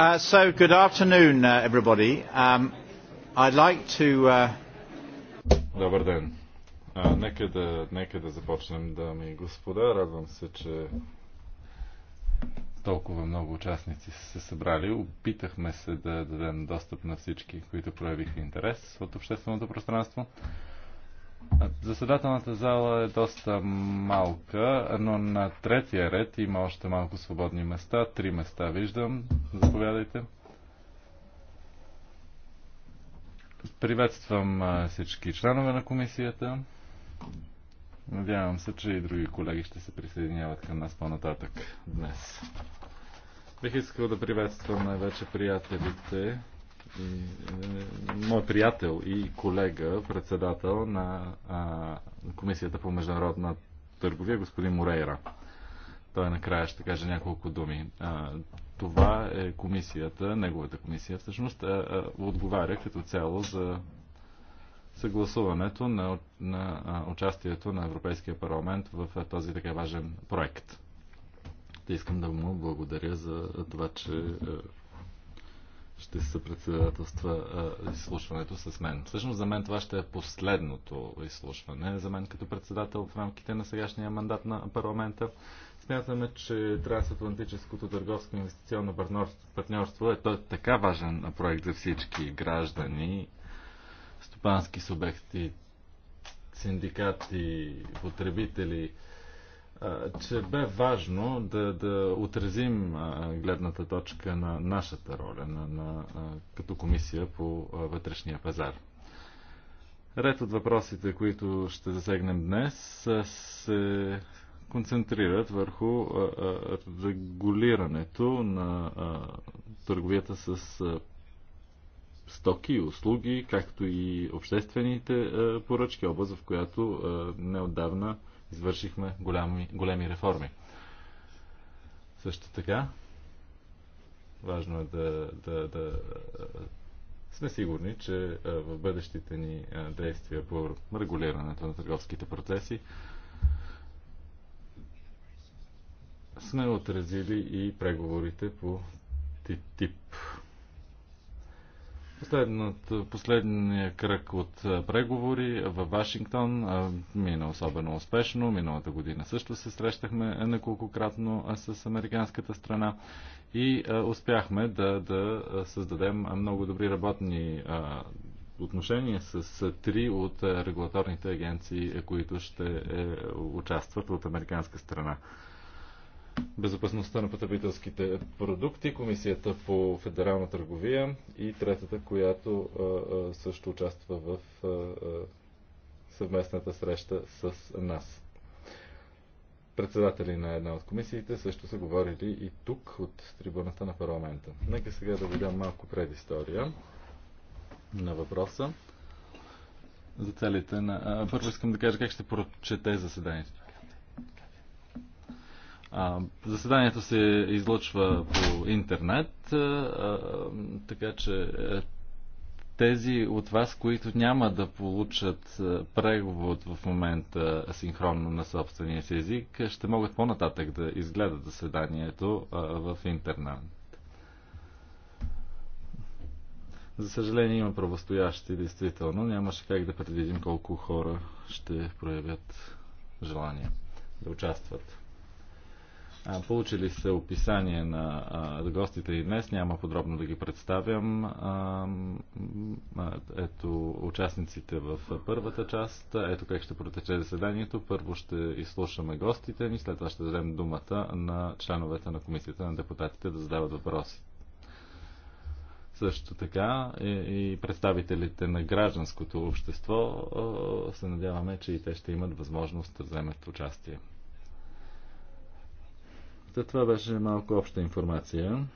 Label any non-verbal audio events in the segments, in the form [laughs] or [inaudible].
Uh, so, good afternoon, uh, everybody. Um, I'd like to... Uh... Добър ден. нека, да, нека да започнем, дами и господа. Радвам се, че толкова много участници са се събрали. Опитахме се да дадем достъп на всички, които проявиха интерес от общественото пространство. Заседателната зала е доста малка, но на третия ред има още малко свободни места. Три места виждам. Заповядайте. Приветствам всички членове на комисията. Надявам се, че и други колеги ще се присъединяват към нас по-нататък днес. Бих искал да приветствам най-вече приятелите, мой приятел и колега, председател на а, Комисията по международна търговия, господин Морейра. Той накрая ще каже няколко думи. А, това е комисията, неговата комисия всъщност, а, а, отговаря като цяло за съгласуването на, на а, участието на Европейския парламент в а, този така важен проект. Искам да му благодаря за това, че ще председателства изслушването с мен. Всъщност за мен това ще е последното изслушване. За мен като председател в рамките на сегашния мандат на парламента смятаме, че трансатлантическото търговско инвестиционно партньорство е, той е така важен проект за всички граждани, стопански субекти, синдикати, потребители, че бе важно да, да отразим гледната точка на нашата роля на, на, като комисия по вътрешния пазар. Ред от въпросите, които ще засегнем днес, се концентрират върху регулирането на търговията с стоки и услуги, както и обществените поръчки, област в която неодавна извършихме голями, големи реформи. Също така, важно е да, да, да сме сигурни, че в бъдещите ни действия по регулирането на търговските процеси сме отразили и преговорите по тип Последният, последния кръг от преговори в Вашингтон мина особено успешно. Миналата година също се срещахме неколкократно с американската страна и успяхме да, да създадем много добри работни отношения с три от регулаторните агенции, които ще е, участват от американска страна безопасността на потребителските продукти, Комисията по федерална търговия и третата, която също участва в съвместната среща с нас. Председатели на една от комисиите също са говорили и тук от трибуната на парламента. Нека сега да видя малко предистория на въпроса. За целите на... Първо искам да кажа как ще прочете заседанието а, заседанието се излъчва по интернет, а, така че е, тези от вас, които няма да получат е, преговор в момента синхронно на собствения си език, ще могат по-нататък да изгледат заседанието а, в интернет. За съжаление има правостоящи, действително. Нямаше как да предвидим колко хора ще проявят желание да участват. Получили са описание на гостите и днес, няма подробно да ги представям. Ето участниците в първата част. Ето как ще протече заседанието. Първо ще изслушаме гостите ни, след това ще дадем думата на членовете на комисията на депутатите да задават въпроси. Също така и представителите на гражданското общество се надяваме, че и те ще имат възможност да вземат участие. За това беше малко обща информация.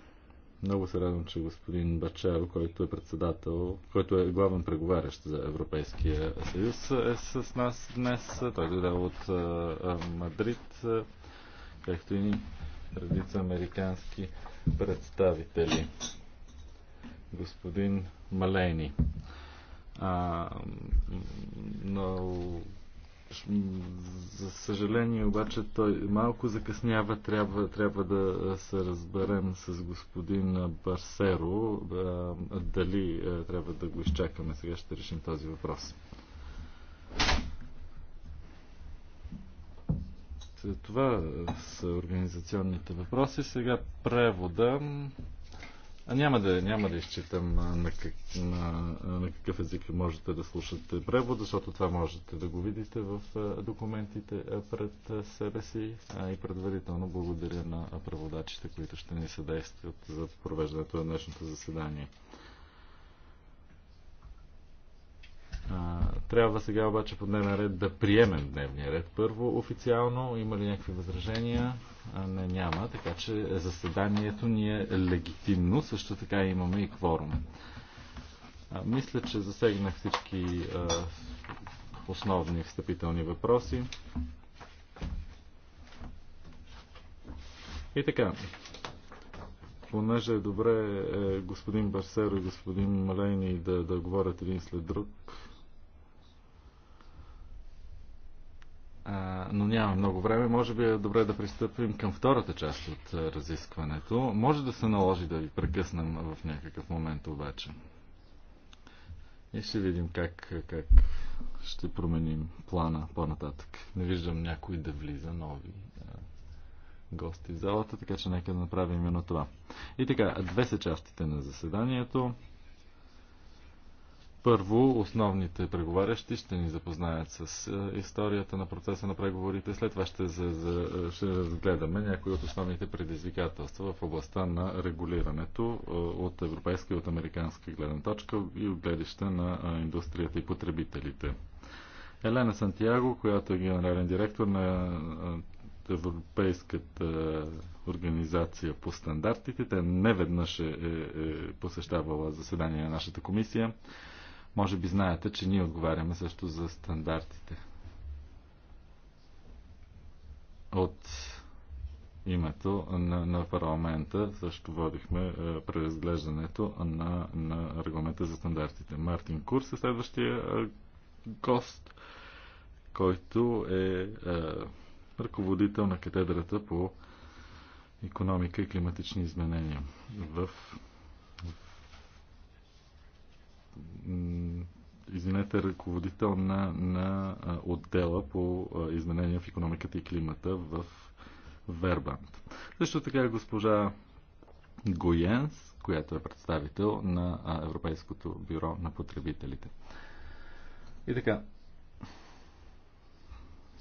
Много се радвам, че господин Бачел, който е председател, който е главен преговарящ за Европейския съюз, е с нас днес. Той дойде от Мадрид, както и редица американски представители. Господин Малейни. А, за съжаление обаче той малко закъснява. Трябва, трябва да се разберем с господин Барсеро дали трябва да го изчакаме. Сега ще решим този въпрос. Това са организационните въпроси. Сега превода. А няма да, няма да изчитам на, как, на, на какъв език можете да слушате превод, защото това можете да го видите в документите пред себе си. А и предварително благодаря на преводачите, които ще ни съдействат за провеждането на днешното заседание. А, трябва сега обаче по дневен ред да приемем дневния ред. Първо официално има ли някакви възражения? А, не, няма, така че заседанието ни е легитимно. Също така имаме и кворум. А, мисля, че засегнах всички а, основни встъпителни въпроси. И така, понеже е добре е, господин Барсеро и господин Малейни да, да говорят един след друг, но няма много време. Може би е добре да пристъпим към втората част от е, разискването. Може да се наложи да ви прекъснем в някакъв момент обаче. И ще видим как, как ще променим плана по-нататък. Не виждам някой да влиза нови е, гости в залата, така че нека да направим именно това. И така, две са частите на заседанието. Първо, основните преговарящи ще ни запознаят с е, историята на процеса на преговорите. След това ще, за, за, е, ще разгледаме някои от основните предизвикателства в областта на регулирането е, от европейска и от американска гледна точка и от гледища на индустрията и потребителите. Елена Сантьяго, която е генерален директор на Европейската организация по стандартите. Те не веднъж е, е, посещавала заседание на нашата комисия. Може би знаете, че ние отговаряме също за стандартите. От името на, на парламента също водихме е, преразглеждането на, на регламента за стандартите. Мартин Курс е следващия е, гост, който е, е ръководител на катедрата по економика и климатични изменения в извинете, ръководител на, на отдела по изменения в економиката и климата в Вербанд. Също така е госпожа Гоенс, която е представител на Европейското бюро на потребителите. И така,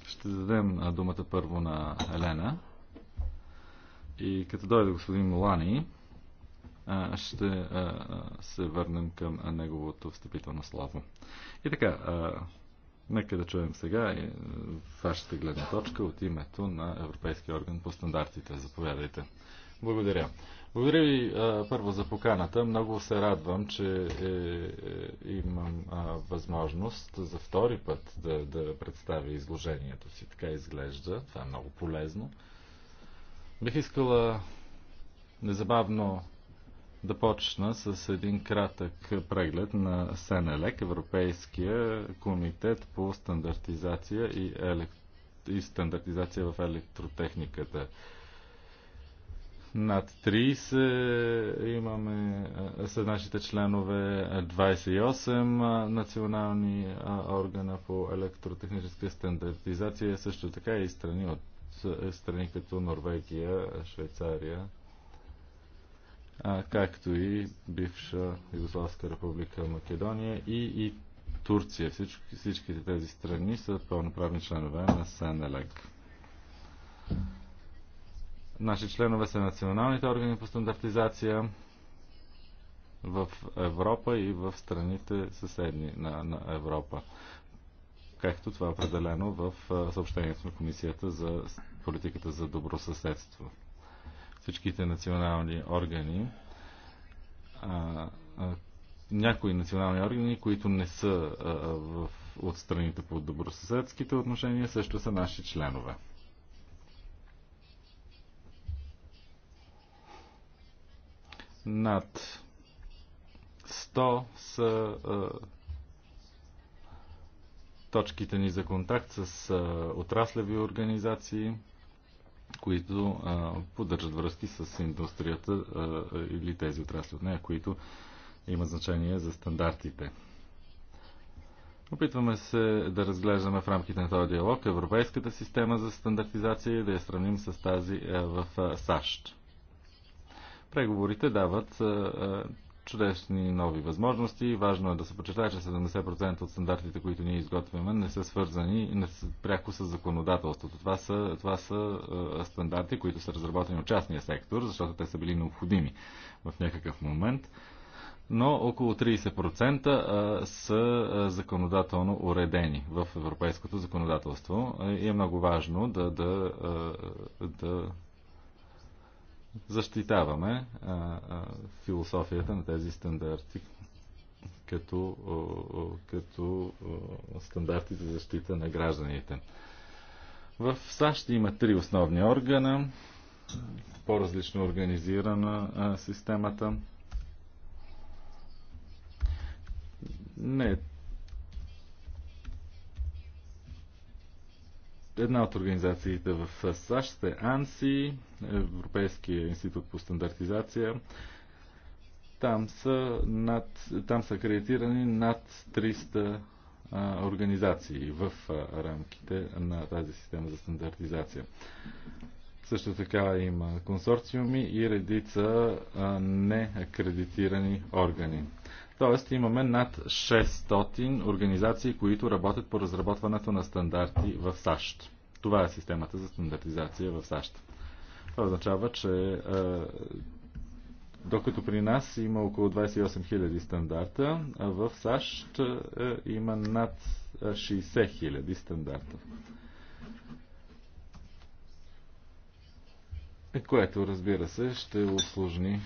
ще зададем думата първо на Елена. И като дойде господин Молани, ще се върнем към неговото встъпително слово. И така, нека да чуем сега вашата гледна точка от името на Европейския орган по стандартите. Заповядайте. Благодаря. Благодаря ви първо за поканата. Много се радвам, че е, е, имам а, възможност за втори път да, да представя изложението си. Така изглежда. Това е много полезно. Бих искала незабавно да почна с един кратък преглед на СНЛЕК, Европейския комитет по стандартизация и, елек... и стандартизация в електротехниката. Над 30 имаме с нашите членове 28 национални органа по електротехническа стандартизация, също така и страни от страни като Норвегия, Швейцария, а, както и бивша Югославска република Македония и, и Турция. Всички, всичките тези страни са пълноправни членове на СНЛЕК. Наши членове са националните органи по стандартизация в Европа и в страните съседни на, на Европа. Както това е определено в съобщението на Комисията за политиката за добро съседство всичките национални органи. А, а, някои национални органи, които не са а, в, от страните по добросъседските отношения, също са наши членове. Над 100 са а, точките ни за контакт с а, отраслеви организации които а, поддържат връзки с индустрията а, или тези отрасли от нея, които имат значение за стандартите. Опитваме се да разглеждаме в рамките на този диалог европейската система за стандартизация и да я сравним с тази в САЩ. Преговорите дават чудесни нови възможности. Важно е да се почитае, че 70% от стандартите, които ние изготвяме, не са свързани и не са пряко с законодателството. Това са, това са е, стандарти, които са разработени от частния сектор, защото те са били необходими в някакъв момент. Но около 30% е, са е, законодателно уредени в европейското законодателство е, и е много важно да, да, да защитаваме а, а, философията на тези стандарти като, а, като а, стандарти за защита на гражданите. В САЩ има три основни органа, по-различно организирана а, системата. Не е Една от организациите в САЩ е АНСИ, Европейския институт по стандартизация. Там са, над, там са акредитирани над 300 а, организации в а, рамките на тази система за стандартизация. Също така има консорциуми и редица а, неакредитирани органи. Тоест имаме над 600 организации, които работят по разработването на стандарти в САЩ. Това е системата за стандартизация в САЩ. Това означава, че е, докато при нас има около 28 000 стандарта, а в САЩ е, има над 60 000 стандарта. Което, разбира се, ще усложни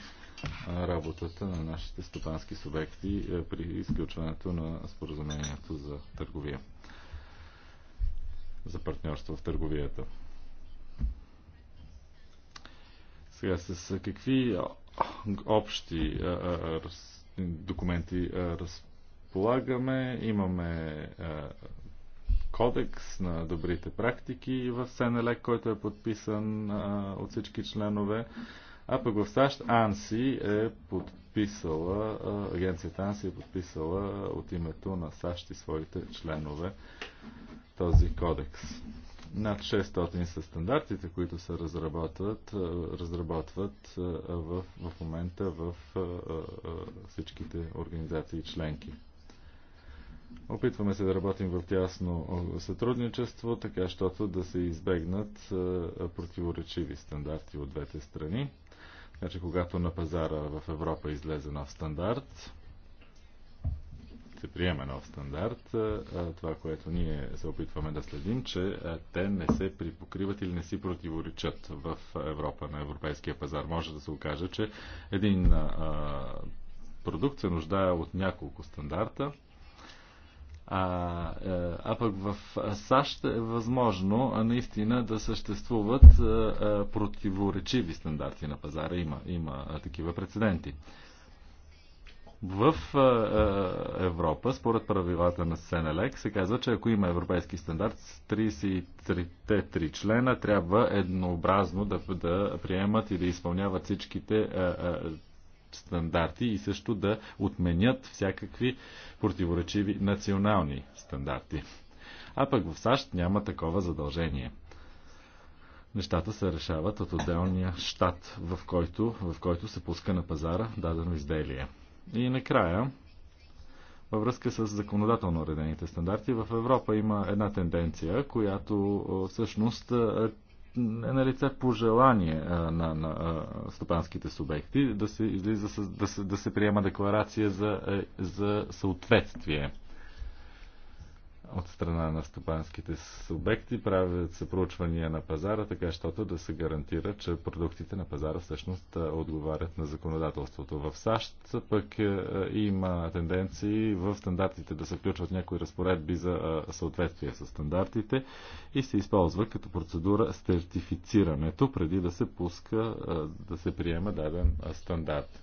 работата на нашите стопански субекти е, при изключването на споразумението за търговия, за партньорство в търговията. Сега с какви общи документи разполагаме? Имаме кодекс на добрите практики в Сенелек, който е подписан от всички членове. А пък в САЩ АНСИ е подписала, агенцията АНСИ е подписала от името на САЩ и своите членове този кодекс. Над 600 са стандартите, които се разработват, разработват в, в момента в всичките организации членки. Опитваме се да работим в тясно сътрудничество, така щото да се избегнат противоречиви стандарти от двете страни. Така значи, че когато на пазара в Европа излезе нов стандарт, се приема нов стандарт, това, което ние се опитваме да следим, че те не се припокриват или не си противоречат в Европа на европейския пазар. Може да се окаже, че един продукт се нуждае от няколко стандарта, а, е, а пък в САЩ е възможно наистина да съществуват е, е, противоречиви стандарти на пазара. Има, има такива прецеденти. В Европа, според правилата на Сенелек, се казва, че ако има европейски стандарт, 33 члена трябва еднообразно да, да приемат и да изпълняват всичките стандарти и също да отменят всякакви противоречиви национални стандарти. А пък в САЩ няма такова задължение. Нещата се решават от отделния щат, в който, в който се пуска на пазара дадено изделие. И накрая, във връзка с законодателно уредените стандарти, в Европа има една тенденция, която всъщност е, е на лице пожелание на, на стопанските субекти да се, излиза с, да се, да се приема декларация за, е, за съответствие от страна на стопанските субекти, правят се проучвания на пазара, така щото да се гарантира, че продуктите на пазара всъщност отговарят на законодателството. В САЩ пък има тенденции в стандартите да се включват някои разпоредби за съответствие с стандартите и се използва като процедура сертифицирането, преди да се пуска да се приема даден стандарт.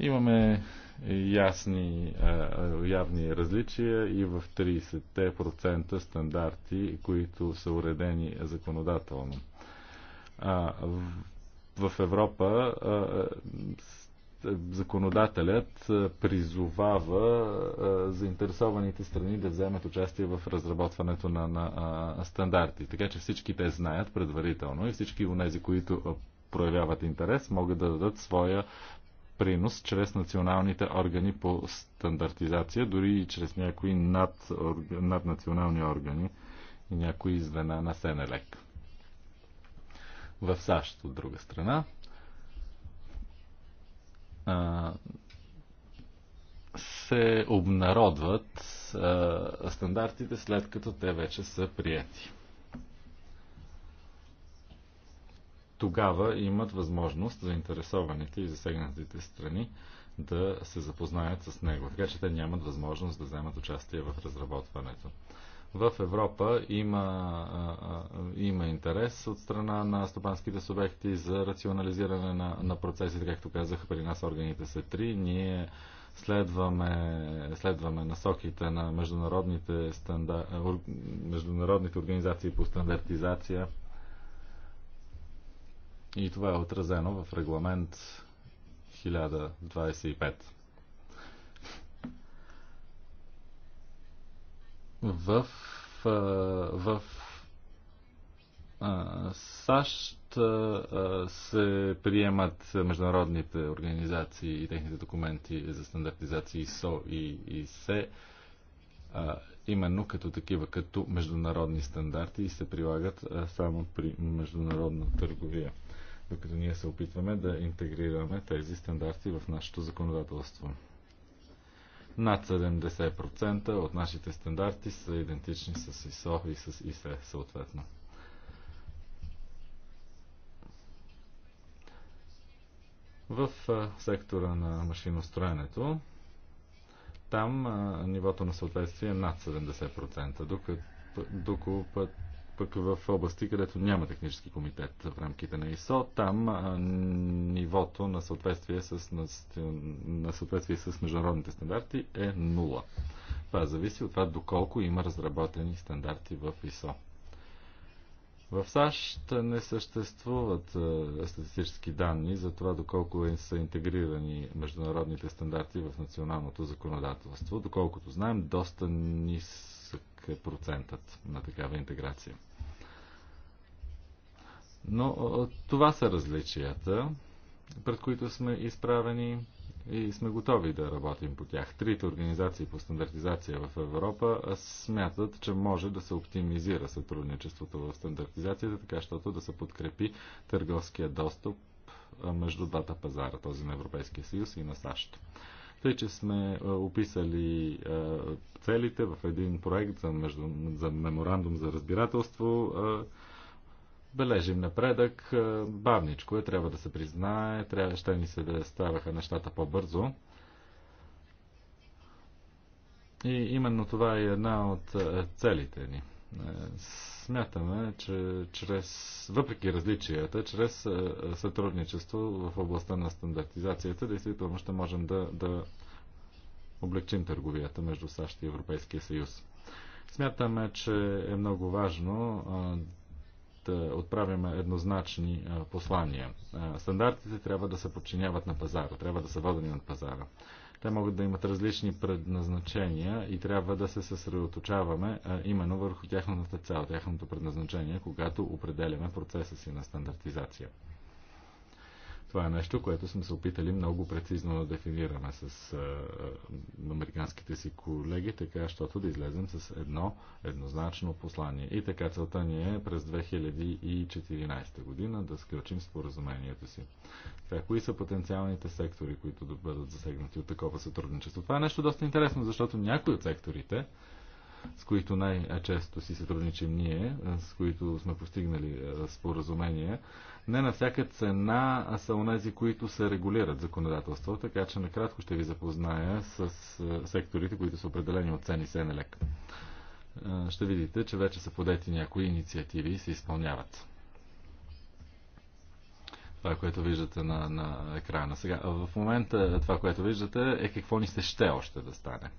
Имаме ясни е, е, явни различия и в 30% стандарти, които са уредени законодателно. В Европа е, законодателят призовава заинтересованите страни да вземат участие в разработването на, на стандарти. Така че всички те знаят предварително и всички от тези, които проявяват интерес, могат да дадат своя принос чрез националните органи по стандартизация, дори и чрез някои над, наднационални органи и някои звена на Сенелек. В САЩ, от друга страна, се обнародват стандартите след като те вече са прияти. тогава имат възможност заинтересованите и засегнатите страни да се запознаят с него. Така че те нямат възможност да вземат участие в разработването. В Европа има, има интерес от страна на стопанските субекти за рационализиране на, на процесите. Както казах, при нас органите са три. Ние следваме, следваме насоките на международните, стандар... международните организации по стандартизация и това е отразено в регламент 1025. В, в, в САЩ се приемат международните организации и техните документи за стандартизация СО и, и СЕ именно като такива, като международни стандарти и се прилагат само при международна търговия като ние се опитваме да интегрираме тези стандарти в нашето законодателство. Над 70% от нашите стандарти са идентични с ISO и с ISE съответно. В сектора на машиностроенето там а, нивото на съответствие е над 70%, докато, докато пък в области, където няма технически комитет в рамките на ИСО, там а, нивото на съответствие, с, на, на съответствие с международните стандарти е нула. Това зависи от това доколко има разработени стандарти в ИСО. В САЩ не съществуват статистически данни за това доколко е, са интегрирани международните стандарти в националното законодателство. Доколкото знаем, доста нис е процентът на такава интеграция. Но това са различията, пред които сме изправени и сме готови да работим по тях. Трите организации по стандартизация в Европа смятат, че може да се оптимизира сътрудничеството в стандартизацията, така щото да се подкрепи търговския достъп между двата пазара, този на Европейския съюз и на САЩ. Тъй, че сме описали целите в един проект за, между, за меморандум за разбирателство. Бележим напредък. Бавничко е, трябва да се признае. Трябва, ще ни се да ставаха нещата по-бързо. И именно това е една от целите ни е, смятаме, че чрез, въпреки различията, чрез сътрудничество в областта на стандартизацията, действително ще можем да, да облегчим търговията между САЩ и Европейския съюз. Смятаме, че е много важно да отправяме еднозначни послания. Стандартите трябва да се подчиняват на пазара, трябва да са водени на пазара. Те могат да имат различни предназначения и трябва да се съсредоточаваме именно върху тяхната цел, тяхното предназначение, когато определяме процеса си на стандартизация. Това е нещо, което сме се опитали много прецизно да дефинираме с а, американските си колеги, така, щото да излезем с едно еднозначно послание. И така целта ни е през 2014 година да сключим споразумението си. Така, кои са потенциалните сектори, които да бъдат засегнати от такова сътрудничество? Това е нещо доста интересно, защото някои от секторите, с които най-често си сътрудничим ние, с които сме постигнали споразумение, не на всяка цена а са онези, които се регулират законодателство, така че накратко ще ви запозная с е, секторите, които са определени от цени Сенелек. Е, ще видите, че вече са подети някои инициативи и се изпълняват това, е което виждате на, на екрана. Сега, в момента това, което виждате е какво ни се ще още да стане.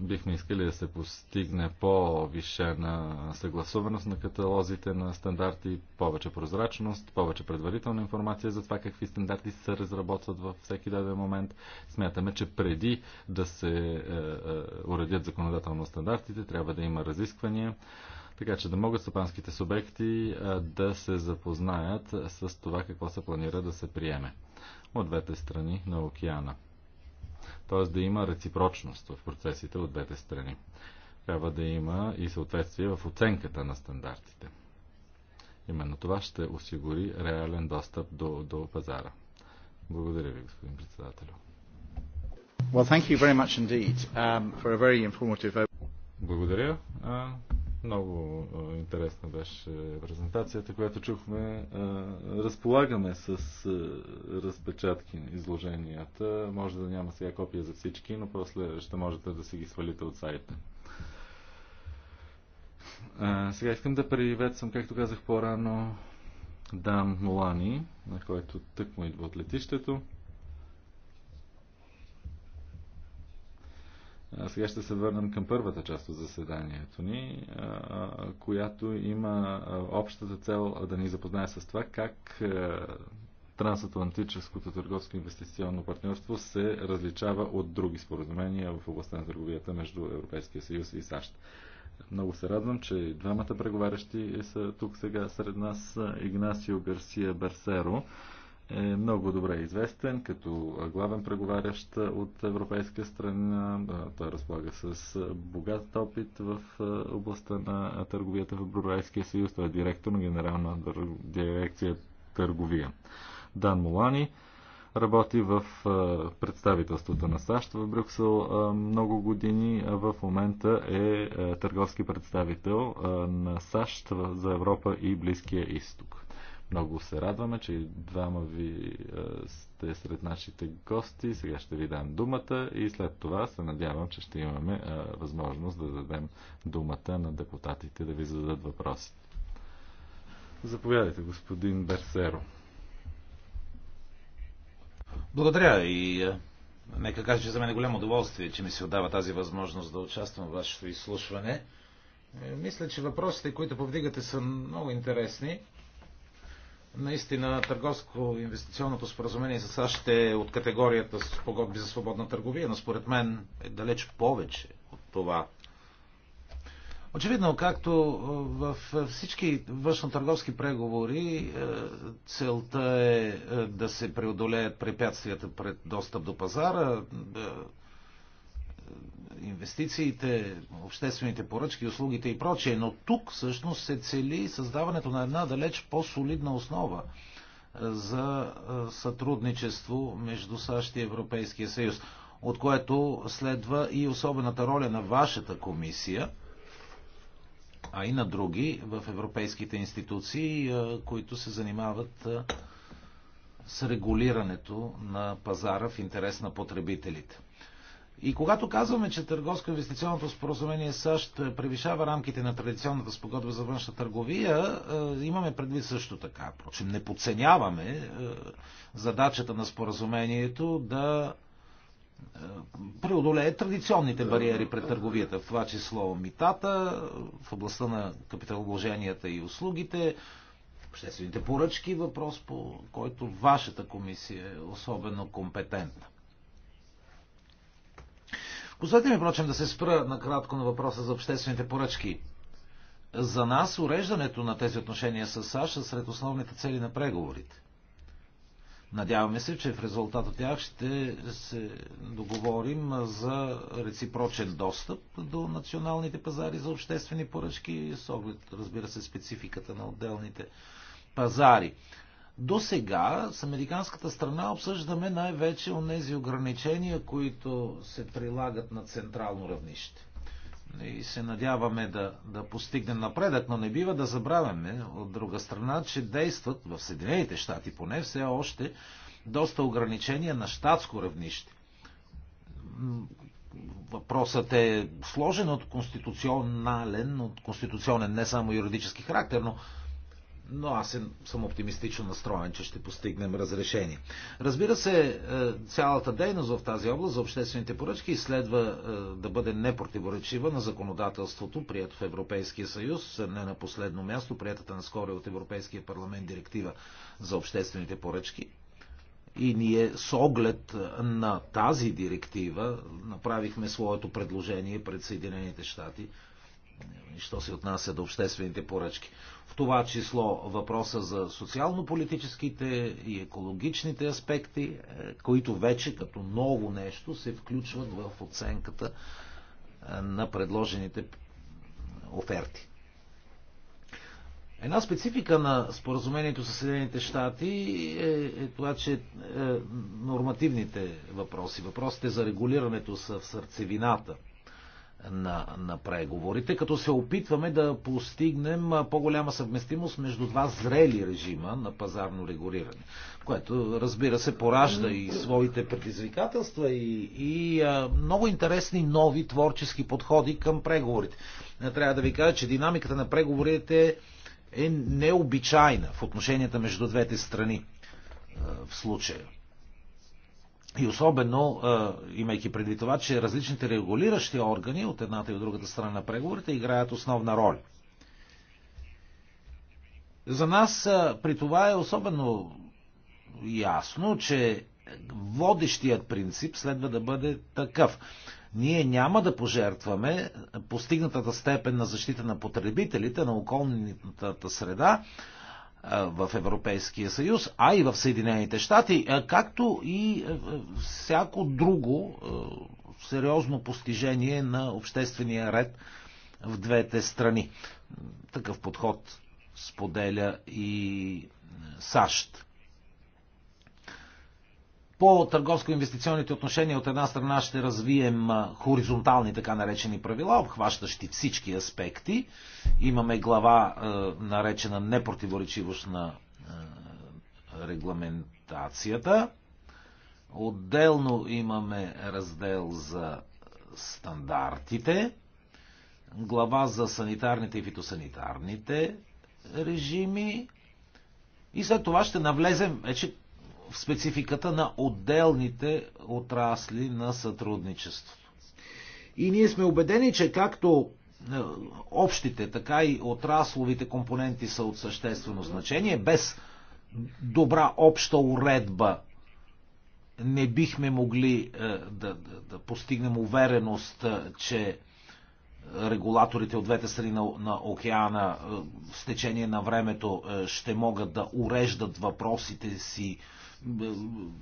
Бихме искали да се постигне по-вишена съгласуваност на каталозите на стандарти, повече прозрачност, повече предварителна информация за това какви стандарти се разработват във всеки даден момент. Смятаме, че преди да се е, е, уредят законодателно стандартите, трябва да има разисквания така че да могат стопанските субекти е, да се запознаят с това какво се планира да се приеме от двете страни на океана т.е. да има реципрочност в процесите от двете страни. Трябва да има и съответствие в оценката на стандартите. Именно това ще осигури реален достъп до, до пазара. Благодаря ви, господин председателю. Well, thank you very much indeed um, for a very informative... Благодаря. Много интересна беше презентацията, която чухме. Разполагаме с разпечатки на изложенията. Може да няма сега копия за всички, но после ще можете да си ги свалите от сайта. Сега искам да приветствам, както казах по-рано, Дан Молани, на който тъкмо идва от летището. Сега ще се върнем към първата част от заседанието ни, която има общата цел да ни запознае с това как е, трансатлантическото търговско инвестиционно партньорство се различава от други споразумения в областта на търговията между Европейския съюз и САЩ. Много се радвам, че двамата преговарящи са тук сега сред нас Игнасио Гарсия Берсеро, е много добре известен като главен преговарящ от европейска страна. Той разполага с богат опит в областта на търговията в Европейския съюз. Той е директор на генерална дирекция търговия. Дан Молани работи в представителството на САЩ в Брюксел много години. В момента е търговски представител на САЩ за Европа и Близкия изток. Много се радваме, че и двама ви е, сте сред нашите гости. Сега ще ви дам думата и след това се надявам, че ще имаме е, възможност да дадем думата на депутатите да ви зададат въпроси. Заповядайте, господин Берсеро. Благодаря и е, нека кажа, че за мен е голямо удоволствие, че ми се отдава тази възможност да участвам в вашето изслушване. Мисля, че въпросите, които повдигате, са много интересни. Наистина, търговско-инвестиционното споразумение с САЩ ще е от категорията с погодби за свободна търговия, но според мен е далеч повече от това. Очевидно, както в всички външно-търговски преговори, е, целта е, е да се преодолеят препятствията пред достъп до пазара, е, инвестициите, обществените поръчки, услугите и прочее. Но тук всъщност се цели създаването на една далеч по-солидна основа е, за е, сътрудничество между САЩ и Европейския съюз, от което следва и особената роля на вашата комисия, а и на други в европейските институции, е, които се занимават с регулирането на пазара в интерес на потребителите. И когато казваме, че търговско-инвестиционното споразумение САЩ превишава рамките на традиционната спогодба за външна търговия, е, имаме предвид също така. Впрочем, не подценяваме е, задачата на споразумението да е, преодолее традиционните бариери пред търговията, в това число митата, в областта на капиталовложенията и услугите, обществените поръчки, въпрос по който вашата комисия е особено компетентна. Позволете ми, впрочем, да се спра накратко на въпроса за обществените поръчки. За нас уреждането на тези отношения с САЩ е сред основните цели на преговорите. Надяваме се, че в резултат от тях ще се договорим за реципрочен достъп до националните пазари за обществени поръчки, с оглед, разбира се, спецификата на отделните пазари. До сега с американската страна обсъждаме най-вече от тези ограничения, които се прилагат на централно равнище. И се надяваме да, да постигнем напредък, но не бива да забравяме от друга страна, че действат в Съединените щати поне все още доста ограничения на щатско равнище. Въпросът е сложен от конституционален, от конституционен не само юридически характер, но но аз съм оптимистично настроен, че ще постигнем разрешение. Разбира се, е, цялата дейност в тази област за обществените поръчки следва е, да бъде непротиворечива на законодателството, прието в Европейския съюз, не на последно място, приятата наскоро от Европейския парламент директива за обществените поръчки. И ние с оглед на тази директива направихме своето предложение пред Съединените щати що се отнася до обществените поръчки. В това число въпроса за социално-политическите и екологичните аспекти, е, които вече като ново нещо се включват в оценката е, на предложените оферти. Една специфика на споразумението с Съединените щати е, е това, че е, нормативните въпроси, въпросите за регулирането са в сърцевината – на, на преговорите, като се опитваме да постигнем по-голяма съвместимост между два зрели режима на пазарно регулиране, което разбира се поражда и своите предизвикателства и, и а, много интересни нови творчески подходи към преговорите. Трябва да ви кажа, че динамиката на преговорите е необичайна в отношенията между двете страни в случая. И особено, имайки преди това, че различните регулиращи органи от едната и от другата страна на преговорите играят основна роля. За нас при това е особено ясно, че водещият принцип следва да бъде такъв. Ние няма да пожертваме постигнатата степен на защита на потребителите, на околната среда, в Европейския съюз, а и в Съединените щати, както и всяко друго сериозно постижение на обществения ред в двете страни. Такъв подход споделя и САЩ по търговско-инвестиционните отношения от една страна ще развием хоризонтални така наречени правила, обхващащи всички аспекти. Имаме глава наречена непротиворечивост на регламентацията. Отделно имаме раздел за стандартите, глава за санитарните и фитосанитарните режими и след това ще навлезем вече в спецификата на отделните отрасли на сътрудничеството. И ние сме убедени, че както е, общите, така и отрасловите компоненти са от съществено значение. Без добра обща уредба не бихме могли е, да, да, да постигнем увереност, е, че регулаторите от двете страни на, на океана с течение на времето ще могат да уреждат въпросите си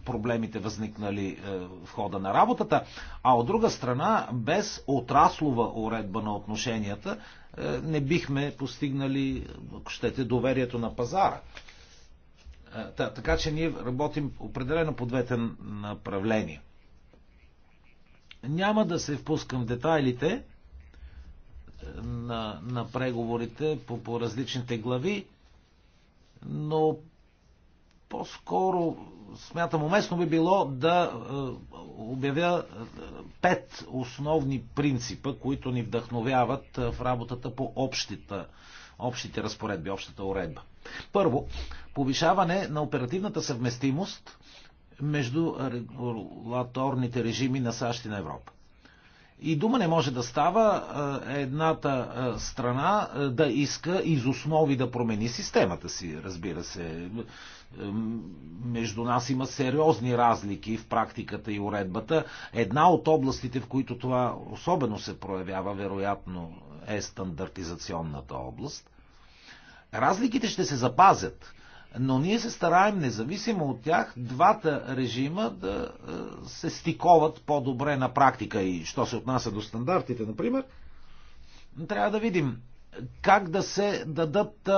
проблемите възникнали е, в хода на работата, а от друга страна, без отраслова уредба на отношенията, е, не бихме постигнали, ако щете, доверието на пазара. Е, та, така че ние работим определено по двете направления. Няма да се впускам в детайлите на, на преговорите по, по различните глави, но по-скоро смятам уместно би било да е, обявя е, пет основни принципа, които ни вдъхновяват е, в работата по общите, общите разпоредби, общата уредба. Първо, повишаване на оперативната съвместимост между регулаторните режими на САЩ и на Европа. И дума не може да става едната страна да иска из основи да промени системата си, разбира се. Между нас има сериозни разлики в практиката и уредбата. Една от областите, в които това особено се проявява, вероятно е стандартизационната област. Разликите ще се запазят – но ние се стараем, независимо от тях, двата режима да е, се стиковат по-добре на практика. И що се отнася до стандартите, например, трябва да видим как да се дадат е,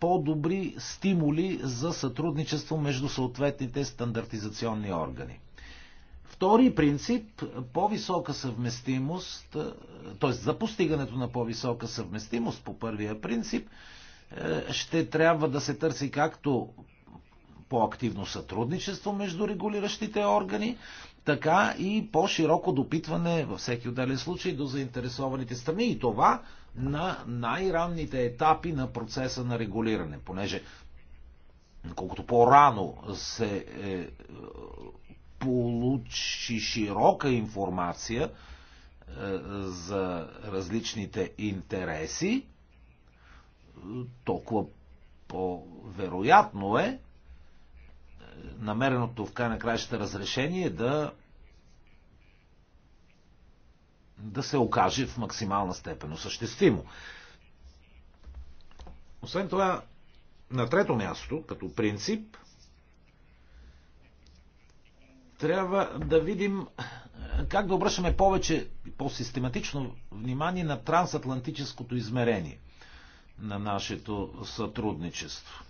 по-добри стимули за сътрудничество между съответните стандартизационни органи. Втори принцип по-висока съвместимост, е, т.е. за постигането на по-висока съвместимост по първия принцип – е, ще трябва да се търси както по-активно сътрудничество между регулиращите органи, така и по-широко допитване във всеки отделен случай до заинтересованите страни и това на най-ранните етапи на процеса на регулиране, понеже колкото по-рано се е, е получи широка информация е, за различните интереси, толкова по-вероятно е намереното в край на краищата разрешение да да се окаже в максимална степен осъществимо. Освен това, на трето място, като принцип, трябва да видим е, как да обръщаме повече и по-систематично внимание на трансатлантическото измерение – на нашето сътрудничество.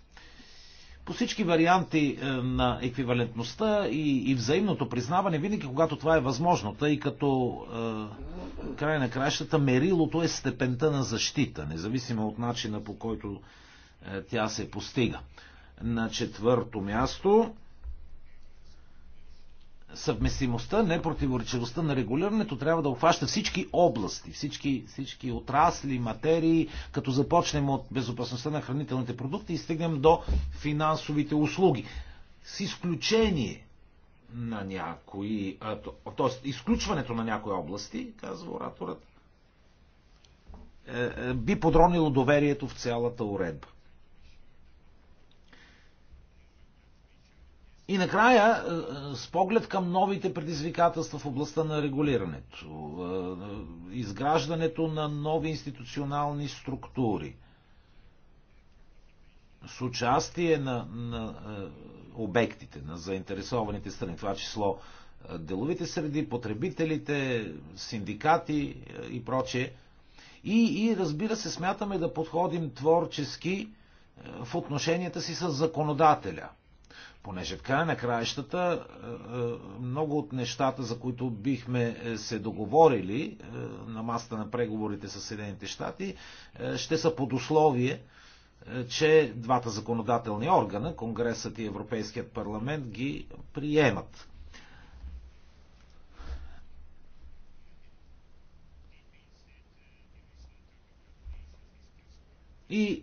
По всички варианти е, на еквивалентността и, и взаимното признаване, винаги когато това е възможно, тъй като е, край на краищата мерилото е степента на защита, независимо от начина по който е, тя се постига. На четвърто място съвместимостта, непротиворечивостта на регулирането трябва да обхваща всички области, всички, всички отрасли, материи, като започнем от безопасността на хранителните продукти и стигнем до финансовите услуги. С изключение на някои, т.е. изключването на някои области, казва ораторът, е, е, би подронило доверието в цялата уредба. И накрая, е, е, с поглед към новите предизвикателства в областта на регулирането, е, изграждането на нови институционални структури, с участие на, на обектите, на заинтересованите страни, това число деловите среди, потребителите, синдикати и прочее. И, и разбира се, смятаме да подходим творчески в отношенията си с законодателя – Понеже в края на краищата е, е, много от нещата, за които бихме е, се договорили на маста на преговорите с Съединените щати, ще са под условие, че двата законодателни органа, Конгресът и Европейският парламент, ги приемат. И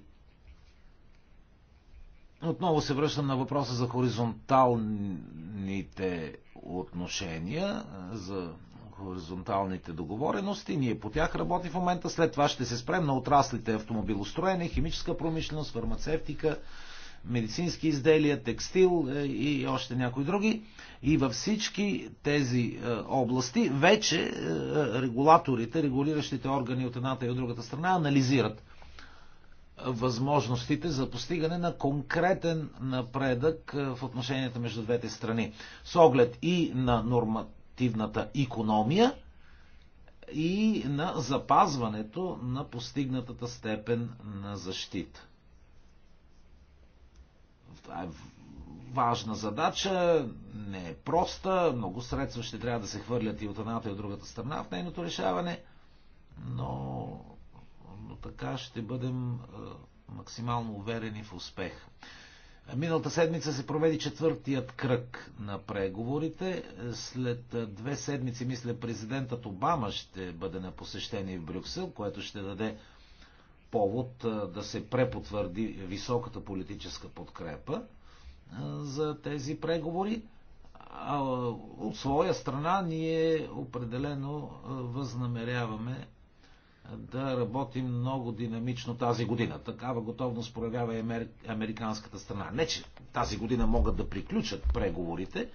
отново се връщам на въпроса за хоризонталните отношения, за хоризонталните договорености. Ние по тях работим в момента. След това ще се спрем на отраслите автомобилостроене, химическа промишленост, фармацевтика, медицински изделия, текстил е, и още някои други. И във всички тези е, области вече е, регулаторите, регулиращите органи от едната и от другата страна анализират възможностите за постигане на конкретен напредък е, в отношенията между двете страни. С оглед и на нормативната економия, и на запазването на постигнатата степен на защита. Това е важна задача, не е проста, много средства ще трябва да се хвърлят и от едната и от другата страна в нейното решаване, но но така ще бъдем максимално уверени в успех. Миналата седмица се проведи четвъртият кръг на преговорите. След две седмици, мисля, президентът Обама ще бъде на посещение в Брюксел, което ще даде повод да се препотвърди високата политическа подкрепа за тези преговори. От своя страна ние определено възнамеряваме да работи много динамично тази година. Такава готовност проявява и американската страна. Не, че тази година могат да приключат преговорите,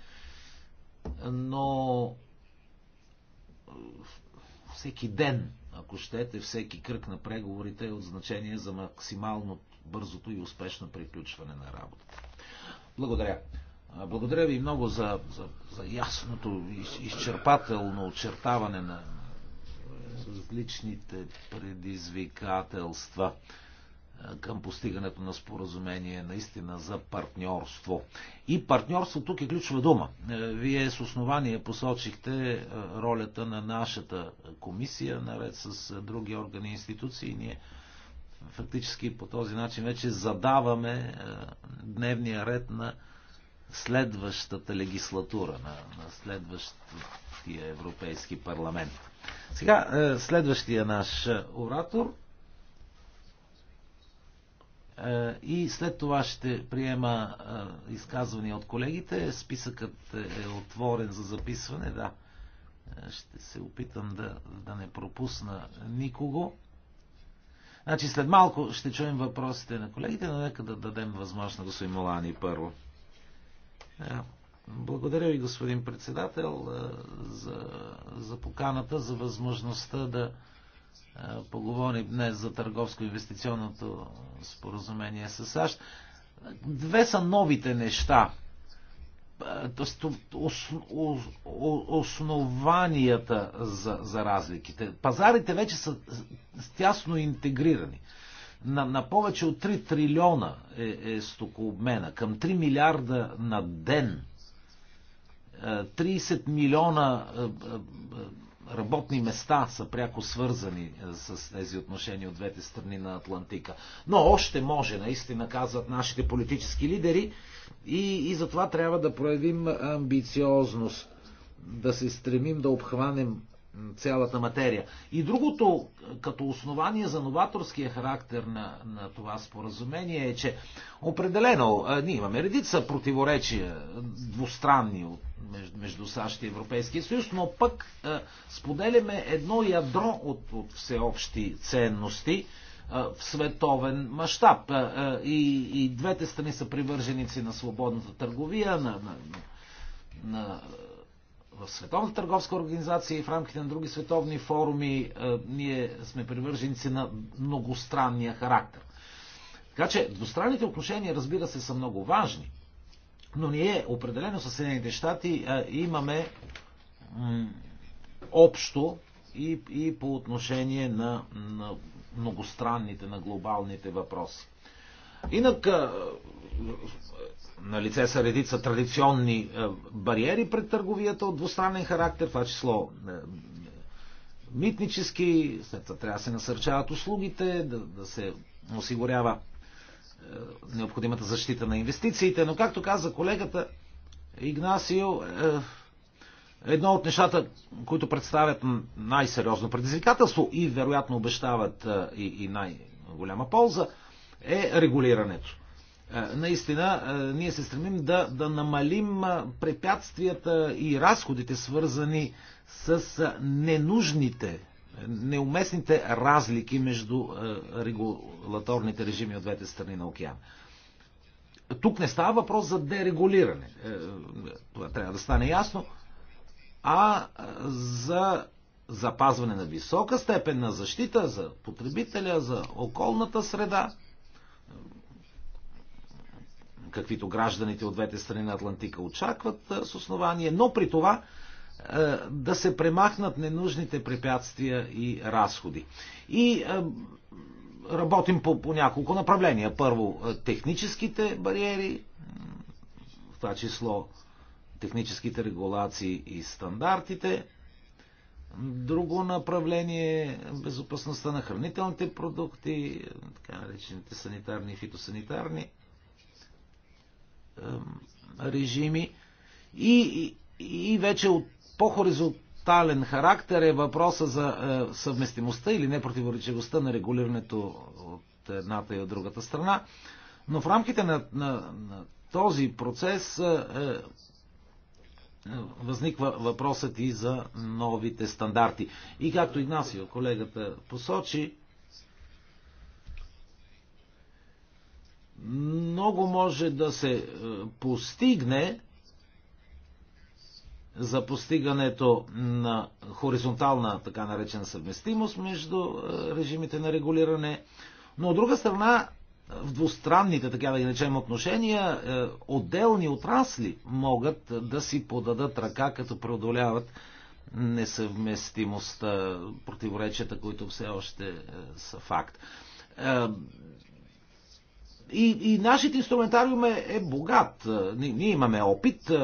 но всеки ден, ако щете, всеки кръг на преговорите е от значение за максимално бързото и успешно приключване на работата. Благодаря. Благодаря ви много за, за, за ясното, изчерпателно очертаване на, различните предизвикателства към постигането на споразумение наистина за партньорство. И партньорство тук е ключова дума. Е, вие с основание посочихте е, ролята на нашата комисия, наред с е, други органи и институции. Ние фактически по този начин вече задаваме дневния ред на следващата легислатура, на, на следващия Европейски парламент. Сега, е, следващия наш е, оратор е, и след това ще приема изказвания от колегите. Списъкът е отворен за записване, да. Ще се опитам да, да не пропусна никого. Значи след малко ще чуем въпросите на колегите, но нека да дадем възможност на господин Молани първо. Yeah. Благодаря ви, господин председател, за, за поканата, за възможността да поговорим днес за търговско-инвестиционното споразумение с САЩ. Две са новите неща. Тоест, основанията за, за разликите. Пазарите вече са тясно интегрирани. На, на повече от 3 трилиона е, е стокообмена, към 3 милиарда на ден – 30 милиона работни места са пряко свързани с тези отношения от двете страни на Атлантика. Но още може, наистина казват нашите политически лидери и, и затова трябва да проявим амбициозност, да се стремим да обхванем цялата материя. И другото, като основание за новаторския характер на, на това споразумение е, че определено ние имаме редица противоречия, двустранни от между САЩ и Европейския съюз, но пък е, споделяме едно ядро от, от всеобщи ценности е, в световен мащаб. Е, и, и двете страни са привърженици на свободната търговия, на, на, на, в Световната търговска организация и в рамките на други световни форуми ние сме привърженици на многостранния характер. Така че двустранните отношения, разбира се, са много важни – но ние, определено с Съединените щати, имаме общо и, и по отношение на, на многостранните, на глобалните въпроси. Инак на лице са редица традиционни бариери пред търговията от двустранен характер, това число митнически, след това трябва да се насърчават услугите, да, да се осигурява е, необходимата защита на инвестициите, но както каза колегата Игнасио, е, едно от нещата, които представят най-сериозно предизвикателство и вероятно обещават е, и, най-голяма полза, е регулирането. Наистина, ние се стремим да, да намалим препятствията и разходите, свързани с ненужните неуместните разлики между е, регулаторните режими от двете страни на океана. Тук не става въпрос за дерегулиране. Е, това трябва да стане ясно. А е, за запазване на висока степен на защита за потребителя, за околната среда, каквито гражданите от двете страни на Атлантика очакват с основание, но при това е, да се премахнат ненужните препятствия и разходи. И е, работим по, по няколко направления. Първо, е, техническите бариери, в това число техническите регулации и стандартите. Друго направление е безопасността на хранителните продукти, така наречените санитарни и фитосанитарни режими. И, и, и вече от по-хоризонтален характер е въпроса за е, съвместимостта или непротиворечивостта на регулирането от едната и от другата страна. Но в рамките на, на, на този процес е, е, възниква въпросът и за новите стандарти. И както Игнасио, колегата, посочи, много може да се е, постигне за постигането на хоризонтална, така наречена съвместимост между е, режимите на регулиране. Но от друга страна, в двустранните, така да ги речем, отношения, е, отделни отрасли могат да си подадат ръка, като преодоляват несъвместимостта, противоречията, които все още е, са факт. И, и нашият инструментариум е, е богат. Е, ние, ние имаме опит. Е,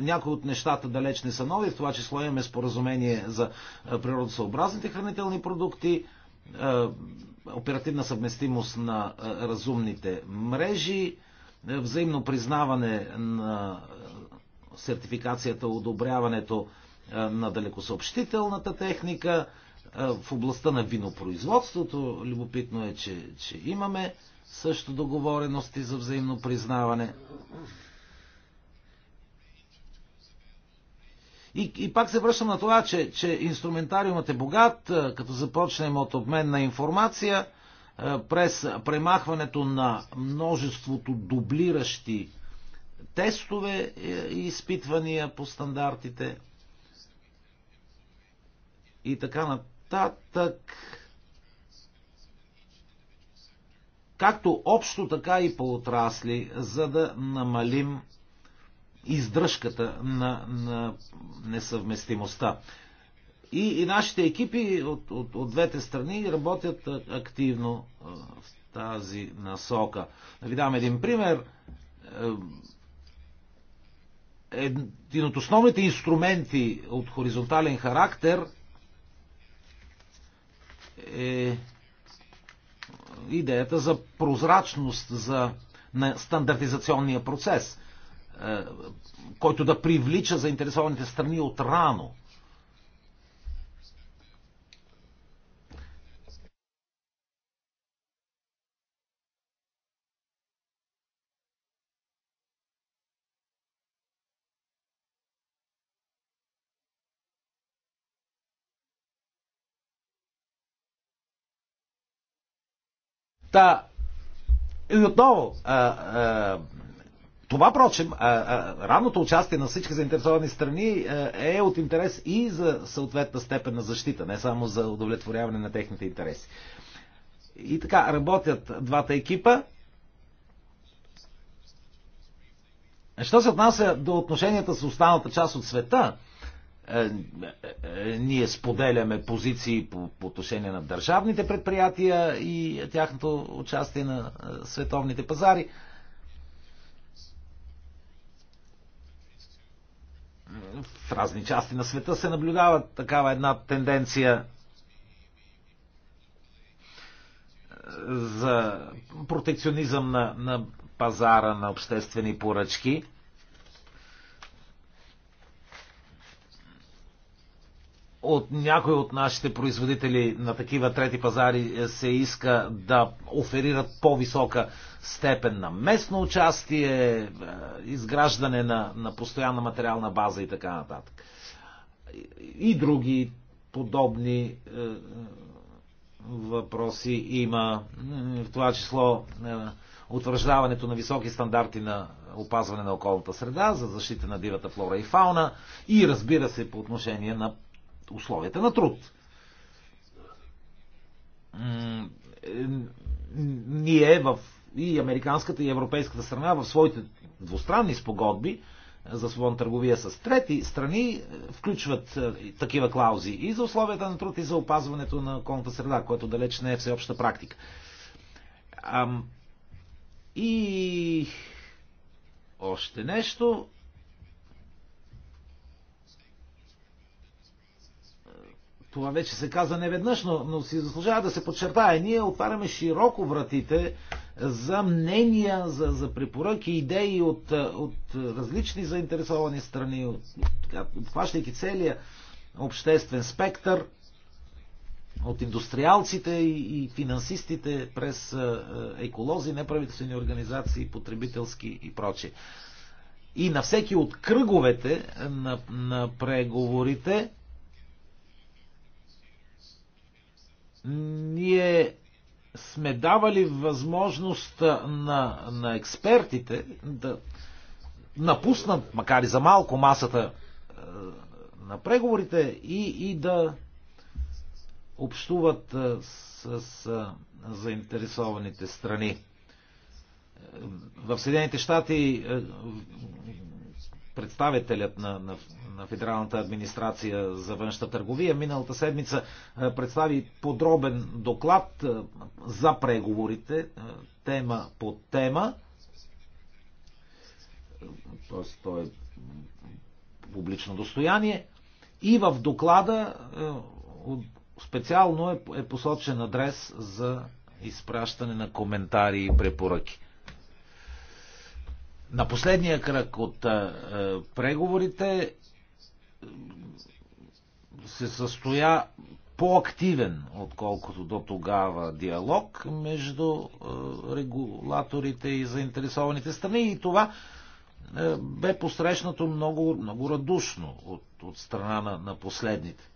някои от нещата далеч не са нови, в това число имаме споразумение за е, природосъобразните хранителни продукти, оперативна съвместимост на разумните мрежи, взаимно признаване на сертификацията, одобряването на далекосъобщителната техника, в областта на винопроизводството. Любопитно е, че, че имаме също договорености за взаимно признаване. И, и пак се връщам на това, че, че инструментариумът е богат, като започнем от обмен на информация, през премахването на множеството дублиращи тестове е, и изпитвания по стандартите и така нататък. както общо, така и по отрасли, за да намалим издръжката на, на несъвместимостта. И, и нашите екипи от, от, от двете страни работят активно в тази насока. Да ви дам един пример. Е, един от основните инструменти от хоризонтален характер е идеята за прозрачност, за на стандартизационния процес, е, който да привлича заинтересованите страни от рано Та, и отново, а, а, това, прочим, а, а, равното участие на всички заинтересовани страни а, е от интерес и за съответна степен на защита, не само за удовлетворяване на техните интереси. И така, работят двата екипа. Що се отнася до отношенията с останалата част от света, е, е, е, ние споделяме позиции по, по отношение на държавните предприятия и тяхното участие на световните пазари. В разни части на света се наблюдава такава една тенденция за протекционизъм на, на пазара на обществени поръчки – от някои от нашите производители на такива трети пазари е, се иска да оферират по-висока степен на местно участие, е, изграждане на, на постоянна материална база и така нататък. И други подобни е, въпроси има, в това число утвърждаването на високи стандарти на опазване на околната среда, за защита на дивата флора и фауна и разбира се по отношение на условията на труд. Е, ние в и американската и европейската страна в своите двустранни спогодби е, за свободна търговия с трети страни е, включват такива клаузи и за условията на труд, и за опазването на околната среда, което далеч не е всеобща практика. и още нещо. Това вече се каза неведнъж, но, но си заслужава да се подчертае. Ние отваряме широко вратите за мнения, за, за препоръки, идеи от, от различни заинтересовани страни, обхващайки целия обществен спектър, от индустриалците и, и финансистите през еколози, неправителствени организации, потребителски и прочие. И на всеки от кръговете на, на преговорите ние сме давали възможност на, на експертите да напуснат, макар и за малко, масата на преговорите и, и да общуват с, с заинтересованите страни. Е, в Съединените щати е, представителят на, на, на Федералната администрация за външна търговия миналата седмица е, представи подробен доклад е, за преговорите, е, тема по тема. Тоест, той е публично достояние. И в доклада специално е посочен адрес за изпращане на коментари и препоръки на последния кръг от а, преговорите се състоя по-активен, отколкото до тогава диалог между регулаторите и заинтересованите страни. И това бе посрещнато много, много радушно от, от страна на, на последните.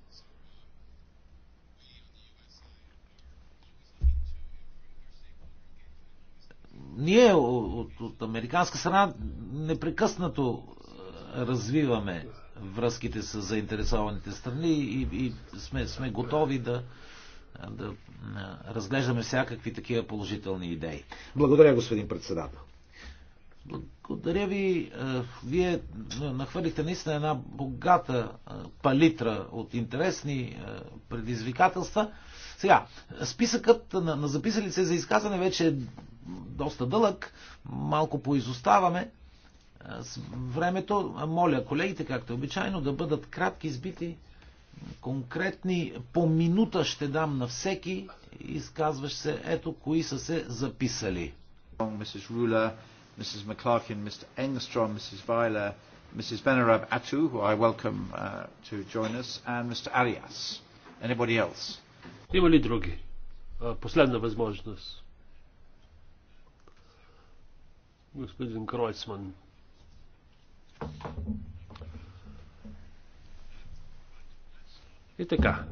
Ние от, от американска страна непрекъснато е, развиваме връзките с заинтересованите страни и, и сме, сме готови да, да е, разглеждаме всякакви такива положителни идеи. Благодаря, господин председател. Благодаря ви. Е, вие нахвърлихте наистина една богата палитра от интересни предизвикателства. Сега, списъкът на, на се за изказване вече е доста дълъг, малко поизоставаме с времето. Моля колегите, както е обичайно, да бъдат кратки, избити, конкретни. По минута ще дам на всеки, изказващ се, ето кои са се записали. Mrs. Ruler, Mrs. McClarkin, Mr. Engstrom, Mrs. Weiler, Mrs. Benarab Atu, who I welcome uh, to join us, and Mr. Arias. Anybody else? Има ли други? Последна възможност. господин Кройцман. И така,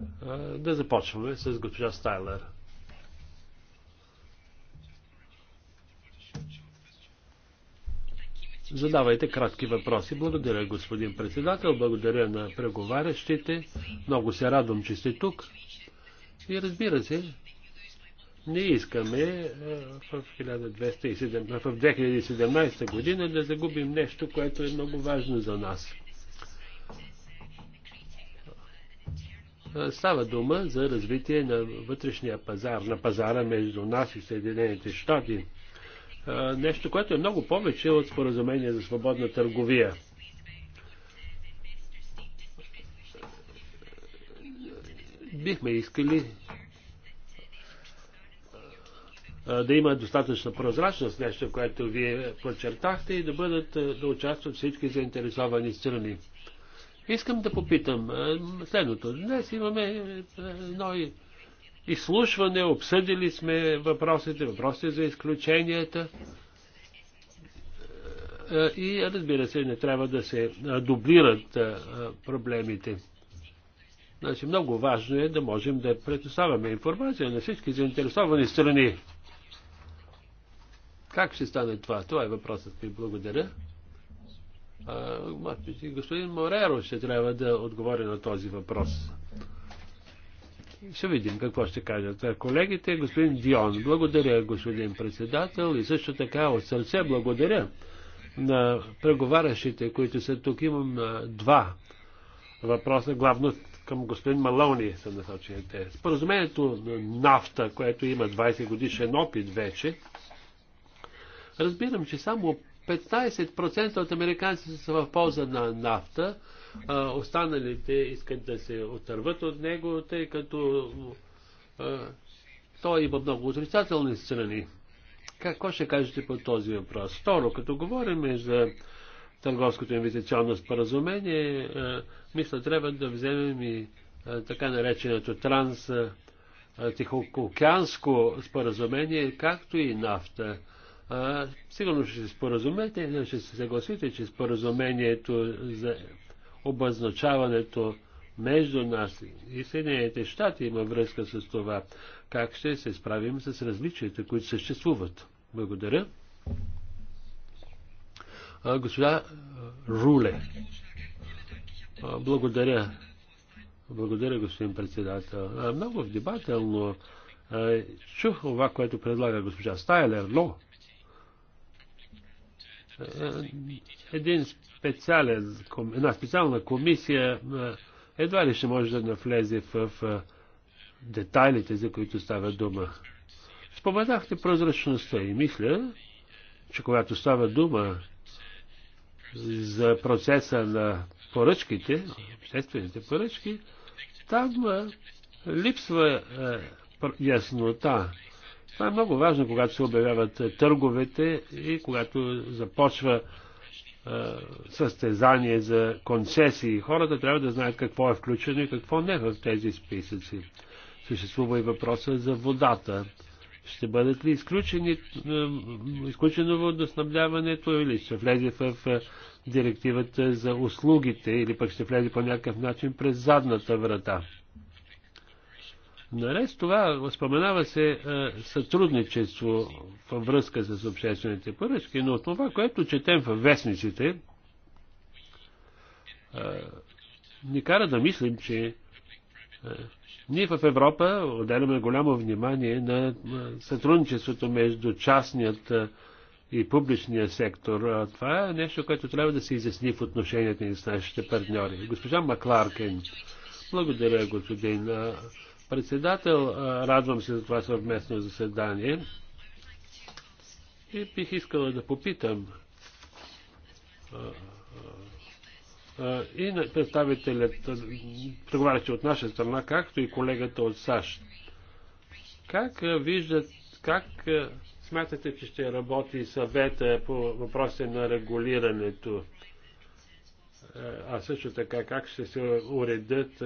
да започваме с госпожа Стайлер. Задавайте кратки въпроси. Благодаря, господин председател. Благодаря на преговарящите. Много се радвам, че сте тук. И разбира се, не искаме е, в, 1207, в 2017 година да загубим нещо, което е много важно за нас. Е, става дума за развитие на вътрешния пазар, на пазара между нас и Съединените щати. Е, нещо, което е много повече от споразумение за свободна търговия. Бихме искали да има достатъчна прозрачност, нещо, което вие подчертахте, и да, бъдат, да участват всички заинтересовани страни. Искам да попитам следното. Днес имаме едно изслушване, обсъдили сме въпросите, въпросите за изключенията. И разбира се, не трябва да се дублират проблемите. Значи много важно е да можем да предоставяме информация на всички заинтересовани страни. Как ще стане това? Това е въпросът ми. Благодаря. А, господин Мореро ще трябва да отговори на този въпрос. Ще видим какво ще кажат колегите. Господин Дион, благодаря, господин председател, и също така от сърце благодаря на преговарящите, които са тук. Имам два въпроса, главно към господин Малони са насочените. Споразумението на нафта, което има 20 годишен опит вече, Разбирам, че само 15% от американците са в полза на нафта, а, останалите искат да се отърват от него, тъй като а, той има много отрицателни страни. Какво ще кажете по този въпрос? Второ, като говорим за търговското инвестиционно споразумение, а, мисля, трябва да вземем и а, така нареченото транс тихоокеанско споразумение, както и нафта. А, сигурно ще се споразумете, ще се съгласите, че споразумението за обозначаването между нас и Съединените щати има връзка с това. Как ще се справим с различията, които съществуват? Благодаря. А, господа Руле. А, благодаря. Благодаря, господин председател. А, много внимателно чух това, което предлага госпожа Стайлер, но е, един специален, една специална комисия е, едва ли ще може да навлезе в е, детайлите, за които става дума. Споменахте прозрачността и мисля, че когато става дума за процеса на поръчките, обществените поръчки, там липсва яснота. Това е много важно, когато се обявяват е, търговете и когато започва е, състезание за концесии. Хората трябва да знаят какво е включено и какво не в тези списъци. Съществува и въпроса за водата. Ще бъдат ли изключени, е, изключено водоснабдяването или ще влезе в директивата за услугите или пък ще влезе по някакъв начин през задната врата? Наред с това споменава се е, сътрудничество във връзка с обществените поръчки, но това, което четем във вестниците, е, ни кара да мислим, че е, ние в Европа отделяме голямо внимание на е, сътрудничеството между частният е, и публичния сектор. Това е нещо, което трябва да се изясни в отношенията ни с нашите партньори. Госпожа Макларкен, благодаря, господин. Е, председател. Радвам се за това съвместно заседание. И бих искала да попитам и представителят, преговарящи от наша страна, както и колегата от САЩ. Как виждат, как смятате, че ще работи съвета по въпросите на регулирането? А също така, как ще се уредят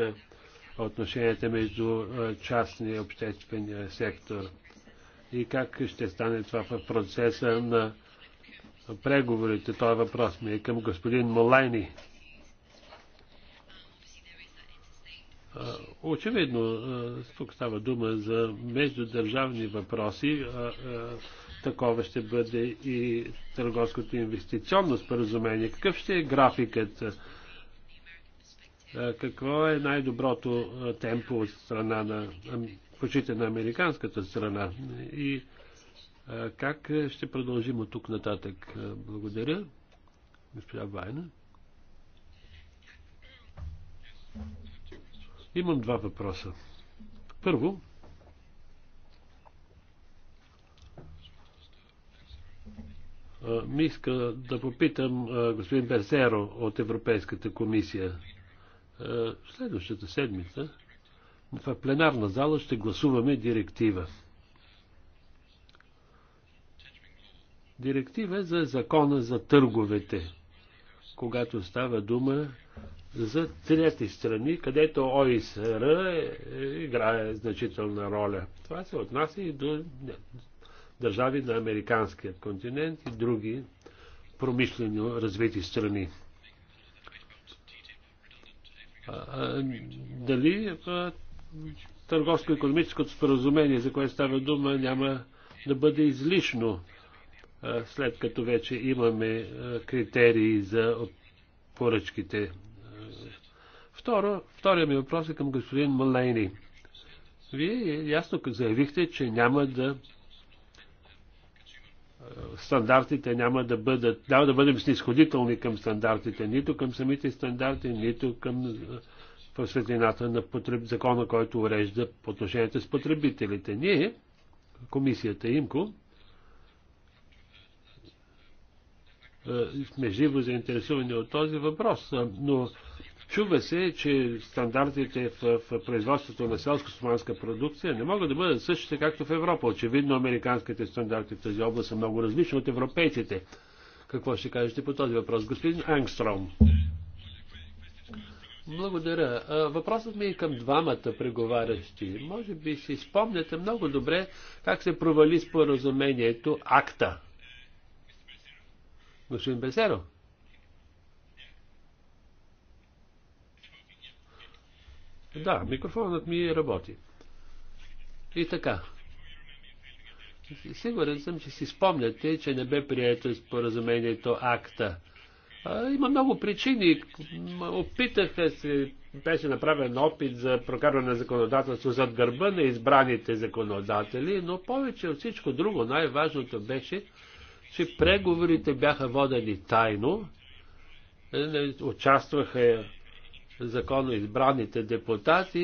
отношенията между частния и обществения сектор и как ще стане това в процеса на преговорите. Това е въпрос ми е към господин Молайни. Очевидно, тук става дума за междудържавни въпроси. Такова ще бъде и търговското инвестиционно споразумение. Какъв ще е графикът? какво е най-доброто темпо от страна на почите на американската страна и как ще продължим от тук нататък. Благодаря. Госпожа Вайна. Имам два въпроса. Първо, ми иска да попитам господин Берсеро от Европейската комисия. Е, следващата седмица в пленарна зала ще гласуваме директива. Директива за закона за търговете, когато става дума за трети страни, където ОИСР е, е, играе значителна роля. Това се отнася и до държави на американския континент и други промишлено развити страни дали търговско-економическото споразумение, за което става дума, няма да бъде излишно, след като вече имаме критерии за поръчките. Второ, втория ми въпрос е към господин Малейни. Вие ясно заявихте, че няма да стандартите няма да бъдат, няма да бъдем снисходителни към стандартите, нито към самите стандарти, нито към е, светлината на потреб... закона, който урежда отношенията с потребителите. Ние, комисията ИМКО, е, сме живо заинтересувани от този въпрос, но Чува се, че стандартите в, в производството на селско-стоманска продукция не могат да бъдат същите, както в Европа. Очевидно, американските стандарти в тази област са много различни от европейците. Какво ще кажете по този въпрос, господин Ангстром? Благодаря. Въпросът ми е към двамата преговарящи. Може би си спомняте много добре как се провали споразумението АКТА. Господин Бесеро. Да, микрофонът ми работи. И така. Сигурен съм, че си спомняте, че не бе прието споразумението акта. А, има много причини. Опитаха се, беше направен опит за прокарване на законодателство зад гърба на избраните законодатели, но повече от всичко друго най-важното беше, че преговорите бяха водени тайно, участваха законно избраните депутати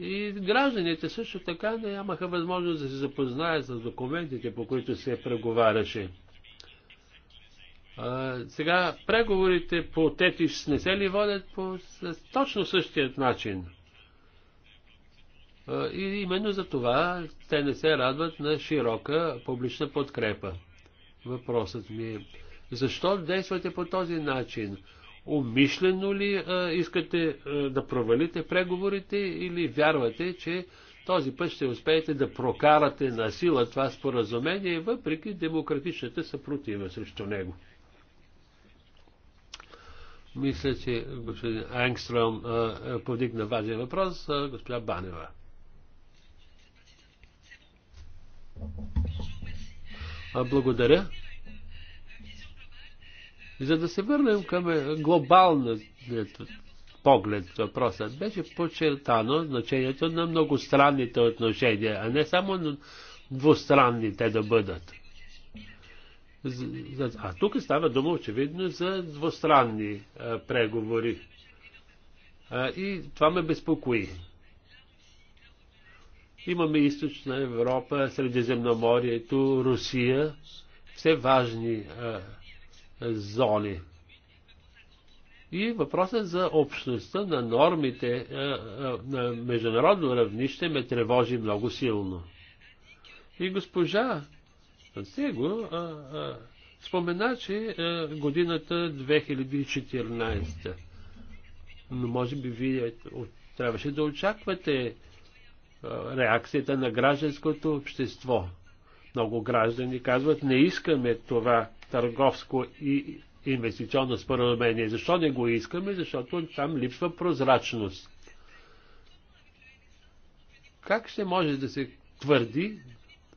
и гражданите също така нямаха възможност да се запознаят с документите, по които се преговаряше. сега преговорите по Тетиш не се ли водят по с, точно същият начин? и именно за това те не се радват на широка публична подкрепа. Въпросът ми е, защо действате по този начин? умишлено ли а, искате а, да провалите преговорите или вярвате, че този път ще успеете да прокарате на сила това споразумение, въпреки демократичната съпротива срещу него? Мисля, че господин Ангстром е, повдигна важен въпрос. А, госпожа Банева. А, благодаря. За да се върнем към е, глобалният поглед въпросът, беше подчертано значението на многостранните отношения, а не само двустранните да бъдат. А тук става дума очевидно за двустранни а, е, преговори. А, е, и това ме безпокои. Имаме източна Европа, Средиземноморието, Русия, все важни а, зони. И въпросът за общността на нормите е, е, на международно равнище ме тревожи много силно. И госпожа Сего е, спомена, че годината 2014. Но може би вие трябваше да очаквате реакцията на гражданското общество. Много граждани казват, не искаме това търговско и инвестиционно споразумение. Защо не го искаме? Защото там липсва прозрачност. Как ще може да се твърди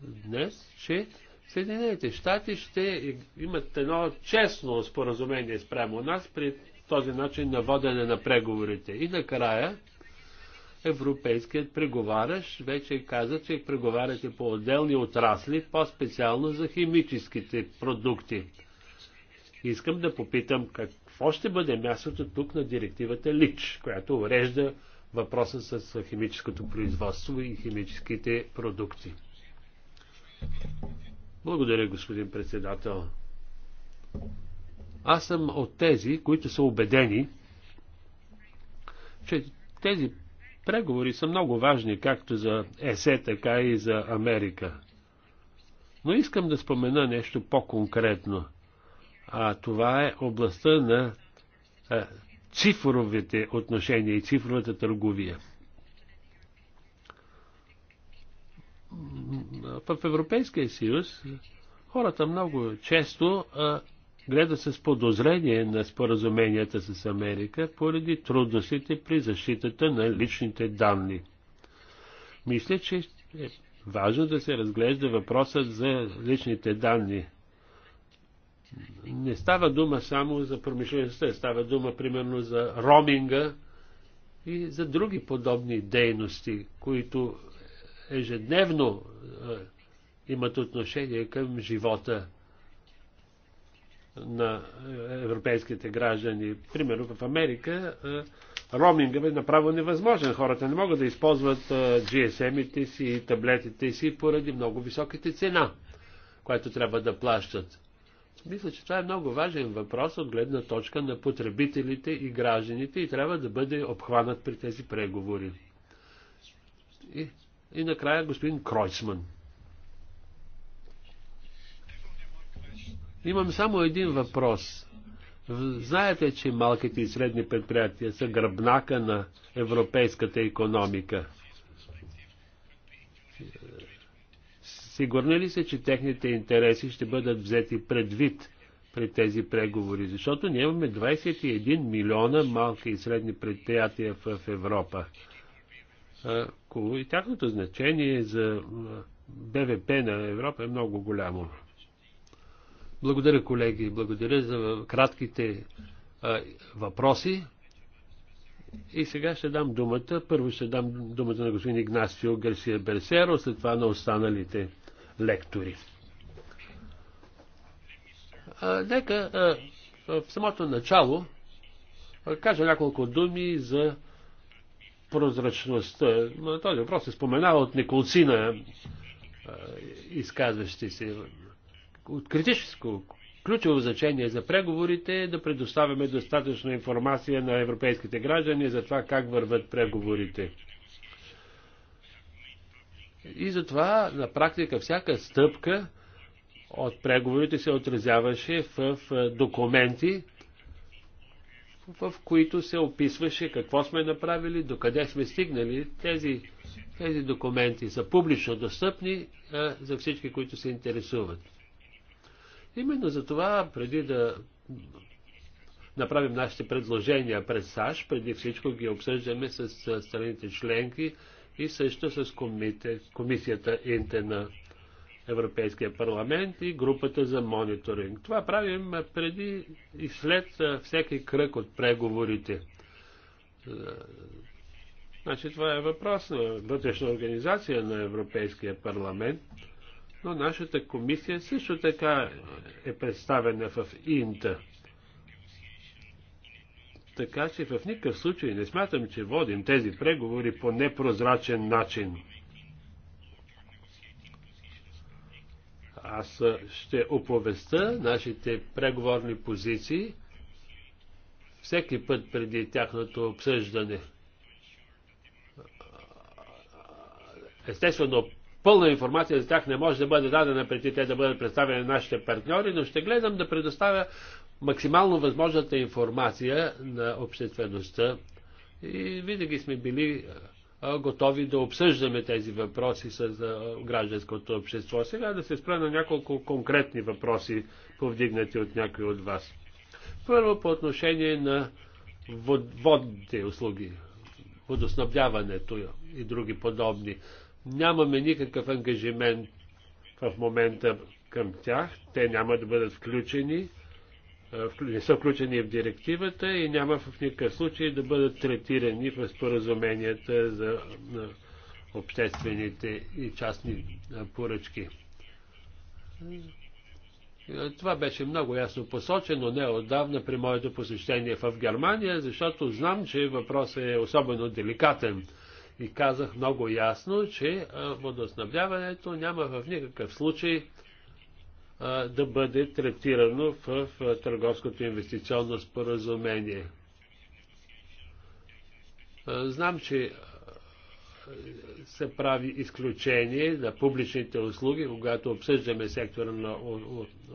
днес, че Съединените щати ще имат едно честно споразумение спрямо нас при този начин на водене на преговорите. И накрая, европейският преговарящ вече каза, че преговаряте по отделни отрасли, по-специално за химическите продукти. Искам да попитам какво ще бъде мястото тук на директивата ЛИЧ, която урежда въпроса с химическото производство и химическите продукти. Благодаря, господин председател. Аз съм от тези, които са убедени, че тези преговори са много важни, както за ЕСЕ, така и за Америка. Но искам да спомена нещо по-конкретно. А това е областта на а, цифровите отношения и цифровата търговия. В Европейския съюз хората много често а, гледа с подозрение на споразуменията с Америка поради трудностите при защитата на личните данни. Мисля, че е важно да се разглежда въпросът за личните данни. Не става дума само за промишлеността, става дума примерно за роминга и за други подобни дейности, които ежедневно е, имат отношение към живота на е, европейските граждани. Примерно в Америка е, роминга е направо невъзможен. Хората не могат да използват е, GSM-ите си и таблетите си поради много високите цена, които трябва да плащат. Мисля, че това е много важен въпрос от гледна точка на потребителите и гражданите и трябва да бъде обхванат при тези преговори. И, и накрая господин Кройцман. Имам само един въпрос. Знаете, че малките и средни предприятия са гръбнака на европейската економика. Сигурни ли се, че техните интереси ще бъдат взети предвид при тези преговори? Защото ние имаме 21 милиона малки и средни предприятия в Европа. И тяхното значение за БВП на Европа е много голямо. Благодаря, колеги. Благодаря за кратките а, въпроси. И сега ще дам думата. Първо ще дам думата на господин Игнасио Гарсия Берсеро, след това на останалите лектори. А, нека а, в самото начало а, кажа няколко думи за прозрачността. Този въпрос се споменава от неколцина изказващи се от критическо, ключово значение за преговорите е да предоставяме достатъчно информация на европейските граждани за това как върват преговорите. И затова на практика всяка стъпка от преговорите се отразяваше в документи, в които се описваше какво сме направили, докъде сме стигнали. Тези, тези документи са публично достъпни за всички, които се интересуват. Именно за това, преди да направим нашите предложения пред САЩ, преди всичко ги обсъждаме с страните членки и също с комите, комисията Инте на Европейския парламент и групата за мониторинг. Това правим преди и след всеки кръг от преговорите. Значи това е въпрос на вътрешна организация на Европейския парламент – но нашата комисия също така е представена в Инта. Така че в никакъв случай не смятам, че водим тези преговори по непрозрачен начин. Аз ще оповеста нашите преговорни позиции всеки път преди тяхното обсъждане. Естествено, Пълна информация за тях не може да бъде дадена преди те да бъдат представени на нашите партньори, но ще гледам да предоставя максимално възможната информация на обществеността. И винаги сме били готови да обсъждаме тези въпроси с гражданското общество. Сега да се спра на няколко конкретни въпроси, повдигнати от някои от вас. Първо по отношение на водните услуги, водоснабдяването и други подобни. Нямаме никакъв ангажимент в момента към тях. Те няма да бъдат включени, не са включени в директивата и няма в никакъв случай да бъдат третирани в споразуменията за обществените и частни поръчки. Това беше много ясно посочено не отдавна при моето посещение в Германия, защото знам, че въпросът е особено деликатен и казах много ясно, че водоснабдяването няма в никакъв случай да бъде третирано в търговското инвестиционно споразумение. Знам, че се прави изключение на публичните услуги, когато обсъждаме сектора на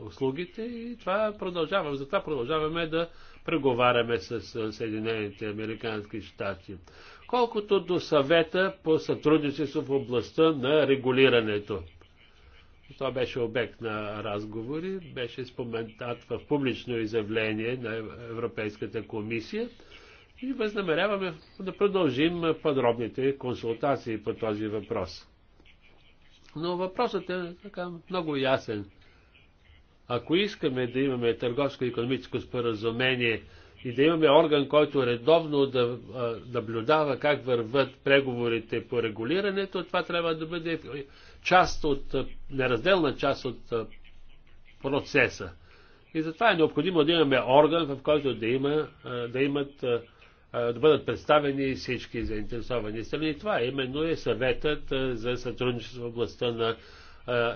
услугите и това продължавам. Затова продължаваме да преговаряме с Съединените Американски щати колкото до съвета по сътрудничество в областта на регулирането. Това беше обект на разговори, беше споменат в публично изявление на Европейската комисия и възнамеряваме да продължим подробните консултации по този въпрос. Но въпросът е така много ясен. Ако искаме да имаме търговско-економическо споразумение и да имаме орган, който редовно да наблюдава как върват преговорите по регулирането, това трябва да бъде част от, неразделна част от процеса. И затова е необходимо да имаме орган, в който да, има, да имат да бъдат представени всички заинтересовани страни. това именно е съветът за сътрудничество в областта на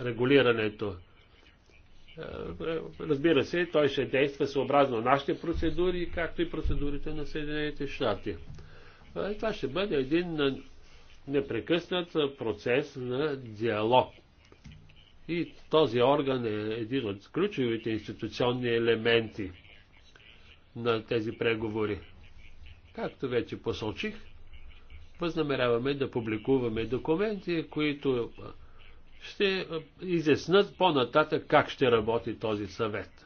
регулирането. Е, е, разбира се, той ще действа съобразно нашите процедури, както и процедурите на Съединените щати. Е, това ще бъде един непрекъснат процес на диалог. И този орган е един от ключовите институционни елементи на тези преговори. Както вече посочих, възнамеряваме да публикуваме документи, които ще изяснат по-нататък как ще работи този съвет.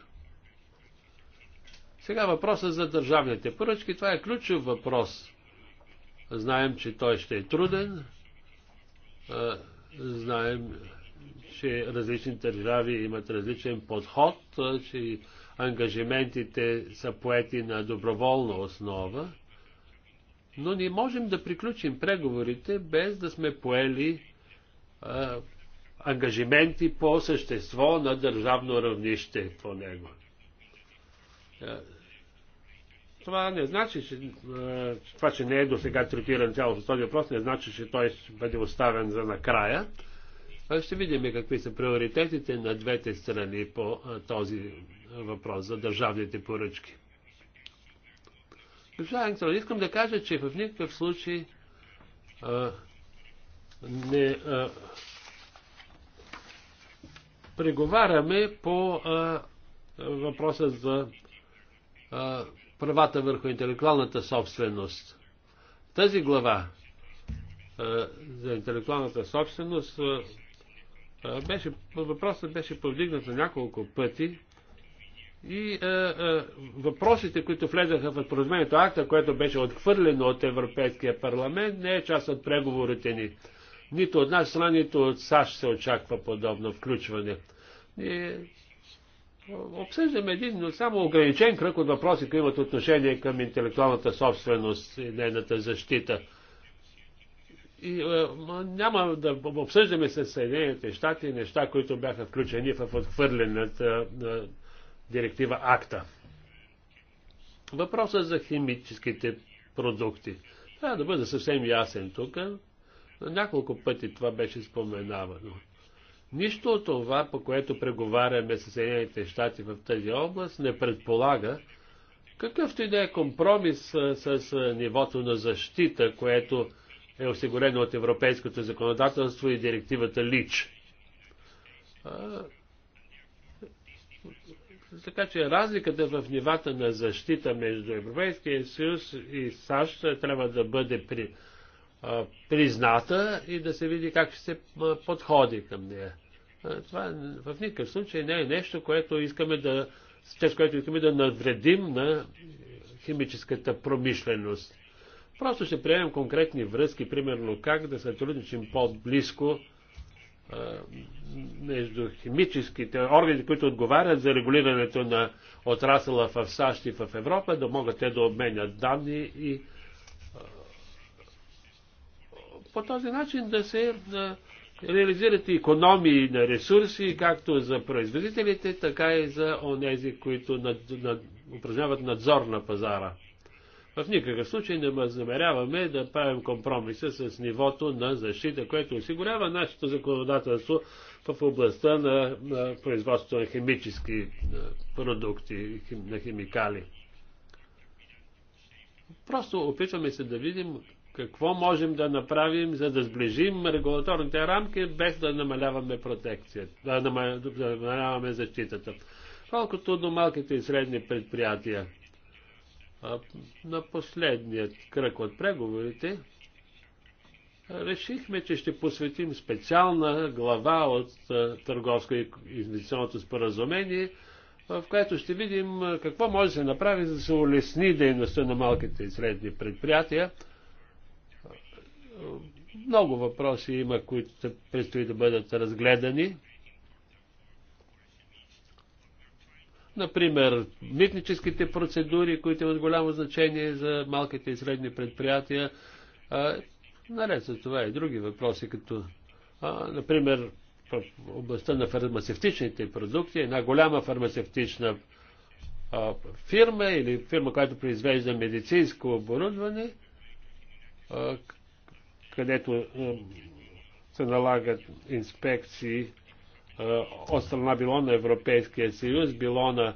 Сега въпросът за държавните поръчки, това е ключов въпрос. Знаем, че той ще е труден. Знаем, че различните държави имат различен подход, че ангажиментите са поети на доброволна основа. Но не можем да приключим преговорите без да сме поели ангажименти по същество на държавно равнище по него. Е, това не значи, че е, това, че не е до сега третиран цялото този въпрос, не значи, че той ще бъде оставен за накрая. Ще видим какви са приоритетите на двете страни по е, този въпрос за държавните поръчки. Госпожа искам да кажа, че в никакъв случай а, не а, преговаряме по а, въпроса за а, правата върху интелектуалната собственост. Тази глава а, за интелектуалната собственост а, беше, въпросът беше повдигнат на няколко пъти и а, а, въпросите, които влезаха в споразумението акта, което беше отхвърлено от Европейския парламент, не е част от преговорите ни. Нито от нас страна, нито от САЩ се очаква подобно включване. И обсъждаме един, но само ограничен кръг от въпроси, които имат отношение към интелектуалната собственост и нейната защита. И, е, няма да обсъждаме с Съединените щати неща, които бяха включени в отхвърлената е, директива АКТА. Въпросът за химическите продукти. Трябва да бъда съвсем ясен тук. На няколко пъти това беше споменавано. Нищо от това, по което преговаряме с Съединените щати в тази област, не предполага какъвто и да е компромис с, с нивото на защита, което е осигурено от европейското законодателство и директивата ЛИЧ. А, така че разликата в нивата на защита между Европейския съюз и САЩ трябва да бъде при, призната и да се види как ще се подходи към нея. Това в никакъв случай не е нещо, което искаме да, чрез което искаме да надредим на химическата промишленост. Просто ще приемем конкретни връзки, примерно как да сътрудничим по-близко между химическите органи, които отговарят за регулирането на отрасъла в САЩ и в Европа, да могат те да обменят данни и по този начин да се да реализират економии на ресурси, както за производителите, така и за онези, които над, над, упражняват надзор на пазара. В никакъв случай не замеряваме да правим компромиса с нивото на защита, което осигурява нашето законодателство в областта на, на производството на химически продукти, на химикали. Просто опитваме се да видим какво можем да направим, за да сближим регулаторните рамки, без да намаляваме протекцията, да намаляваме защитата. Колкото до малките и средни предприятия, на последният кръг от преговорите, решихме, че ще посветим специална глава от търговско и инвестиционното споразумение, в което ще видим какво може да се направи, за да се улесни дейността на малките и средни предприятия много въпроси има, които предстои да бъдат разгледани. Например, митническите процедури, които имат голямо значение за малките и средни предприятия. А, наред за това и други въпроси, като, а, например, в областта на фармацевтичните продукти, една голяма фармацевтична а, фирма или фирма, която произвежда медицинско оборудване, а, където е, се налагат инспекции е, от страна било на Европейския съюз, било на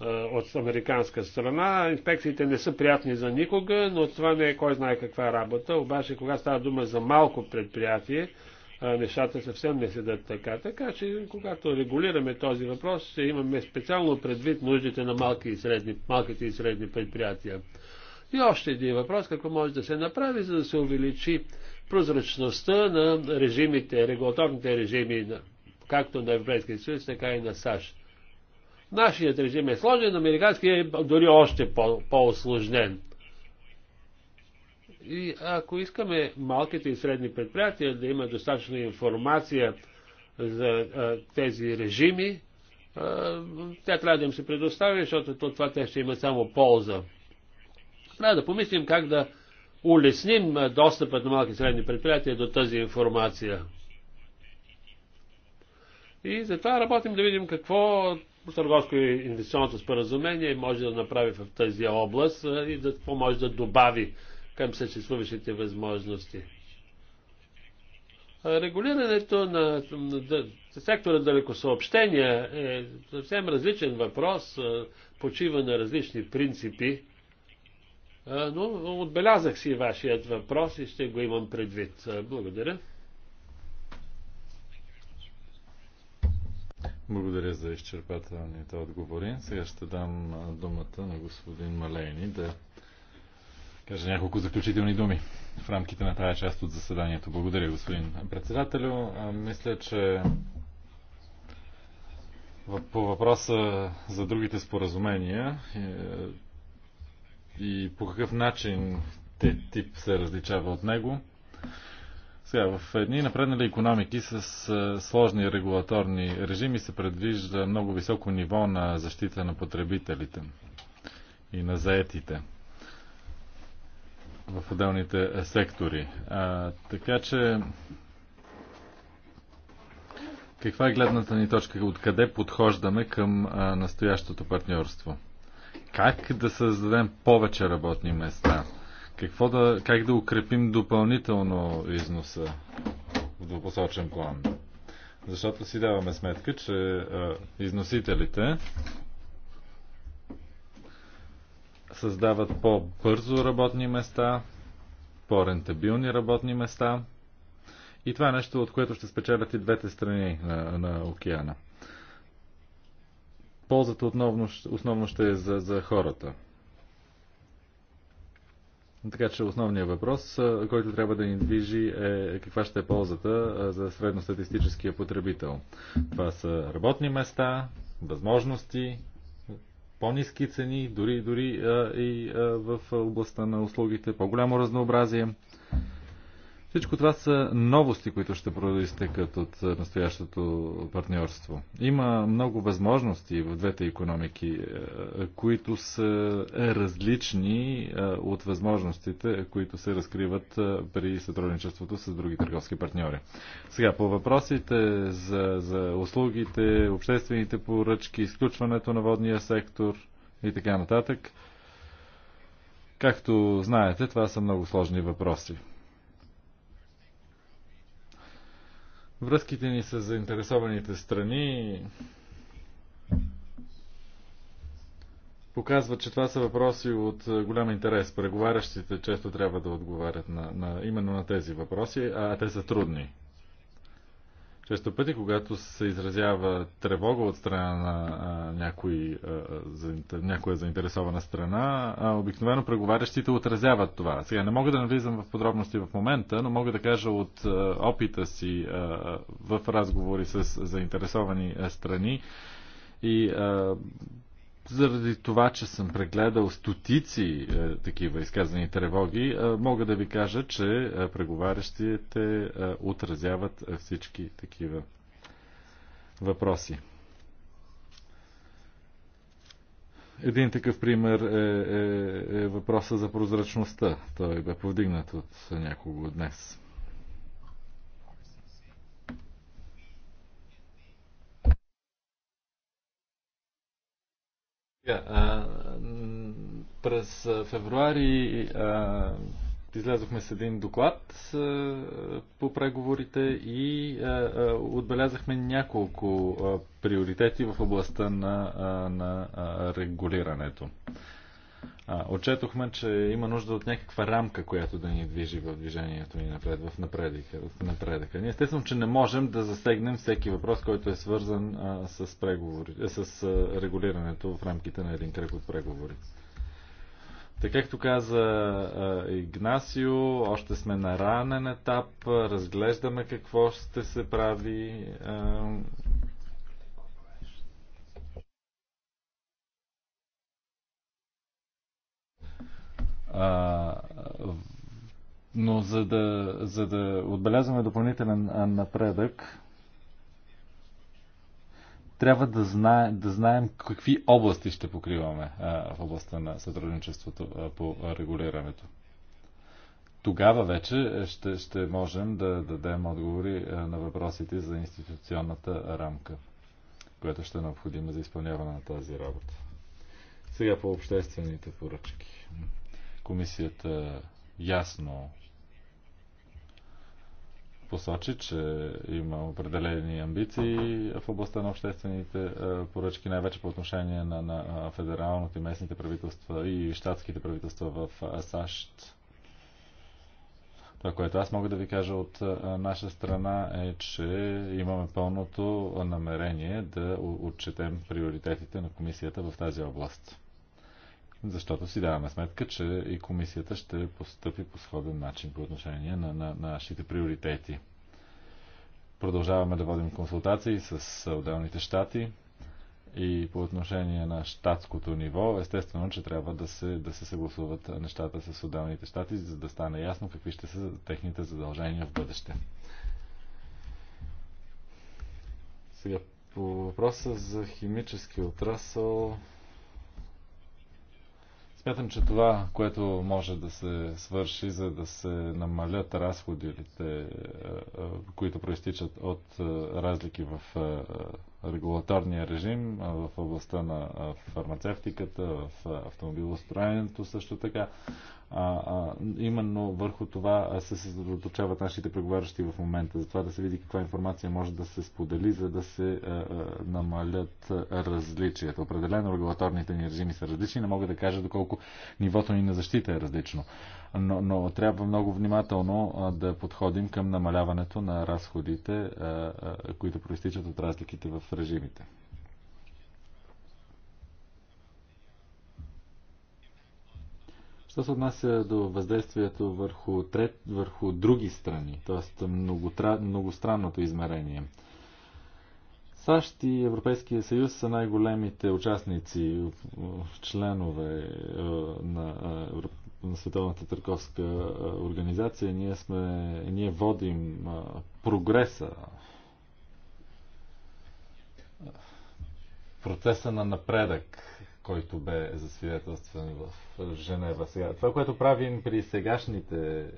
е, от американска страна. Инспекциите не са приятни за никога, но това не е кой знае каква работа. Обаче, когато става дума за малко предприятие, нещата съвсем не седат така. Така че, когато регулираме този въпрос, ще имаме специално предвид нуждите на малки и средни, малките и средни предприятия. И още един въпрос, какво може да се направи, за да се увеличи прозрачността на режимите, регулаторните режими, както на Европейския съюз, така и на САЩ. Нашият режим е сложен, американският е дори още по-осложнен. и ако искаме малките и средни предприятия да имат достатъчно информация за тези режими, тя трябва да им се предостави, защото това те ще имат само полза. Трябва да помислим как да улесним достъпът на малки и средни предприятия до тази информация. И затова работим да видим какво търговско и инвестиционното споразумение може да направи в тази област и да, какво може да добави към съществуващите възможности. Регулирането на, на, на сектора далекосъобщения е съвсем различен въпрос, почива на различни принципи но отбелязах си вашият въпрос и ще го имам предвид. Благодаря. Благодаря за изчерпателните отговори. Сега ще дам думата на господин Малейни да каже няколко заключителни думи в рамките на тази част от заседанието. Благодаря, господин председателю. Мисля, че по въпроса за другите споразумения е, и по какъв начин те тип се различава от него. Сега, в едни напреднали економики с сложни регулаторни режими се предвижда много високо ниво на защита на потребителите и на заетите в отделните сектори. А, така че, каква е гледната ни точка? Откъде подхождаме към а, настоящото партньорство? как да създадем повече работни места? Какво да, как да укрепим допълнително износа в двупосочен план? Защото си даваме сметка, че а, износителите създават по-бързо работни места, по-рентабилни работни места. И това е нещо, от което ще спечелят и двете страни на, на океана ползата основно, основно ще е за, за хората. Така че основният въпрос, който трябва да ни движи е каква ще е ползата за средностатистическия потребител. Това са работни места, възможности, по-низки цени, дори, дори а, и а, в областта на услугите, по-голямо разнообразие. Всичко това са новости, които ще проистекат от е, настоящото партньорство. Има много възможности в двете економики, е, които са е, различни от възможностите, които се разкриват при сътрудничеството с други търговски партньори. Сега, по въпросите за, за услугите, обществените поръчки, изключването на водния сектор и така нататък, както знаете, това са много сложни въпроси. Връзките ни с заинтересованите страни показват, че това са въпроси от голям интерес. Преговарящите често трябва да отговарят на, на, именно на тези въпроси, а те са трудни. Често пъти, когато се изразява тревога от страна на а, някой, а, за, някоя заинтересована страна, а, обикновено преговарящите отразяват това. Сега не мога да навлизам в подробности в момента, но мога да кажа от а, опита си а, в разговори с заинтересовани страни и а, заради това, че съм прегледал стотици е, такива изказани тревоги, е, мога да ви кажа, че е, преговарящите е, отразяват е, всички такива въпроси. Един такъв пример е, е, е въпроса за прозрачността. Той бе повдигнат от някого днес. Е, през февруари излязохме с един доклад по преговорите и отбелязахме няколко приоритети в областта на, на регулирането. А, отчетохме, че има нужда от някаква рамка, която да ни движи в движението ни напред, в напредъка. В напредъка. Ние естествено, че не можем да засегнем всеки въпрос, който е свързан а, с, преговори, а, е, с а, регулирането в рамките на един кръг от преговори. Така както каза а, Игнасио, още сме на ранен етап, разглеждаме какво ще се прави. А, А, но за да, за да отбелязваме допълнителен напредък, трябва да, знае, да знаем какви области ще покриваме а, в областта на сътрудничеството а, по регулирането. Тогава вече ще, ще можем да дадем отговори а, на въпросите за институционната рамка, която ще е необходима за изпълняване на тази работа. Сега по обществените поръчки. Комисията ясно посочи, че има определени амбиции в областта на обществените поръчки, най-вече по отношение на, на федералното и местните правителства и щатските правителства в САЩ. Това, което аз мога да ви кажа от наша страна е, че имаме пълното намерение да отчетем приоритетите на комисията в тази област защото си даваме сметка, че и комисията ще постъпи по сходен начин по отношение на, на, на нашите приоритети. Продължаваме да водим консултации с отделните щати и по отношение на щатското ниво, естествено, че трябва да се, да се съгласуват нещата с отделните щати, за да стане ясно какви ще са техните задължения в бъдеще. Сега по въпроса за химически отрасъл Смятам, че това, което може да се свърши, за да се намалят разходите, е, е, които проистичат от е, разлики в регулаторния режим в областта на фармацевтиката, в автомобилостроенето също така. А, а, именно върху това се съсредоточават нашите преговарящи в момента, за това да се види каква информация може да се сподели, за да се а, а, намалят различията. Определено регулаторните ни режими са различни, не мога да кажа доколко нивото ни на защита е различно но, но трябва много внимателно да подходим към намаляването на разходите, които проистичат от разликите в режимите. Що се отнася до въздействието върху, трет, върху други страни, т.е. многостранното измерение? САЩ и Европейския съюз са най-големите участници, членове на на Световната търговска организация, ние, сме, ние водим прогреса, процеса на напредък, който бе засвидетелстван в Женева сега. Това, което правим при сегашните е, е,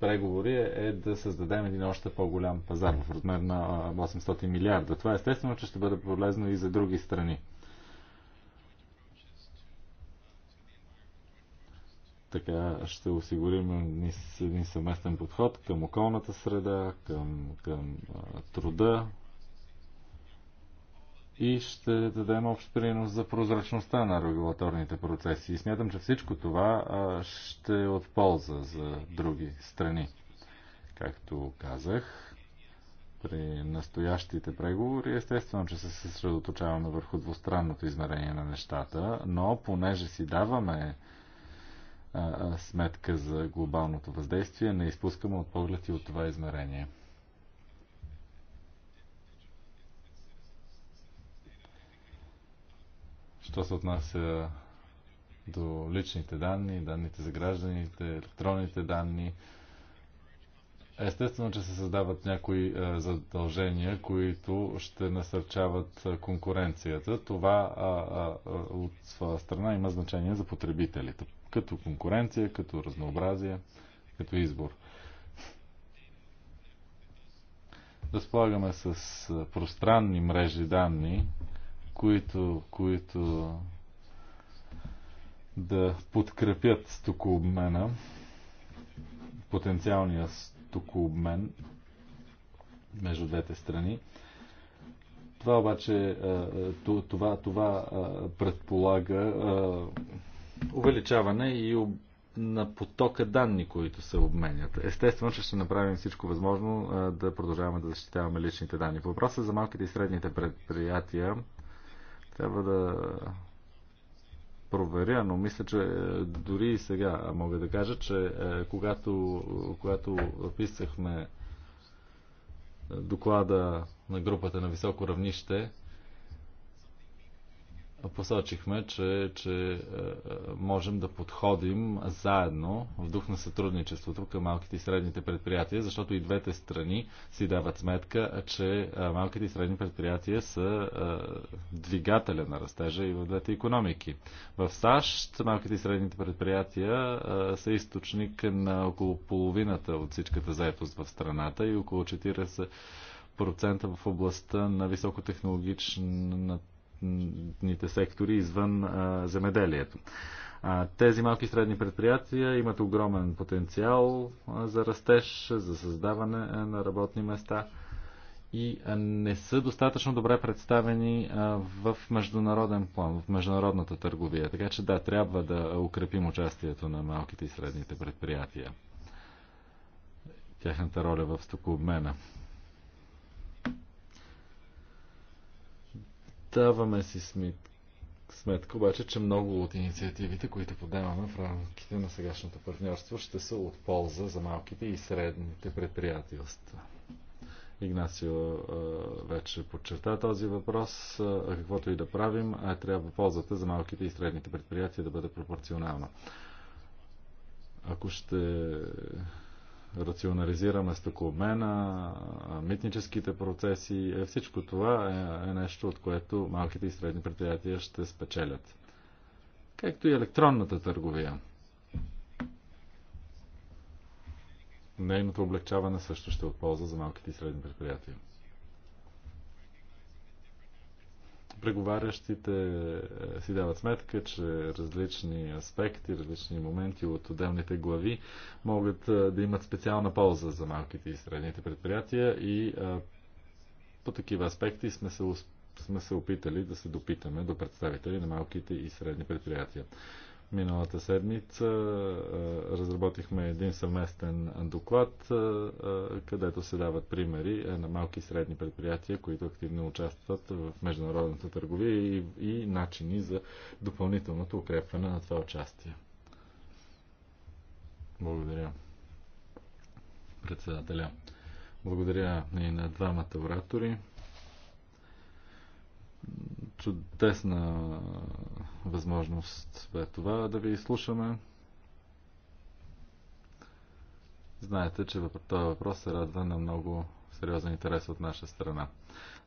преговори е, е да създадем един още по-голям пазар в размер на 800 милиарда. Това естествено, че ще бъде полезно и за други страни. Така ще осигурим един съвместен подход към околната среда, към, към а, труда и ще дадем общ принос за прозрачността на регулаторните процеси. И смятам, че всичко това а, ще е от полза за други страни. Както казах, при настоящите преговори. Естествено, че се съсредоточаваме върху двустранното измерение на нещата, но понеже си даваме сметка за глобалното въздействие, не изпускаме от поглед и от това измерение. Що се отнася до личните данни, данните за гражданите, електронните данни, Естествено, че се създават някои задължения, които ще насърчават конкуренцията. Това от своя страна има значение за потребителите като конкуренция, като разнообразие, като избор. Разполагаме с пространни мрежи данни, които, които да подкрепят стокообмена, потенциалния стокообмен между двете страни. Това обаче, това, това предполага увеличаване и на потока данни, които се обменят. Естествено, че ще направим всичко възможно да продължаваме да защитаваме личните данни. По въпроса за малките и средните предприятия трябва да проверя, но мисля, че е, дори и сега мога да кажа, че е, когато, когато писахме доклада на групата на високо равнище, посочихме, че, че е, е, можем да подходим заедно в дух на сътрудничеството към малките и средните предприятия, защото и двете страни си дават сметка, че е, малките и средни предприятия са двигателя на растежа и в двете економики. В САЩ малките и средните предприятия са източник на около половината от всичката заетост в страната и около 40% в областта на високотехнологичната конкурентните сектори извън земеделието. тези малки и средни предприятия имат огромен потенциал за растеж, за създаване е, на работни места и не са достатъчно добре представени в международен план, в международната търговия. Така че да, трябва да укрепим участието на малките и средните предприятия. Тяхната роля в стокообмена. Даваме си смит, сметка обаче, че много от инициативите, които подаваме в рамките на сегашното партньорство, ще са от полза за малките и средните предприятелства. Игнасио вече подчерта този въпрос. Каквото и да правим, а трябва ползата за малките и средните предприятия да бъде пропорционална. Ако ще рационализираме стокообмена, митническите процеси. Е, всичко това е, е нещо, от което малките и средни предприятия ще спечелят. Както и електронната търговия. Нейното облегчаване също ще е от полза за малките и средни предприятия. преговарящите е, си дават сметка, че различни аспекти, различни моменти от отделните глави могат е, да имат специална полза за малките и средните предприятия и е, по такива аспекти сме се, сме се опитали да се допитаме до представители на малките и средни предприятия. Миналата седмица разработихме един съвместен доклад, където се дават примери е, на малки и средни предприятия, които активно участват в международната търговия и, и начини за допълнителното укрепване на това участие. Благодаря. Председателя. Благодаря и на двамата оратори Чудесна възможност бе това да ви изслушаме. Знаете, че този въпрос се радва на много сериозен интерес от наша страна.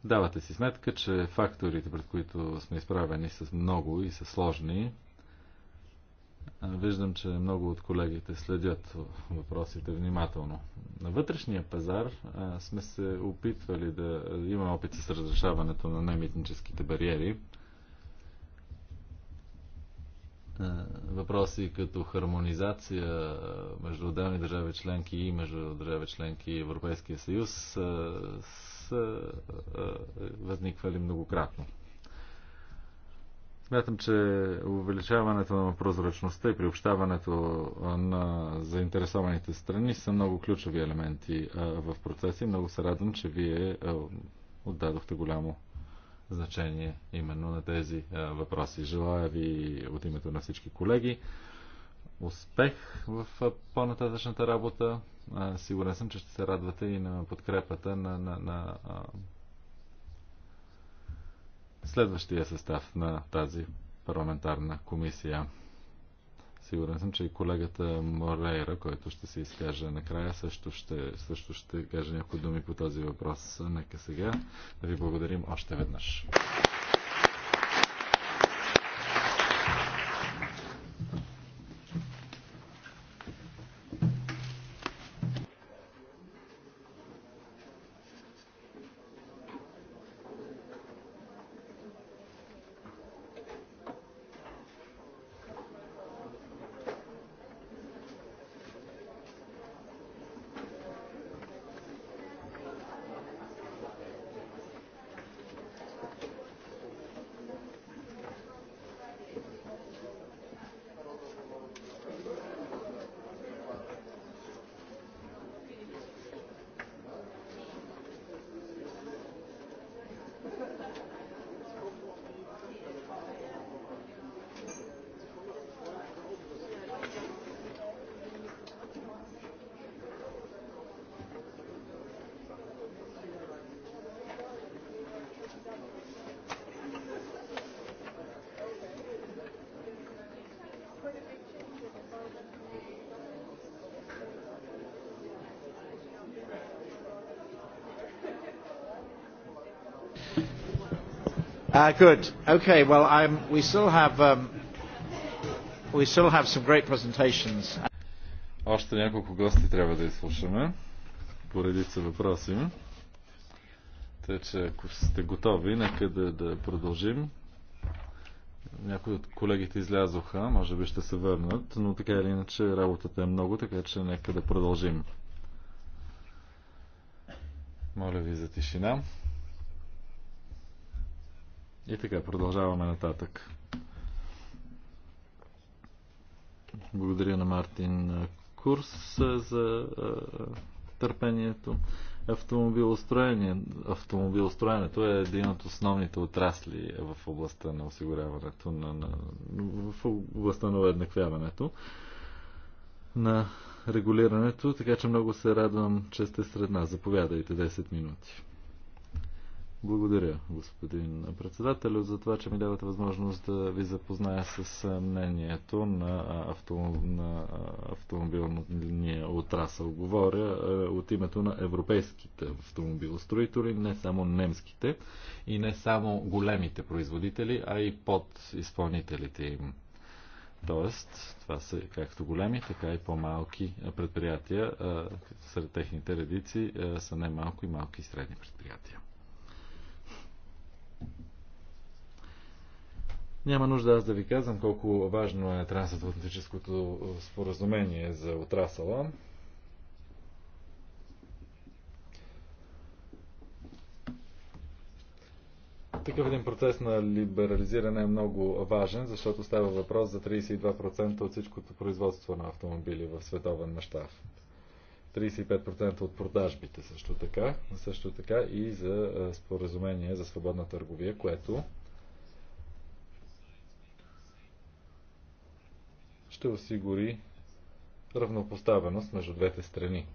Давате си сметка, че факторите, пред които сме изправени, са много и са сложни Виждам, че много от колегите следят въпросите внимателно. На вътрешния пазар сме се опитвали да има опит с разрешаването на немитническите бариери. въпроси като хармонизация между отделни държави членки и между държави членки и Европейския съюз са възниквали многократно. Смятам, че увеличаването на прозрачността и приобщаването на заинтересованите страни са много ключови елементи в процеса и много се радвам, че вие отдадохте голямо значение именно на тези въпроси. Желая ви от името на всички колеги успех в по-нататъчната работа. Сигурен съм, че ще се радвате и на подкрепата на, на, на следващия състав на тази парламентарна комисия. Сигурен съм, че и колегата Морейра, който ще се изкаже накрая, също ще, също ще каже някои думи по този въпрос. Нека сега да ви благодарим още веднъж. Uh, good. Okay. Well, I'm, we still have um, we still have some great presentations. Още няколко гости трябва да изслушаме поредица въпроси. Тъй, че ако сте готови, нека да, да продължим. Някои от колегите излязоха, може би ще се върнат, но така или иначе работата е много, така че нека да продължим. Моля ви за тишина. И така, продължаваме нататък. Благодаря на Мартин Курс за търпението. Автомобилостроение. Автомобилостроенето е един от основните отрасли в областта на осигуряването, на, на, в областта на уеднаквяването, на регулирането, така че много се радвам, че сте сред нас. Заповядайте 10 минути. Благодаря, господин председател, за това, че ми давате възможност да ви запозная с мнението на, автом... на автомобилния отрасъл. Говоря от името на европейските автомобилостроители, не само немските и не само големите производители, а и под изпълнителите им. Тоест, това са както големи, така и по-малки предприятия. Сред техните редици са не малко и малки и средни предприятия. Няма нужда аз да ви казвам колко важно е трансатлантическото е, споразумение за отрасала. Такъв един процес на либерализиране е много важен, защото става въпрос за 32% от всичкото производство на автомобили в световен мащаб. 35% от продажбите също така, също така и за е, споразумение за свободна търговия, което ще осигури равнопоставеност между двете страни.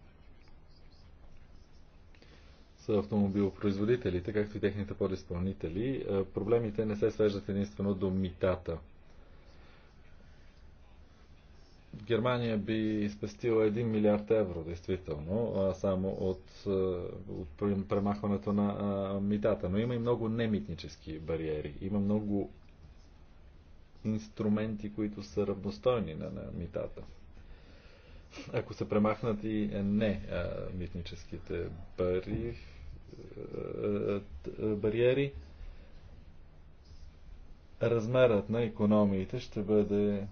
С автомобилопроизводителите, както и техните подиспълнители, проблемите не се свеждат единствено до митата. Германия би спестила 1 милиард евро, действително, само от, от премахването на митата. Но има и много немитнически бариери. Има много инструменти, които са равностойни на, на митата. Ако се премахнат и е, не а, митническите бари, а, е, е, бариери, размерът на економиите ще бъде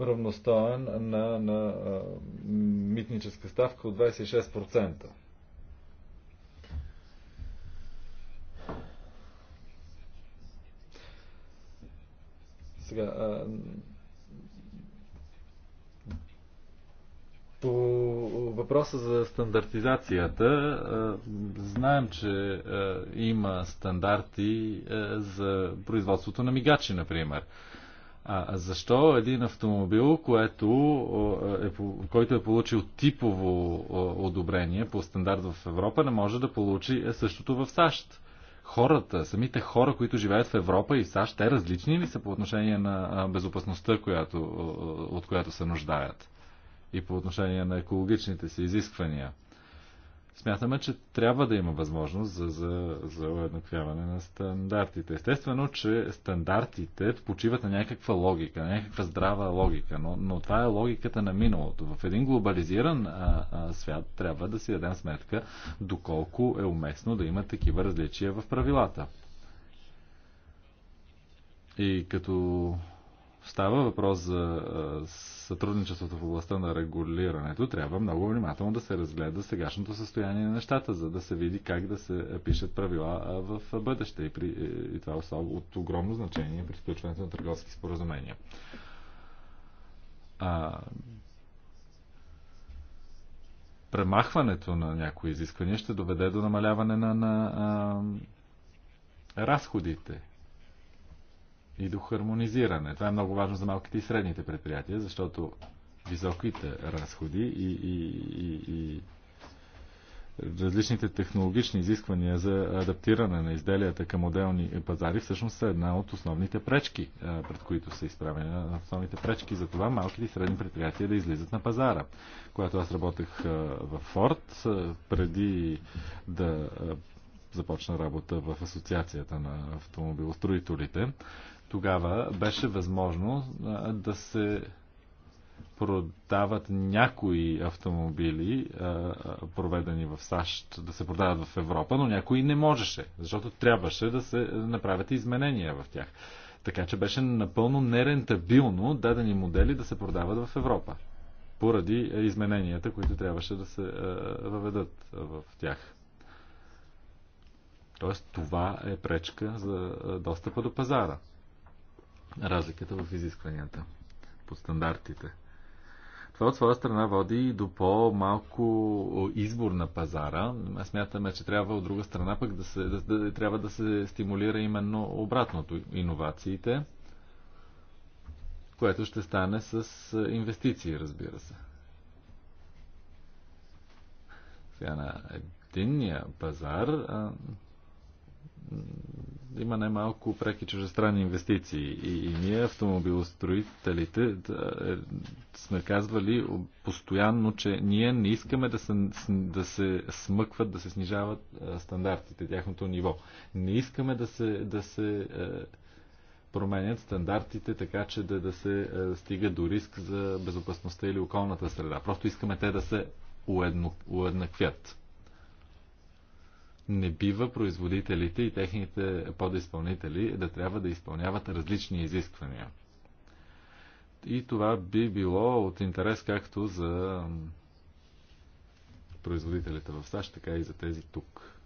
равностоен на, на а, митническа ставка от 26%. Сега, а, по въпроса за стандартизацията, а, знаем, че а, има стандарти а, за производството на мигачи, например. А защо един автомобил, което е, който е получил типово одобрение по стандарт в Европа, не може да получи същото в САЩ? хората, самите хора, които живеят в Европа и САЩ, те различни ли са по отношение на безопасността, която, от която се нуждаят? И по отношение на екологичните си изисквания? Смятаме, че трябва да има възможност за, за, за уеднаквяване на стандартите. Естествено, че стандартите почиват на някаква логика, на някаква здрава логика, но, но това е логиката на миналото. В един глобализиран а, а, свят трябва да си дадем сметка доколко е уместно да има такива различия в правилата. И като става въпрос за сътрудничеството в областта на регулирането, трябва много внимателно да се разгледа сегашното състояние на нещата, за да се види как да се пишат правила в бъдеще. И, при, и това е от огромно значение при включването на търговски споразумения. А, премахването на някои изисквания ще доведе до намаляване на, на а, разходите и до хармонизиране. Това е много важно за малките и средните предприятия, защото високите разходи и, и, и, и различните технологични изисквания за адаптиране на изделията към отделни пазари всъщност са една от основните пречки, пред които са изправени. Основните пречки за това малките и средни предприятия да излизат на пазара. Когато аз работех в Форд, преди да започна работа в Асоциацията на автомобилостроителите, тогава беше възможно да се продават някои автомобили, проведени в САЩ, да се продават в Европа, но някои не можеше, защото трябваше да се направят изменения в тях. Така че беше напълно нерентабилно дадени модели да се продават в Европа, поради измененията, които трябваше да се въведат в тях. Тоест това е пречка за достъпа до пазара разликата в изискванията по стандартите. Това от своя страна води и до по-малко избор на пазара. Смятаме, че трябва от друга страна пък да се, да, да, трябва да се стимулира именно обратното иновациите, което ще стане с инвестиции, разбира се. Сега на единния пазар а, има най-малко преки чужестранни инвестиции. И, и ние, автомобилостроителите, да, е, сме казвали постоянно, че ние не искаме да се, да се смъкват, да се снижават е, стандартите, тяхното ниво. Не искаме да се, да се е, променят стандартите, така че да, да се е, стига до риск за безопасността или околната среда. Просто искаме те да се уедно, уеднаквят. Не бива производителите и техните подизпълнители да трябва да изпълняват различни изисквания. И това би било от интерес както за производителите в САЩ, така и за тези тук.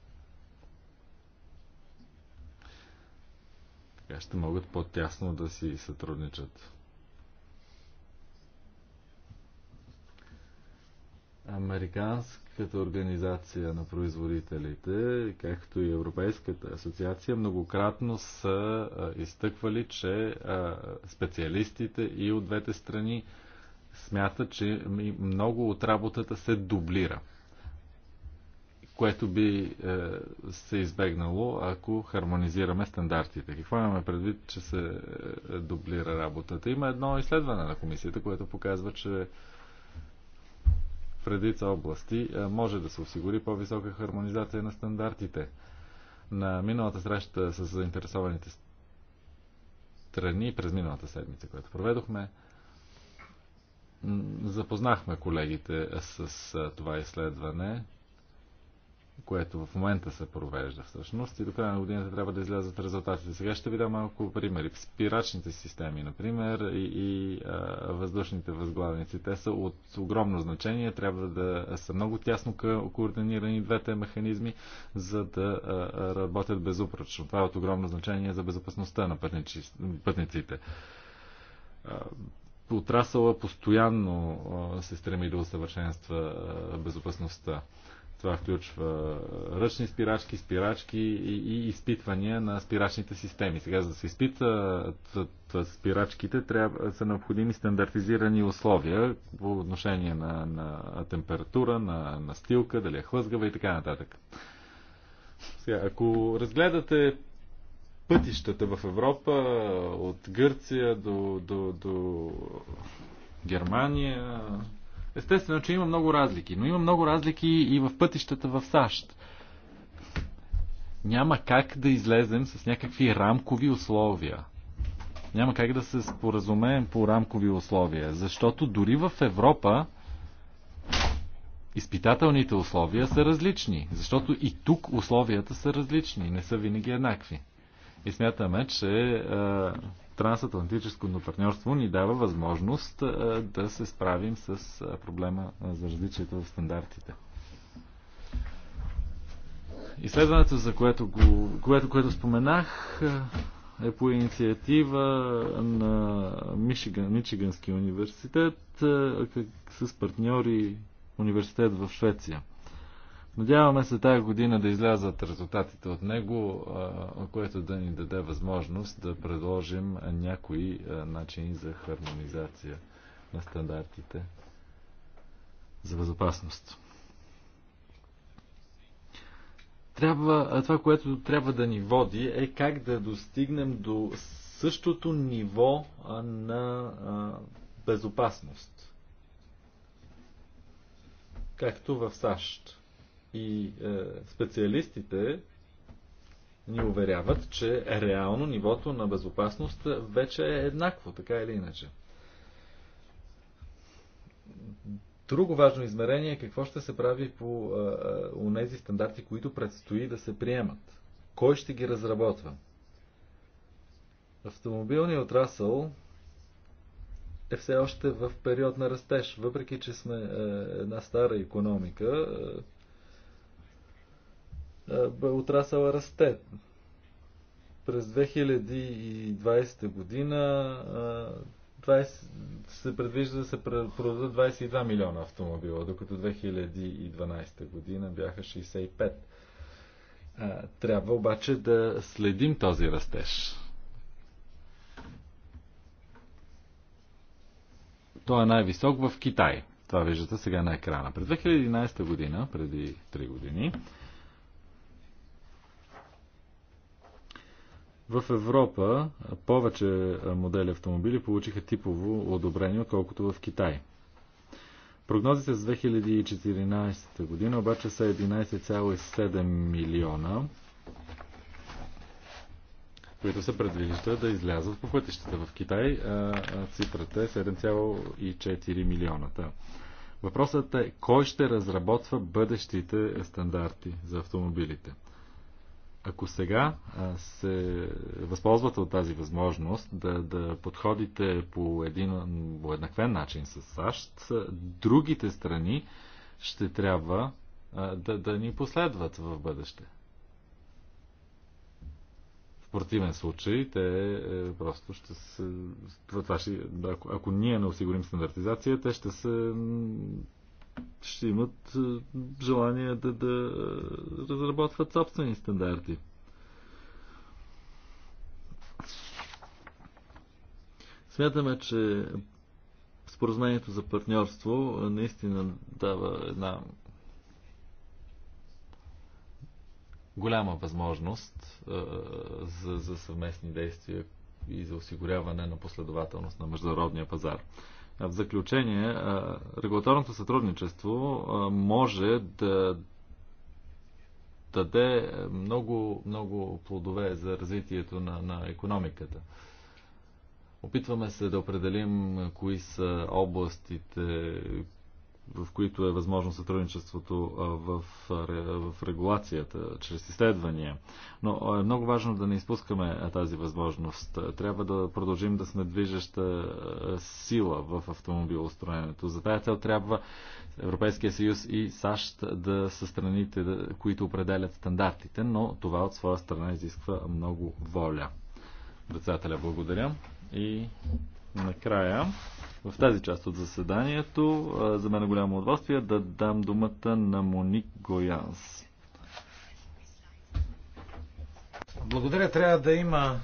Така ще могат по-тясно да си сътрудничат. Американската организация на производителите, както и Европейската асоциация, многократно са изтъквали, че специалистите и от двете страни смятат, че много от работата се дублира, което би е, се избегнало, ако хармонизираме стандартите. Какво имаме предвид, че се е, дублира работата? Има едно изследване на комисията, което показва, че редица области е, може да се осигури по-висока хармонизация на стандартите. На миналата среща с заинтересованите страни през миналата седмица, която проведохме, запознахме колегите с е, това изследване което в момента се провежда всъщност и до края на годината трябва да излязат резултатите. Сега ще ви дам малко примери. Спирачните системи, например, и, и а, въздушните възглавници, те са от огромно значение. Трябва да са много тясно координирани двете механизми, за да а, работят безупречно. Това е от огромно значение за безопасността на пътници, пътниците отрасъла постоянно се стреми да усъвършенства безопасността. Това включва ръчни спирачки, спирачки и, и изпитвания на спирачните системи. Сега, за да се изпитат спирачките, трябва, са необходими стандартизирани условия по отношение на, на температура, на, на стилка, дали е хлъзгава и така нататък. Сега, ако разгледате пътищата в Европа, от Гърция до, до, до Германия, Естествено, че има много разлики, но има много разлики и в пътищата в САЩ. Няма как да излезем с някакви рамкови условия. Няма как да се споразумеем по рамкови условия, защото дори в Европа изпитателните условия са различни, защото и тук условията са различни, не са винаги еднакви. И смятаме, че е, трансатлантическото партньорство ни дава възможност да се справим с проблема за различията в стандартите. Изследването, за което, го, което, което споменах, е по инициатива на Мичиган, Мичиганския университет с партньори университет в Швеция. Надяваме се тази година да излязат резултатите от него, което да ни даде възможност да предложим някои начини за хармонизация на стандартите за безопасност. Трябва, това, което трябва да ни води е как да достигнем до същото ниво на безопасност, както в САЩ. И е, специалистите ни уверяват, че реално нивото на безопасност вече е еднакво, така или иначе. Друго важно измерение е какво ще се прави по тези е, е, стандарти, които предстои да се приемат. Кой ще ги разработва? Автомобилният отрасъл е все още в период на растеж. Въпреки, че сме е, една стара економика, е, отрасъла расте. През 2020 година 20, се предвижда да се продадат 22 милиона автомобила, докато 2012 година бяха 65. Трябва обаче да следим този растеж. Той е най-висок в Китай. Това виждате сега на екрана. През 2011 година, преди 3 години, В Европа повече модели автомобили получиха типово одобрение, отколкото в Китай. Прогнозите с 2014 година обаче са 11,7 милиона, които се предвижда да излязат по пътищата в Китай. Цифрата е 7,4 милиона. Въпросът е кой ще разработва бъдещите стандарти за автомобилите ако сега се възползвате от тази възможност да, да подходите по един по еднаквен начин с САЩ, другите страни ще трябва да, да ни последват в бъдеще. В противен случай, те е, просто ще се. Това ще, ако, ако ние не осигурим стандартизация, те ще се ще имат е, желание да, да е, разработват собствени стандарти. Смятаме, че споразумението за партньорство наистина дава една голяма възможност е, за, за съвместни действия и за осигуряване на последователност на международния пазар. В заключение, регулаторното сътрудничество може да даде много, много плодове за развитието на, на економиката. Опитваме се да определим кои са областите, в които е възможно сътрудничеството в, в регулацията, чрез изследвания. Но е много важно да не изпускаме тази възможност. Трябва да продължим да сме движеща сила в автомобилостроенето. За тая цел трябва Европейския съюз и САЩ да са страните, които определят стандартите, но това от своя страна изисква много воля. Председателя, благодаря. И накрая в тази част от заседанието за мен е голямо удоволствие да дам думата на Моник Гоянс. Благодаря, трябва да има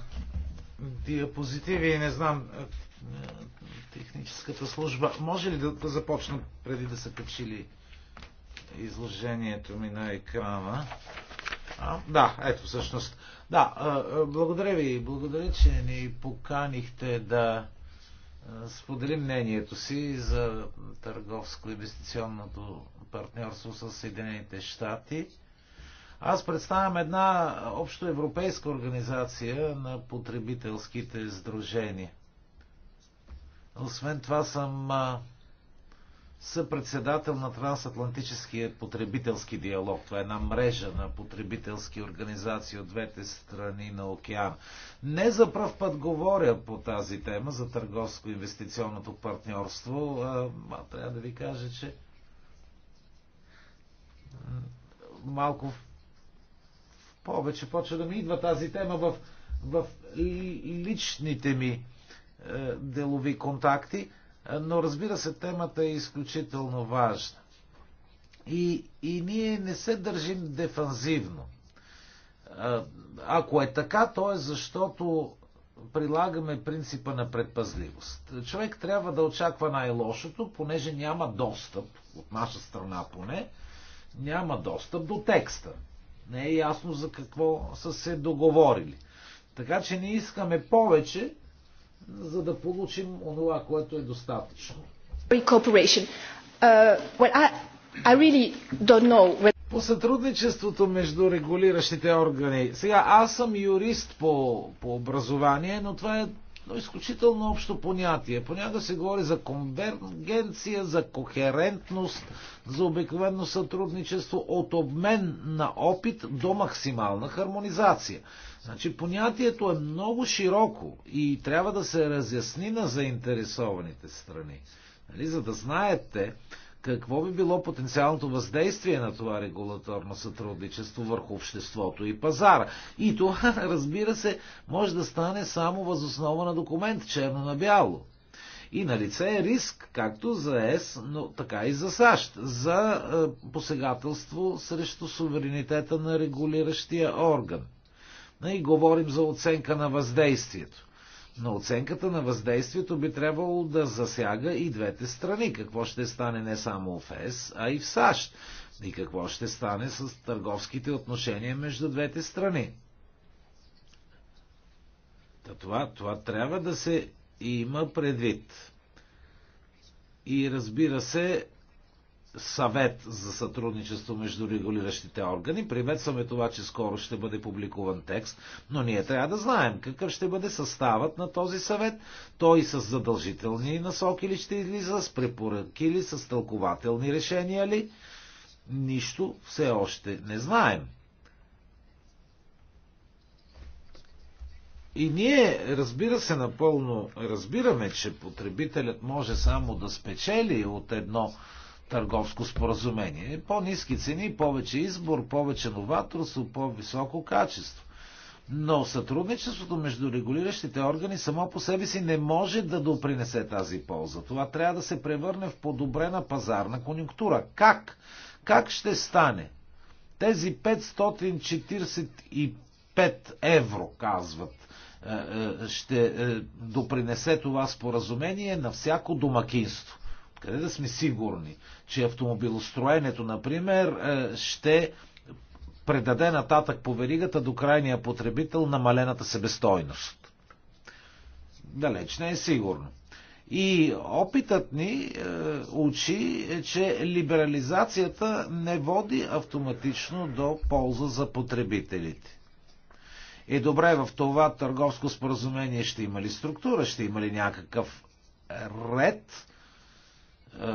диапозитиви, не знам, техническата служба. Може ли да започна преди да са качили изложението ми на екрана? А, да, ето всъщност. Да, благодаря ви. Благодаря, че ни поканихте да сподели мнението си за търговско-инвестиционното партньорство с Съединените щати. Аз представям една общоевропейска организация на потребителските сдружения. Освен това съм съпредседател на Трансатлантическия потребителски диалог. Това е една мрежа на потребителски организации от двете страни на океан. Не за пръв път говоря по тази тема за търговско-инвестиционното партньорство. А, трябва да ви кажа, че малко в... повече почва да ми идва тази тема в, в личните ми е, делови контакти – но разбира се, темата е изключително важна. И, и ние не се държим дефанзивно. Ако е така, то е защото прилагаме принципа на предпазливост. Човек трябва да очаква най-лошото, понеже няма достъп, от наша страна поне, няма достъп до текста. Не е ясно за какво са се договорили. Така че не искаме повече, за да получим онова, което е достатъчно. Uh, по сътрудничеството между регулиращите органи. Сега, аз съм юрист по, по образование, но това е но изключително общо понятие. Понякога се говори за конвергенция, за кохерентност, за обикновено сътрудничество от обмен на опит до максимална хармонизация. Значи понятието е много широко и трябва да се разясни на заинтересованите страни. Нали? За да знаете какво би било потенциалното въздействие на това регулаторно сътрудничество върху обществото и пазара. И това, [laughs] разбира се, може да стане само възоснова на документ, черно на бяло. И на лице е риск, както за ЕС, но така и за САЩ, за е, посегателство срещу суверенитета на регулиращия орган. И говорим за оценка на въздействието. Но оценката на въздействието би трябвало да засяга и двете страни. Какво ще стане не само в ЕС, а и в САЩ. И какво ще стане с търговските отношения между двете страни. Та това, това трябва да се има предвид. И разбира се, съвет за сътрудничество между регулиращите органи. Приветстваме това, че скоро ще бъде публикуван текст, но ние трябва да знаем какъв ще бъде съставът на този съвет. Той с задължителни насоки ли ще излиза, с препоръки ли, с тълкователни решения ли? Нищо все още не знаем. И ние, разбира се, напълно разбираме, че потребителят може само да спечели от едно търговско споразумение. По-низки цени, повече избор, повече новаторство, по-високо качество. Но сътрудничеството между регулиращите органи само по себе си не може да допринесе тази полза. Това трябва да се превърне в подобрена пазарна конюнктура. Как? Как ще стане? Тези 545 евро, казват, е, е, ще е, допринесе това споразумение на всяко домакинство. Къде да сме сигурни, че автомобилостроенето, например, е, ще предаде нататък по веригата до крайния потребител намалената себестойност? Далеч не е сигурно. И опитът ни е, учи, е, че либерализацията не води автоматично до полза за потребителите. Е добре, в това търговско споразумение ще има ли структура, ще има ли някакъв ред, е,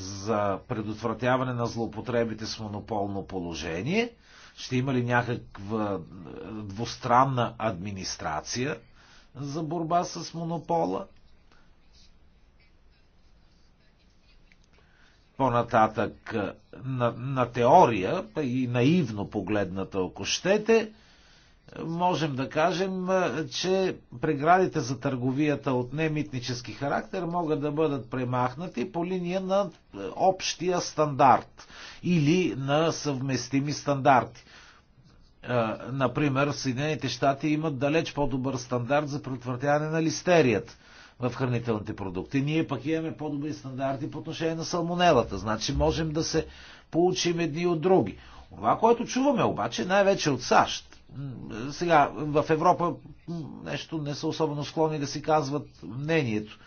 за предотвратяване на злоупотребите с монополно положение? Ще има ли някаква е, двустранна администрация за борба с монопола? По-нататък, е, на, на теория и наивно погледната, ако щете, можем да кажем, че преградите за търговията от немитнически характер могат да бъдат премахнати по линия на общия стандарт или на съвместими стандарти. Например, Съединените щати имат далеч по-добър стандарт за предотвратяване на листерият в хранителните продукти. Ние пък имаме по-добри стандарти по отношение на салмонелата. Значи можем да се получим едни от други. Това, което чуваме обаче най-вече от САЩ, сега, в Европа нещо не са особено склонни да си казват мнението.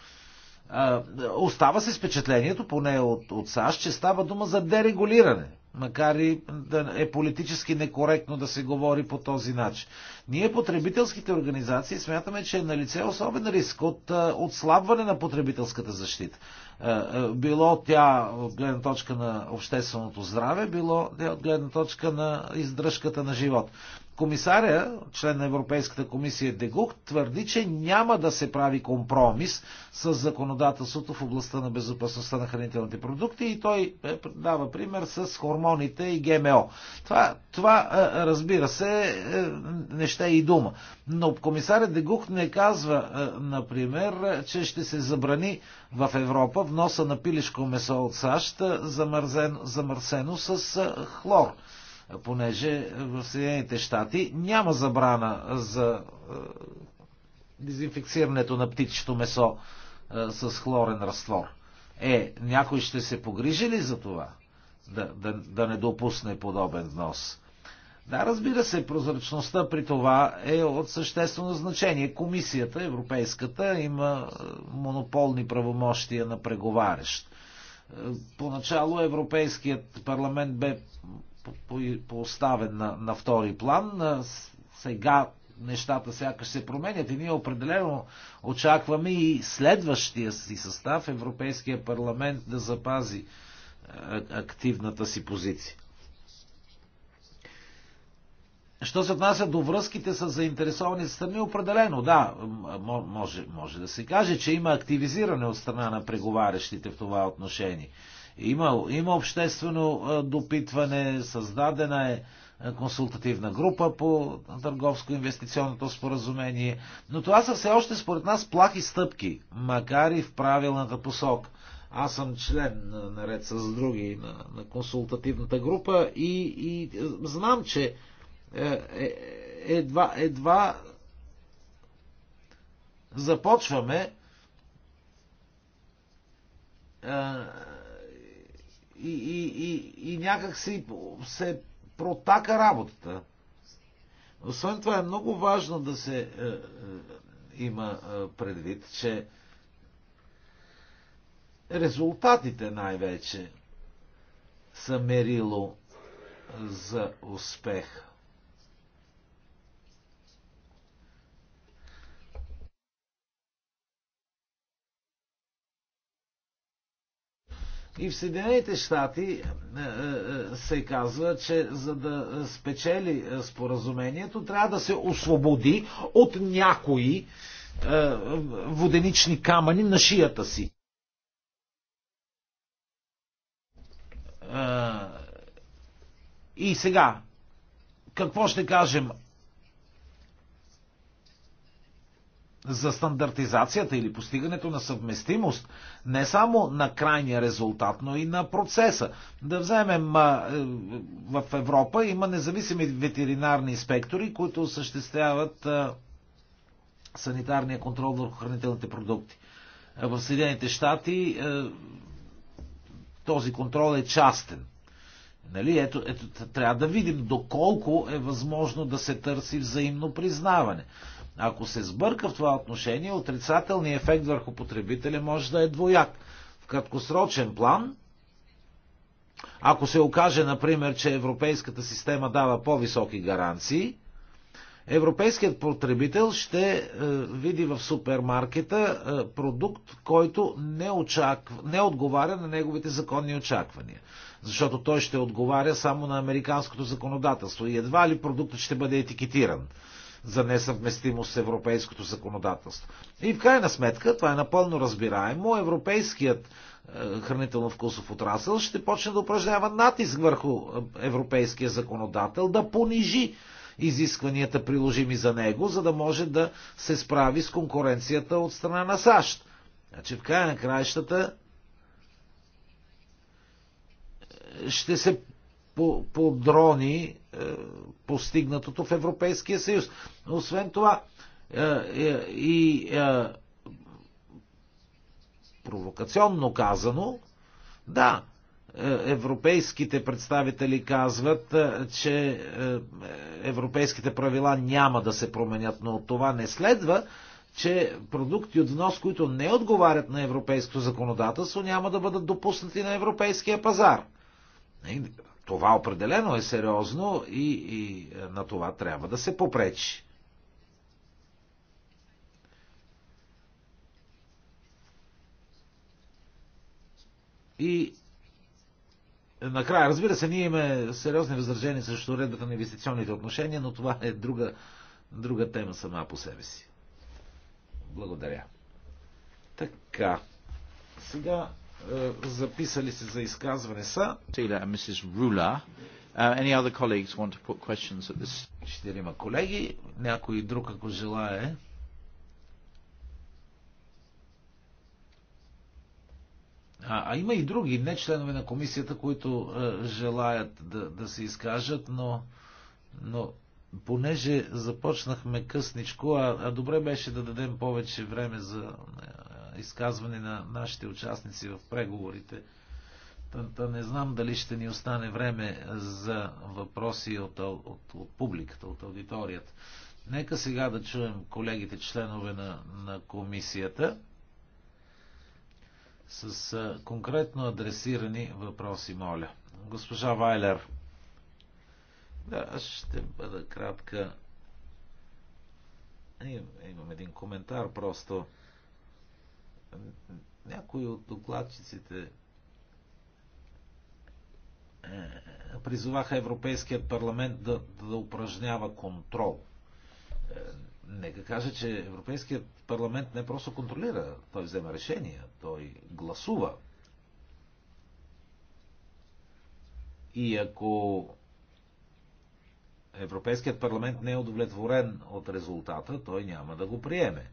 Остава се впечатлението, поне от, от САЩ, че става дума за дерегулиране макар и да е политически некоректно да се говори по този начин. Ние, потребителските организации, смятаме, че е на лице особен риск от отслабване на потребителската защита. Било тя от гледна точка на общественото здраве, било тя от гледна точка на издръжката на живот комисаря, член на Европейската комисия Дегух, твърди, че няма да се прави компромис с законодателството в областта на безопасността на хранителните продукти и той е, дава пример с хормоните и ГМО. Това, това е, разбира се, е, не ще е и дума. Но комисаря Дегух не казва, например, че ще се забрани в Европа вноса на пилешко месо от САЩ, замърсено с хлор понеже в Съединените щати няма забрана за е, дезинфекцирането на птичето месо е, с хлорен разтвор. Е, някой ще се погрижи ли за това? Да, да, да не допусне подобен внос. Да, разбира се, прозрачността при това е от съществено значение. Комисията, европейската, има е, монополни правомощия на преговарящ. Поначало Европейският парламент бе поставен на, на втори план. Сега нещата сякаш се променят и ние определено очакваме и следващия си състав Европейския парламент да запази активната си позиция. Що се отнася до връзките с заинтересованите страни, определено, да, може, може да се каже, че има активизиране от страна на преговарящите в това отношение. Има, има обществено допитване, създадена е консултативна група по търговско-инвестиционното споразумение. Но това са все още според нас плахи стъпки, макар и в правилната посока. Аз съм член, наред с други, на, на консултативната група и, и знам, че е, е, едва, едва започваме е, и, и, и, и някак си се протака работата. Освен това е много важно да се е, е, има е, предвид, че резултатите най-вече са мерило за успеха. И в Съединените щати е, е, се казва, че за да спечели е, споразумението, трябва да се освободи от някои воденични камъни на шията си. И сега, какво ще кажем за стандартизацията или постигането на съвместимост не само на крайния резултат, но и на процеса. Да вземем е, в Европа има независими ветеринарни инспектори, които осъществяват санитарния контрол върху хранителните продукти. В Съединените щати е, този контрол е частен. Нали? Ето, ето, трябва да видим доколко е възможно да се търси взаимно признаване. Ако се сбърка в това отношение, отрицателният ефект върху потребителя може да е двояк. В краткосрочен план, ако се окаже, например, че европейската система дава по-високи гаранции, европейският потребител ще е, види в супермаркета е, продукт, който не, очаква, не отговаря на неговите законни очаквания. Защото той ще отговаря само на американското законодателство и едва ли продуктът ще бъде етикетиран за несъвместимост с европейското законодателство. И в крайна сметка, това е напълно разбираемо, европейският е, хранително-вкусов отрасъл ще почне да упражнява натиск върху е, европейския законодател да понижи изискванията приложими за него, за да може да се справи с конкуренцията от страна на САЩ. Значи в края на краищата е, ще се по, по дрони е, постигнатото в Европейския съюз. Освен това, е, е, и е, е, провокационно казано, да, е, европейските представители казват, че европейските правила няма да се променят, но от това не следва, че продукти от внос, които не отговарят на европейското законодателство, няма да бъдат допуснати на европейския пазар. Нали? това определено е сериозно и, и е, на това трябва да се попречи. И накрая, разбира се, ние имаме сериозни възражения срещу редата на инвестиционните отношения, но това е друга, друга тема сама по себе си. Благодаря. Така. Сега е, записали се за изказване са. Четирима колеги, някой друг ако желае. А, а има и други, не членове на комисията, които е, желаят да, да се изкажат, но, но понеже започнахме късничко, а, а добре беше да дадем повече време за изказване на нашите участници в преговорите. Та, не знам дали ще ни остане време за въпроси от, от, от публиката, от аудиторията. Нека сега да чуем колегите членове на, на комисията с а, конкретно адресирани въпроси, моля. Госпожа Вайлер. Да, ще бъда кратка. имам един коментар просто някои от докладчиците е, призоваха Европейският парламент да, да упражнява контрол. Е, нека кажа, че Европейският парламент не просто контролира, той взема решения, той гласува. И ако Европейският парламент не е удовлетворен от резултата, той няма да го приеме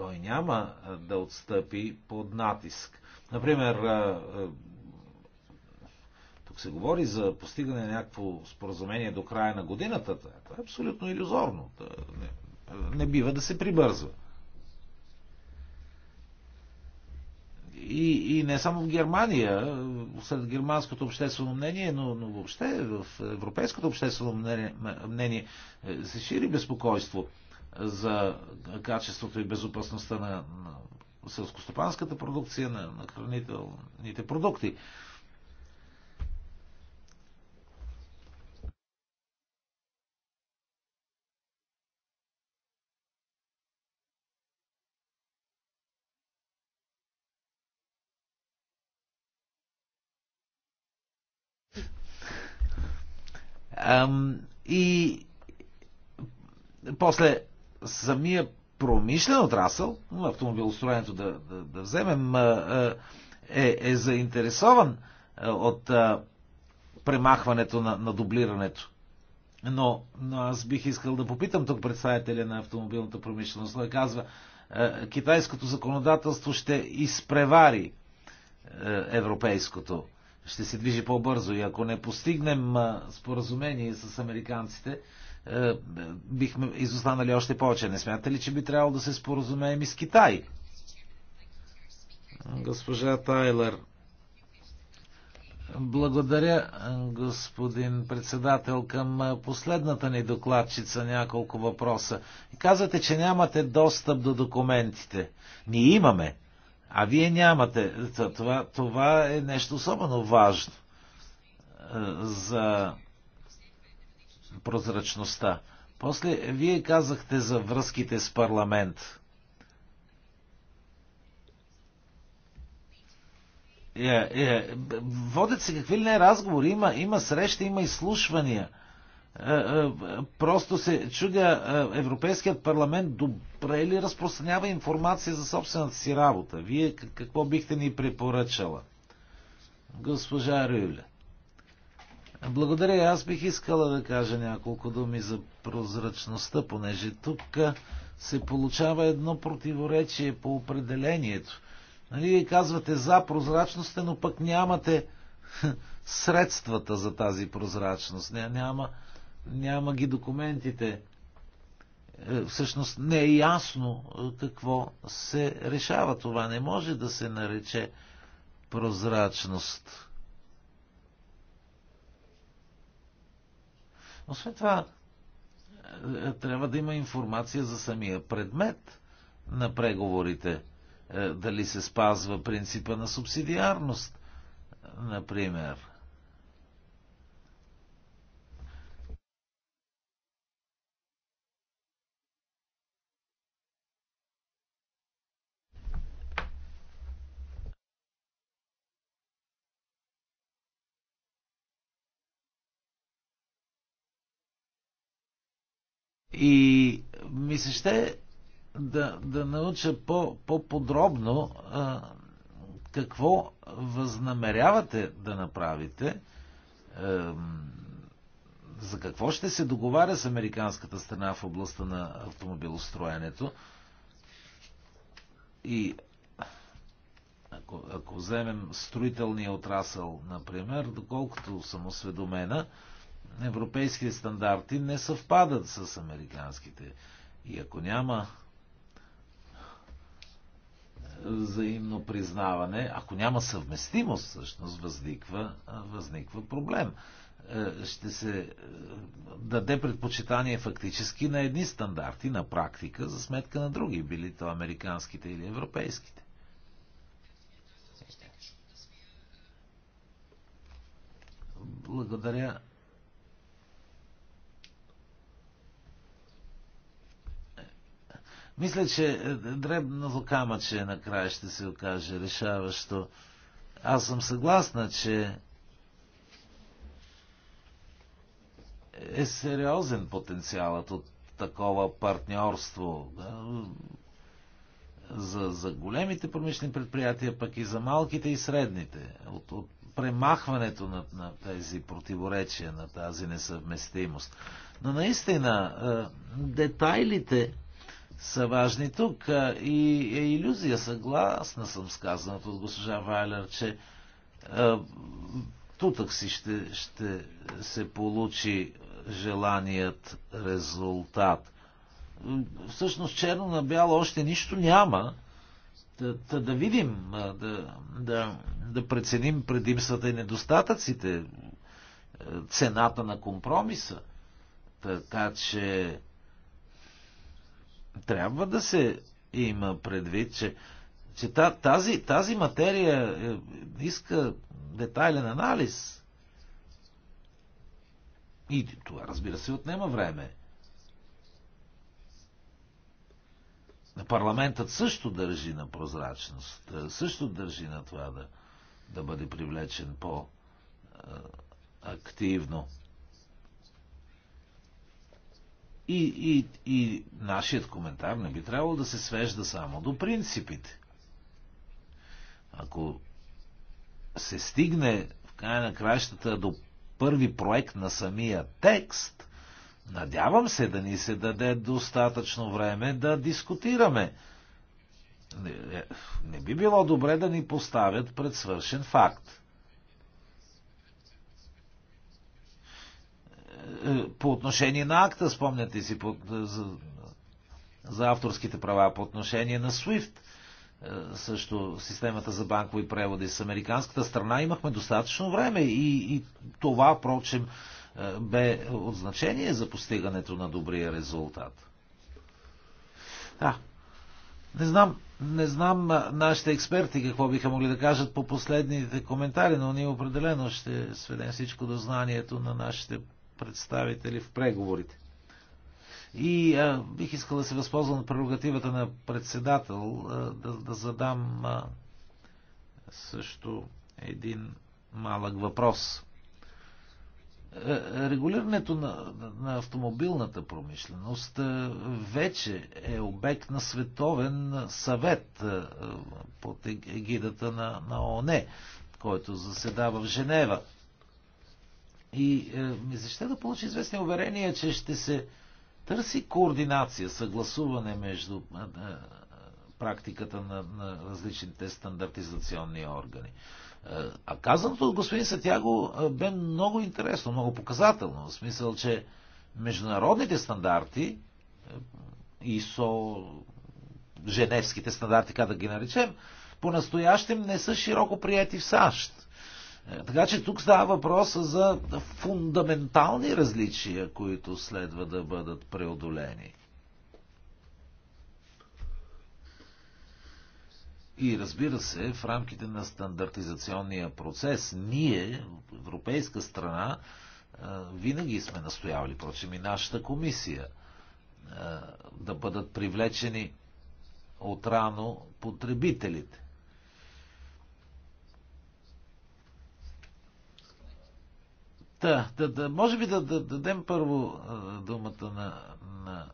той няма да отстъпи под натиск. Например, тук се говори за постигане на някакво споразумение до края на годината. Това е абсолютно иллюзорно. Не, бива да се прибързва. И, и не само в Германия, след германското обществено мнение, но, но въобще в европейското обществено мнение, мнение е, се шири безпокойство за качеството и безопасността на, на селскостопанската продукция, на, на хранителните продукти. и после самия промишлен отрасъл, автомобилостроенето да, да, да вземем, е, е заинтересован от премахването на, на дублирането. Но, но аз бих искал да попитам тук представителя на автомобилната промишленост. Той казва, китайското законодателство ще изпревари европейското. Ще се движи по-бързо и ако не постигнем споразумение с американците, е, бихме изостанали още повече. Не смятате ли, че би трябвало да се споразумеем и с Китай? Госпожа Тайлер. Благодаря, господин председател. Към последната ни докладчица няколко въпроса. Казвате, че нямате достъп до документите. Ние имаме, а вие нямате. Това, това е нещо особено важно е, за прозрачността. После вие казахте за връзките с парламент. Е, е, водят се какви ли не разговори, има, има среща, има изслушвания. Е, е, просто се чудя, е, Европейският парламент добре ли разпространява информация за собствената си работа? Вие какво бихте ни препоръчала? Госпожа Рюле. Благодаря. Аз бих искала да кажа няколко думи за прозрачността, понеже тук се получава едно противоречие по определението. Нали, казвате за прозрачността, е, но пък нямате [laughs] средствата за тази прозрачност. Няма, няма ги документите. Е, всъщност не е ясно е, какво се решава това. Не може да се нарече прозрачност. Освен това, е, е, трябва да има информация за самия предмет на преговорите. Е, дали се спазва принципа на субсидиарност, например. И ми се ще да, да науча по, по-подробно а, какво възнамерявате да направите, а, за какво ще се договаря с американската страна в областта на автомобилостроенето. И ако, ако вземем строителния отрасъл, например, доколкото съм осведомена, европейските стандарти не съвпадат с американските. И ако няма взаимно признаване, ако няма съвместимост, всъщност възниква, възниква проблем. Е, ще се е, даде предпочитание фактически на едни стандарти, на практика, за сметка на други, били то американските или европейските. Благодаря. Мисля, че е, дребното камъче накрая ще се окаже решаващо. Аз съм съгласна, че е сериозен потенциалът от такова партньорство за, за големите промишлени предприятия, пък и за малките и средните. От, от премахването на, на тези противоречия, на тази несъвместимост. Но наистина, е, детайлите са важни тук. И е иллюзия, съгласна съм с казаното от госпожа Вайлер, че тутък си ще, ще се получи желаният резултат. Всъщност черно на бяло още нищо няма. Да, да, да видим, да, да, да преценим предимствата и недостатъците, цената на компромиса. Така че трябва да се има предвид, че, че тази, тази материя е, иска детайлен анализ. И това, разбира се, отнема време. Парламентът също държи на прозрачност, е, също държи на това да, да бъде привлечен по-активно. Е, И, и, и нашият коментар не би трябвало да се свежда само до принципите. Ако се стигне в края на кращата до първи проект на самия текст, надявам се да ни се даде достатъчно време да дискутираме. Не, не би било добре да ни поставят пред свършен факт. Е, по отношение на акта, спомняте си, по, за, за авторските права, по отношение на SWIFT, е, също системата за банкови преводи с американската страна, имахме достатъчно време и, и това, впрочем, е, бе от значение за постигането на добрия резултат. Да. Не знам, не знам нашите експерти какво биха могли да кажат по последните коментари, но ние определено ще сведем всичко до знанието на нашите представители в преговорите. И а, бих искал да се възползвам от прерогативата на председател а, да, да задам а, също един малък въпрос. Е, регулирането на, на автомобилната промишленост вече е обект на световен съвет под егидата на, на ОНЕ, който заседава в Женева. И е, ми да получи известни уверения, че ще се търси координация, съгласуване между е, е, практиката на, на различните стандартизационни органи. Е, а казаното от господин Сатяго е, бе много интересно, много показателно, в смисъл, че международните стандарти, е, ИСО, женевските стандарти, така да ги наречем, по-настоящем не са широко прияти в САЩ. Така че тук става въпрос за фундаментални различия, които следва да бъдат преодолени. И разбира се, в рамките на стандартизационния процес, ние, европейска страна, винаги сме настоявали, прочим и нашата комисия, да бъдат привлечени отрано потребителите. Та, да, да, може би да, да дадем първо думата на, на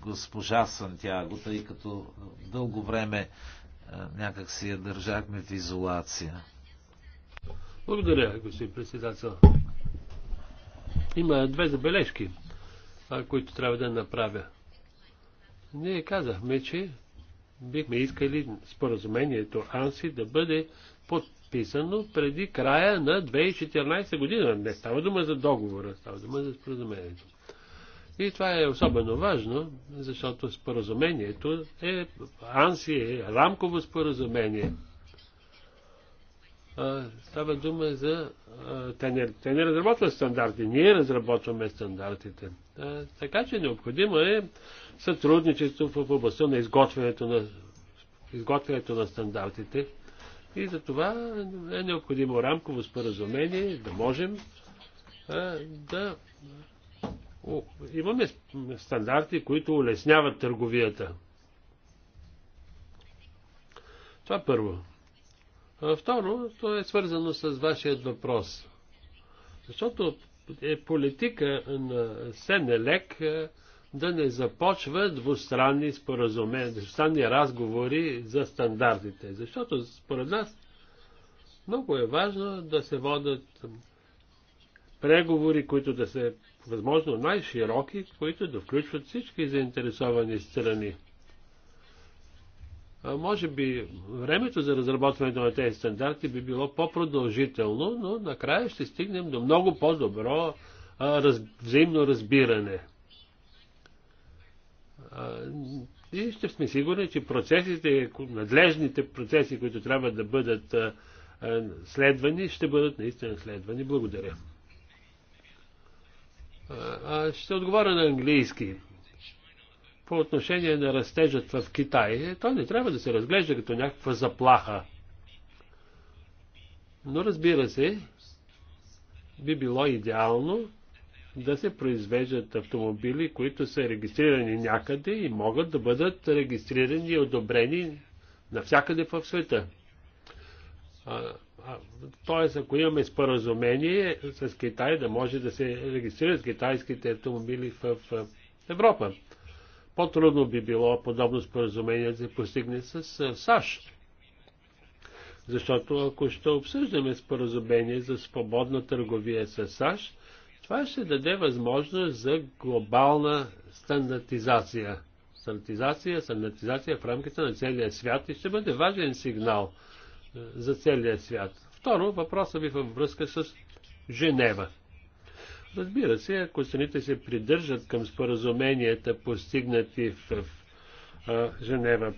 госпожа Сантяго, тъй като дълго време някак си я държахме в изолация. Благодаря, господин председател. Има две забележки, които трябва да направя. Ние казахме, че бихме искали споразумението АНСИ да бъде под подписано преди края на 2014 година. Не става дума за договора, става дума за споразумението. И това е особено важно, защото споразумението е анси, е рамково споразумение. А, става дума за... А, те, не, те не разработват стандарти, ние разработваме стандартите. А, така че необходимо е сътрудничество в областта на изготвянето на, изготвянето на стандартите и за това е необходимо рамково споразумение, да можем а, да О, имаме стандарти, които улесняват търговията. Това първо. А второ, то е свързано с вашият въпрос. Защото е политика на Сенелек да не започва двустранни споразумения, двустранни разговори за стандартите. Защото според нас много е важно да се водят преговори, които да са възможно най-широки, които да включват всички заинтересовани страни. А може би времето за разработването на тези стандарти би било по-продължително, но накрая ще стигнем до много по-добро раз, взаимно разбиране ние ще сме сигурни, че процесите, надлежните процеси, които трябва да бъдат следвани, ще бъдат наистина следвани. Благодаря. Ще отговоря на английски. По отношение на растежът в Китай, е, той не трябва да се разглежда като някаква заплаха. Но разбира се, би било идеално да се произвеждат автомобили, които са регистрирани някъде и могат да бъдат регистрирани и одобрени навсякъде в света. Тоест, ако имаме споразумение с Китай, да може да се регистрират китайските автомобили в Европа. По-трудно би било подобно споразумение да се постигне с САЩ. Защото ако ще обсъждаме споразумение за свободна търговия с САЩ, това ще даде възможност за глобална стандартизация. Стандартизация, стандартизация в рамките на целия свят и ще бъде важен сигнал е, за целия свят. Второ, въпросът ви във връзка с Женева. Разбира се, ако страните се придържат към споразуменията, постигнати в, в а, Женева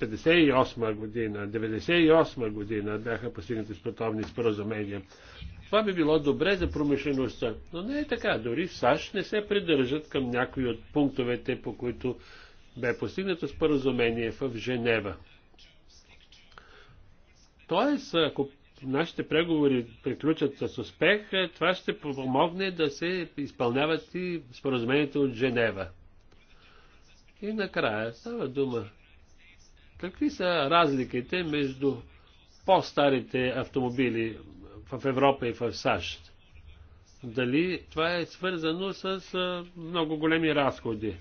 58 година, 98 година бяха постигнати спортовни споразумения. Това би било добре за промишлеността. Но не е така. Дори в САЩ не се придържат към някои от пунктовете, по които бе постигнато споразумение в Женева. Тоест, ако нашите преговори приключат с успех, това ще помогне да се изпълняват и споразумението от Женева. И накрая става дума. Какви са разликите между по-старите автомобили в Европа и в САЩ. Дали това е свързано с много големи разходи?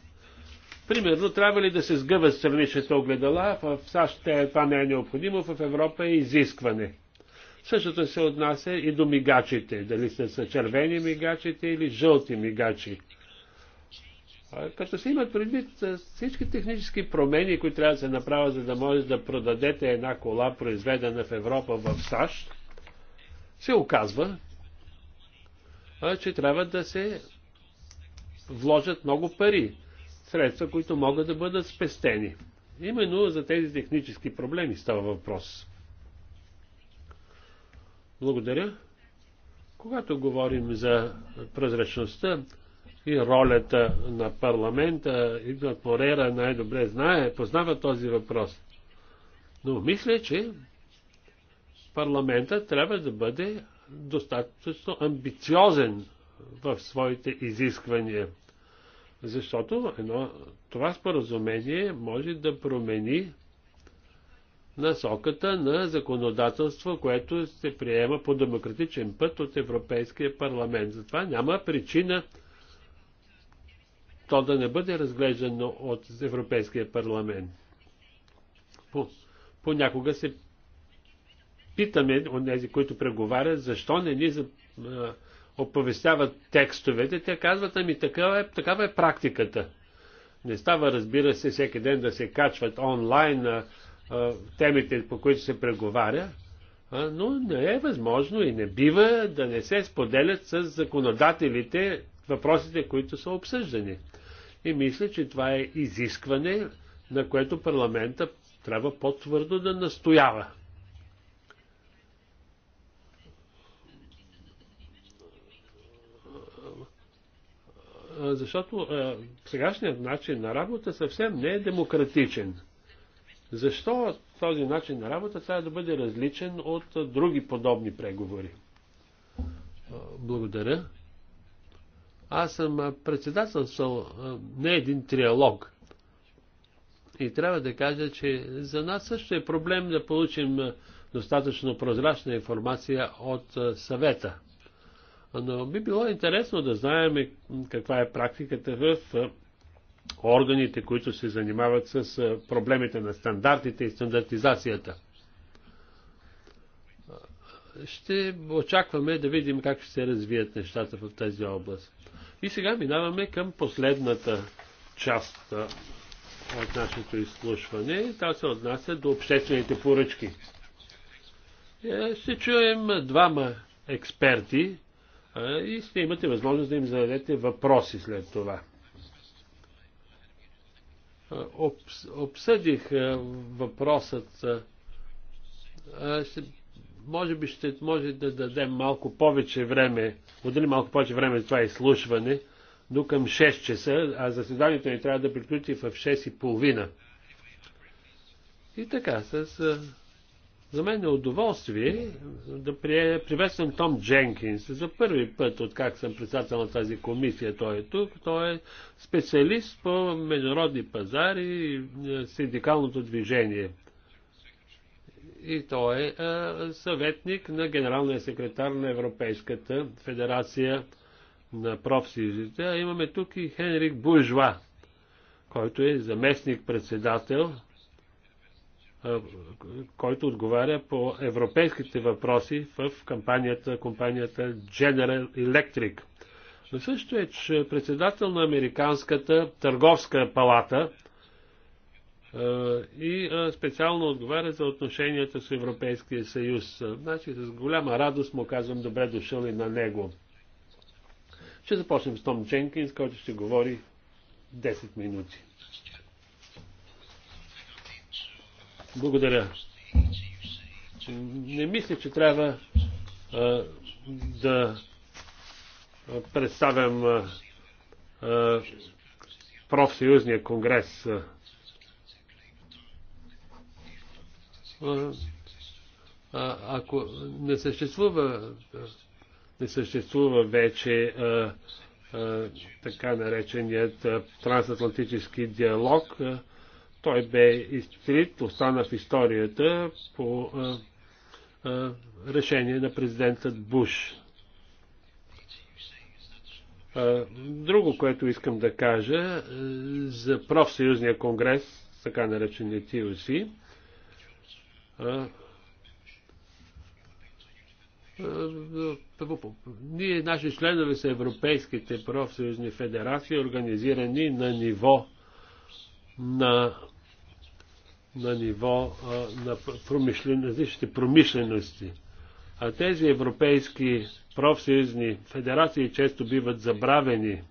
Примерно, трябва ли да се сгъват страничните огледала? В САЩ това не е необходимо, в Европа е изискване. Същото се отнася и до мигачите. Дали са, са червени мигачите или жълти мигачи. Като се имат предвид всички технически промени, които трябва да се направят, за да може да продадете една кола, произведена в Европа, в САЩ, се оказва, че трябва да се вложат много пари, средства, които могат да бъдат спестени. Именно за тези технически проблеми става въпрос. Благодаря. Когато говорим за прозрачността и ролята на парламента, Игнат Морера най-добре знае, познава този въпрос. Но мисля, че парламента трябва да бъде достатъчно амбициозен в своите изисквания. Защото едно, това споразумение може да промени насоката на законодателство, което се приема по демократичен път от Европейския парламент. Затова няма причина то да не бъде разглеждано от Европейския парламент. Понякога се питаме от тези, които преговарят, защо не ни оповестяват текстовете, те казват, ами такава е, такава е практиката. Не става, разбира се, всеки ден да се качват онлайн на темите, по които се преговаря, а, но не е възможно и не бива да не се споделят с законодателите въпросите, които са обсъждани. И мисля, че това е изискване, на което парламента трябва по-твърдо да настоява. защото сегашният начин на работа съвсем не е демократичен. Защо този начин на работа трябва да бъде различен от други подобни преговори? Благодаря. Аз съм председателствал не един триалог. И трябва да кажа, че за нас също е проблем да получим достатъчно прозрачна информация от съвета. Но би било интересно да знаем каква е практиката в органите, които се занимават с проблемите на стандартите и стандартизацията. Ще очакваме да видим как ще се развият нещата в тази област. И сега минаваме към последната част от нашето изслушване. Та се отнася до обществените поръчки. Е, ще чуем двама експерти, и ще имате възможност да им зададете въпроси след това. Обсъдих въпросът. Ще, може би ще може да дадем малко повече време, отдели малко повече време за това изслушване, до към 6 часа, а заседанието ни трябва да приключи в 6 и половина. И така, с за мен е удоволствие да приветствам Том Дженкинс. За първи път, откак съм председател на тази комисия, той е тук. Той е специалист по международни пазари и е, синдикалното движение. И той е, е съветник на генералния секретар на Европейската федерация на профсъюзите. А имаме тук и Хенрик Бужва, който е заместник председател който отговаря по европейските въпроси в кампанията, компанията General Electric. Но също е, че председател на Американската търговска палата и специално отговаря за отношенията с Европейския съюз. Значи с голяма радост му казвам добре дошъл и на него. Ще започнем с Том Дженкинс, който ще говори 10 минути. Благодаря. Не мисля, че трябва а, да представям а, а, профсъюзния конгрес. А, ако не съществува, не съществува вече а, така нареченият трансатлантически диалог, а, той бе изтрит, остана в историята по а, а, решение на президентът Буш. А, друго, което искам да кажа а, за профсъюзния конгрес, така наречения TUC, а, ние, наши членове са европейските профсъюзни федерации, организирани на ниво на, на ниво а, на промишлен, различните промишлености. А тези европейски профсъюзни федерации често биват забравени.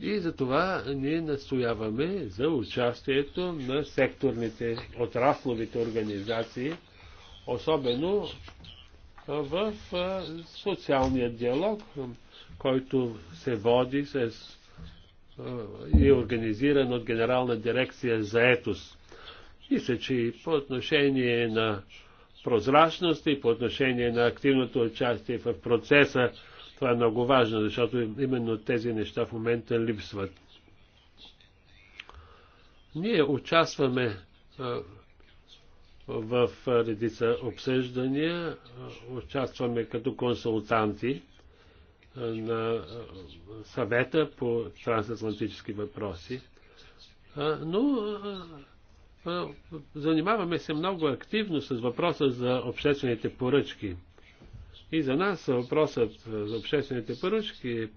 И затова ние настояваме за участието на секторните, отрасловите организации, особено в социалния диалог, който се води с и е организиран от Генерална дирекция за етос. Мисля, че и по отношение на прозрачност и по отношение на активното участие в процеса, това е много важно, защото именно тези неща в момента липсват. Ние участваме в редица обсъждания, участваме като консултанти на съвета по трансатлантически въпроси. Но занимаваме се много активно с въпроса за обществените поръчки. И за нас въпросът за обществените поръчки е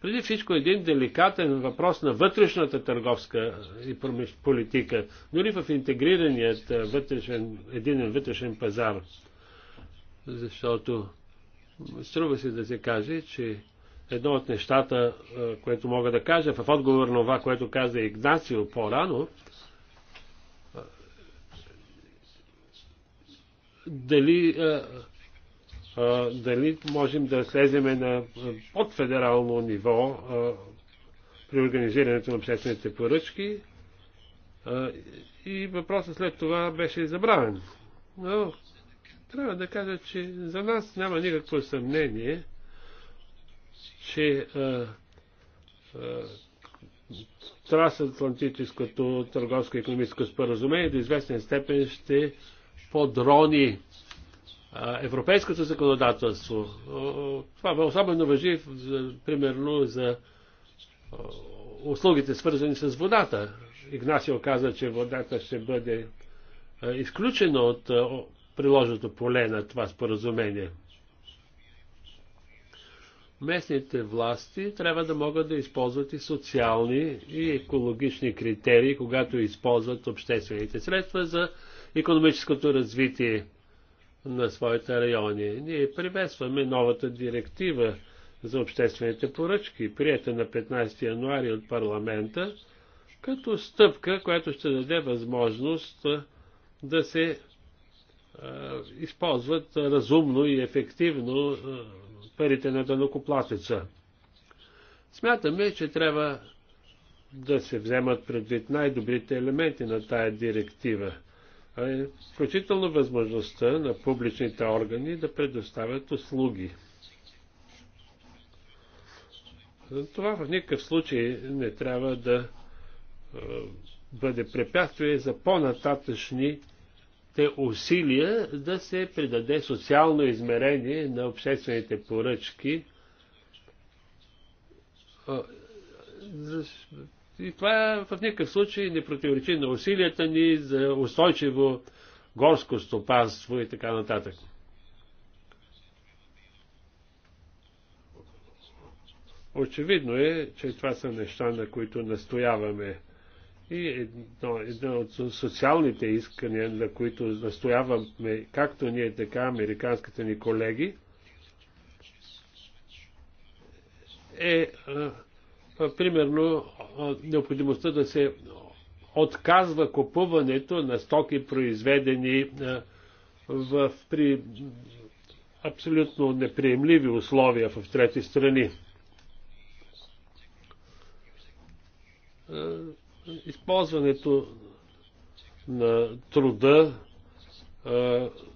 преди всичко един деликатен въпрос на вътрешната търговска и политика, дори в интегрираният вътрешен, единен вътрешен пазар. Защото Струва се да се каже, че едно от нещата, което мога да кажа в отговор на това, което каза Игнацио по-рано, дали, дали можем да слеземе на подфедерално ниво при организирането на обществените поръчки и въпросът след това беше забравен. Но трябва да кажа, че за нас няма никакво съмнение, че а, а, трансатлантическото търговско-економическо споразумение до известен степен ще подрони а, европейското законодателство. Това особено въжи, за, примерно, за услугите, свързани с водата. Игнасио каза, че водата ще бъде изключена от приложното поле на това споразумение. Местните власти трябва да могат да използват и социални и екологични критерии, когато използват обществените средства за економическото развитие на своите райони. Ние приветстваме новата директива за обществените поръчки, прията на 15 януари от парламента, като стъпка, която ще даде възможност да се използват разумно и ефективно парите на данокоплатеца. Смятаме, че трябва да се вземат предвид най-добрите елементи на тая директива, е включително възможността на публичните органи да предоставят услуги. Това в никакъв случай не трябва да бъде препятствие за по-нататъчни те усилия да се придаде социално измерение на обществените поръчки. И това в никакъв случай не противоречи на усилията ни за устойчиво горско стопанство и така нататък. Очевидно е, че това са неща, на които настояваме. И едно, е едно от социалните искания, на които настояваме както ние, така американските ни колеги, е а, а, примерно а, необходимостта да се отказва купуването на стоки, произведени а, в, при абсолютно неприемливи условия в трети страни използването на труда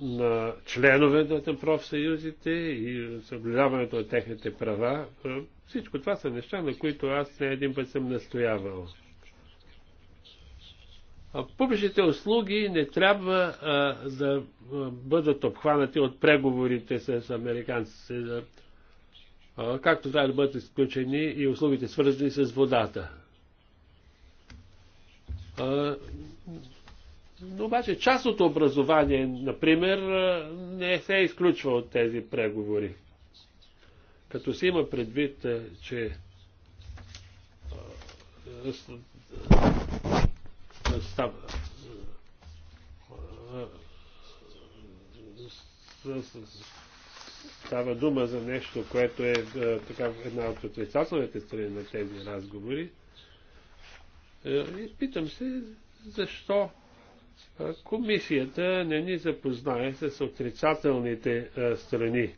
на членовете на профсъюзите и съблюдаването на техните права. Всичко това са неща, на които аз не един път съм настоявал. Публичните услуги не трябва а, да бъдат обхванати от преговорите с американците, а, както трябва да бъдат изключени и услугите свързани с водата. Обаче част от образование, например, не се изключва от тези преговори. Като се има предвид, че става дума за нещо, което е така, една от отрицателните страни на тези разговори. Е, и питам се, защо комисията не ни запознае с отрицателните е, страни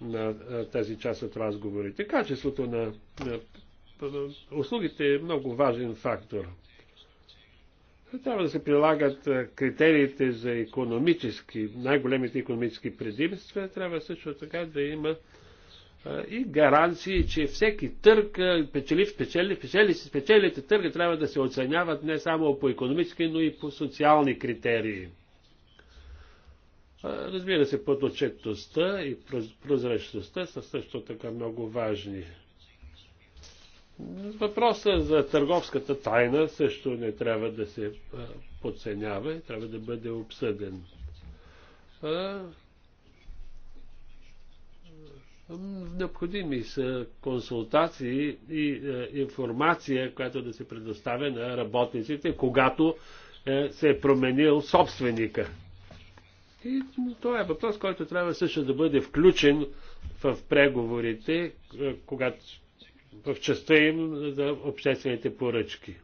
на е, тази част от разговорите. Качеството на, услугите е много важен фактор. Трябва да се прилагат критериите за економически, най-големите економически предимства. Трябва също така да има и гаранции, че всеки търг, печели, печели, печели, спечелите търга трябва да се оценяват не само по економически, но и по социални критерии. Разбира се, подотчетността и прозрачността са също така много важни. Въпроса за търговската тайна също не трябва да се подценява, трябва да бъде обсъден Необходими са консултации и е, информация, която да се предоставя на работниците, когато е, се е променил собственика. И това е въпрос, който трябва също да бъде включен в преговорите, е, когато в частта им за обществените поръчки.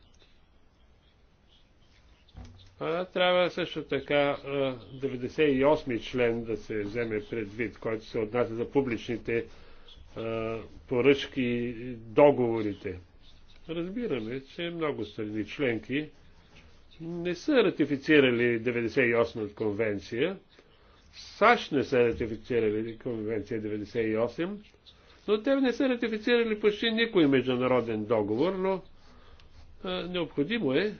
Трябва също така 98-ми член да се вземе предвид, който се отнася за публичните поръчки и договорите. Разбираме, че много страни членки не са ратифицирали 98-та конвенция. САЩ не са ратифицирали конвенция 98, но те не са ратифицирали почти никой международен договор, но а, необходимо е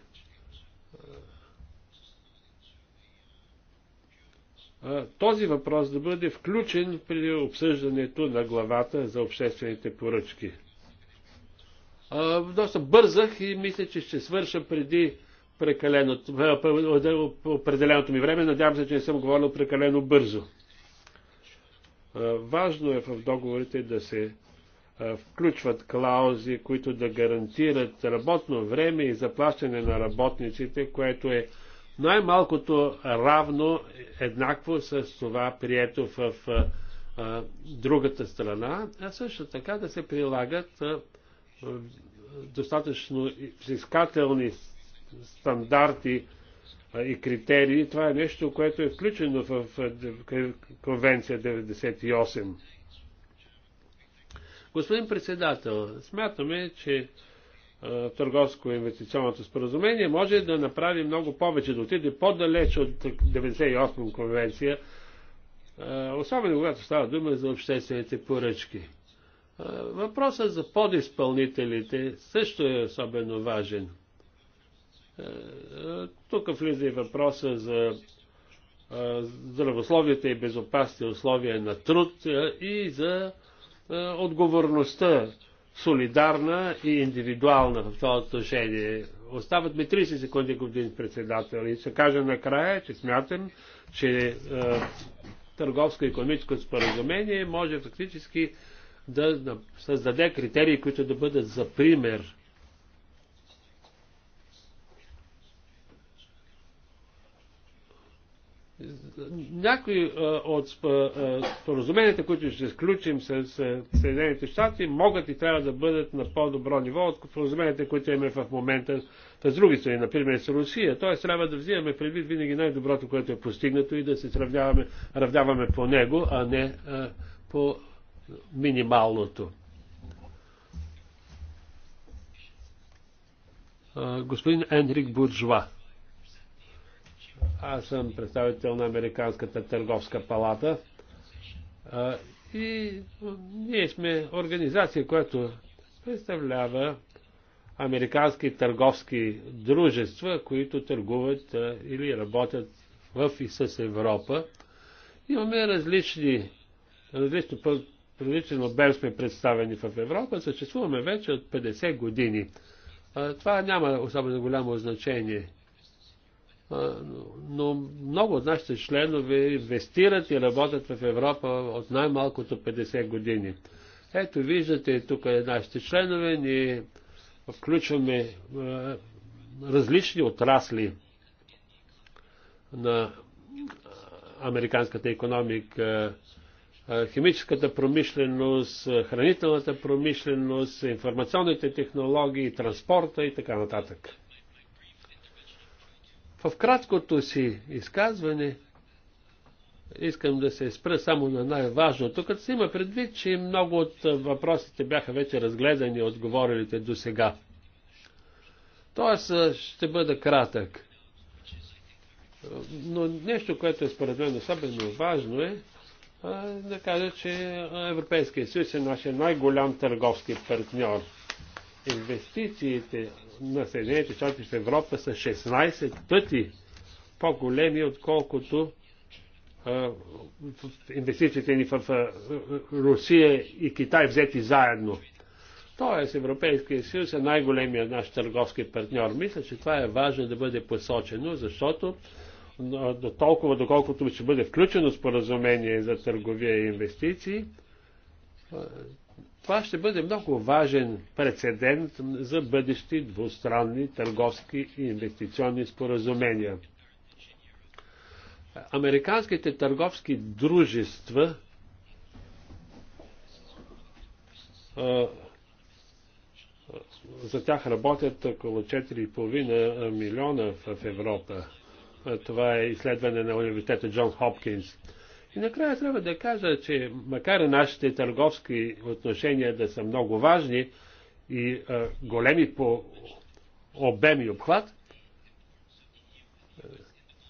този въпрос да бъде включен при обсъждането на главата за обществените поръчки. Доста бързах и мисля, че ще свърша преди определеното ми време. Надявам се, че не съм говорил прекалено бързо. Важно е в договорите да се включват клаузи, които да гарантират работно време и заплащане на работниците, което е най-малкото равно, еднакво с това прието в а, другата страна, а също така да се прилагат а, достатъчно взискателни стандарти а, и критерии. Това е нещо, което е включено в Конвенция 98. Господин председател, смятаме, че търговско-инвестиционното споразумение, може да направи много повече, да отиде по-далеч от 98 конвенция, особено когато става дума за обществените поръчки. Въпросът за подиспълнителите също е особено важен. Тук влиза и въпроса за здравословните и безопасни условия на труд и за отговорността солидарна и индивидуална в това отношение. Остават ми 30 секунди, господин председател, и ще кажа накрая, че смятам, че е, търговско-економическо споразумение може фактически да създаде критерии, които да бъдат за пример някои е, от е, е, споразуменията, които ще сключим с Съединените щати, могат и трябва да бъдат на по-добро ниво от споразуменията, които имаме в момента с други страни, например с Русия. Тоест трябва да взимаме предвид винаги най-доброто, което е постигнато и да се сравняваме, равняваме по него, а не а, по минималното. господин Енрик Буржуа. Аз съм представител на Американската търговска палата а, и ние сме организация, която представлява американски търговски дружества, които търгуват а, или работят в и с Европа. Имаме различни, различни различен обем сме представени в Европа. Съществуваме вече от 50 години. А, това няма особено голямо значение но много от нашите членове инвестират и работят в Европа от най-малкото 50 години. Ето виждате, тук е нашите членове, ние включваме е, различни отрасли на американската економика, химическата промишленост, хранителната промишленост, информационните технологии, транспорта и така нататък. В краткото си изказване искам да се спра само на най-важното, като се има предвид, че много от въпросите бяха вече разгледани и говорилите до сега. Тоест ще бъда кратък. Но нещо, което е според мен особено важно е да кажа, че Европейския съюз е нашия най-голям търговски партньор. Инвестициите на Съединените щати в Европа са 16 пъти по-големи, отколкото инвестициите ни в, в Русия и Китай взети заедно. Тоест Европейския съюз е най-големият наш търговски партньор. Мисля, че това е важно да бъде посочено, защото до толкова, доколкото ще бъде включено споразумение за търговия и инвестиции, това ще бъде много важен прецедент за бъдещи двустранни търговски и инвестиционни споразумения. Американските търговски дружества за тях работят около 4,5 милиона в Европа. Това е изследване на университета Джон Хопкинс. И накрая трябва да кажа, че макар и нашите търговски отношения да са много важни и а, големи по обем и обхват,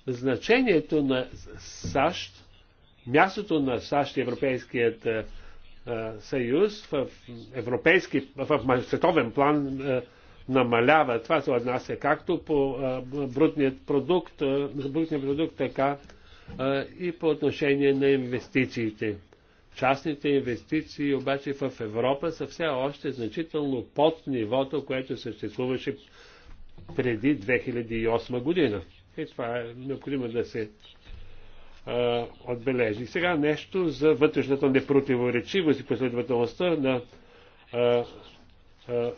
значението на САЩ, мястото на САЩ и Европейският а, съюз в, европейски, в световен план а, намалява. Това се отнася както по а, брутният продукт, брутният продукт, така и по отношение на инвестициите. Частните инвестиции обаче в Европа са все още значително под нивото, което съществуваше преди 2008 година. И това е необходимо да се а, отбележи. Сега нещо за вътрешната непротиворечивост и последователността на а, а,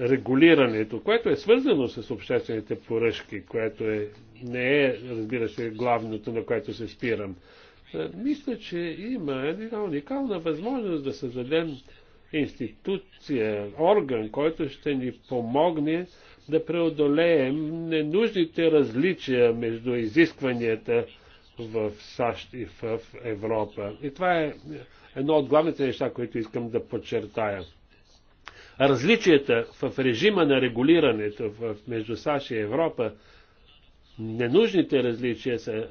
регулирането, което е свързано с обществените поръчки, което е, не е, разбира се, главното, на което се спирам. Е, мисля, че има една уникална възможност да създадем институция, орган, който ще ни помогне да преодолеем ненужните различия между изискванията в САЩ и в Европа. И това е едно от главните неща, които искам да подчертая различията в режима на регулирането между САЩ и Европа, ненужните различия са е,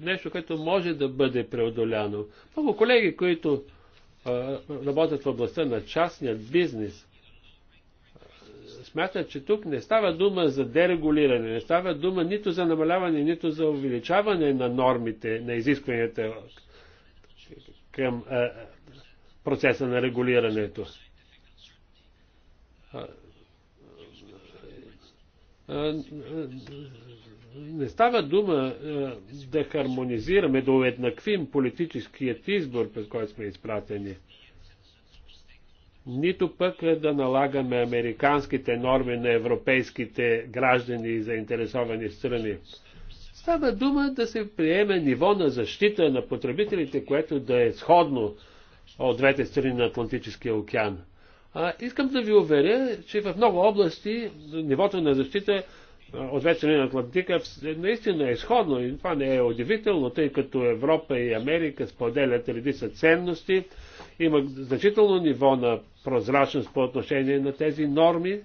нещо, което може да бъде преодоляно. Много колеги, които работят в областта на частният бизнес, смятат, че тук не става дума за дерегулиране, не става дума нито за намаляване, нито за увеличаване на нормите, на изискванията към е, е, процеса на регулирането. Не става дума да хармонизираме, да уеднаквим политическият избор, през който сме изпратени. Нито пък да налагаме американските норми на европейските граждани и заинтересовани страни. Става дума да се приеме ниво на защита на потребителите, което да е сходно от двете страни на Атлантическия океан. А, искам да ви уверя, че в много области нивото на защита от вечера на Атлантика наистина е изходно и това не е удивително, тъй като Европа и Америка споделят редица ценности, има значително ниво на прозрачност по отношение на тези норми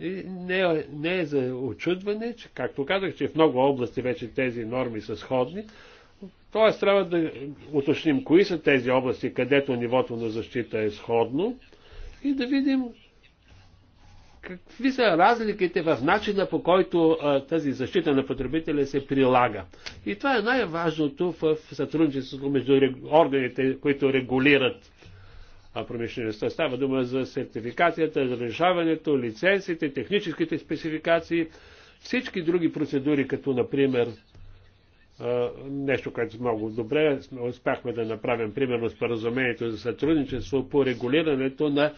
и не, не е за очудване, че, както казах, че в много области вече тези норми са сходни, т.е. трябва да уточним кои са тези области, където нивото на защита е сходно и да видим какви са разликите в начина по който а, тази защита на потребителя се прилага. И това е най-важното в сътрудничеството между органите, които регулират промишлеността. Става дума за сертификацията, разрешаването, лицензите, техническите спецификации, всички други процедури, като например нещо, което е много добре успяхме да направим, примерно споразумението за сътрудничество по регулирането на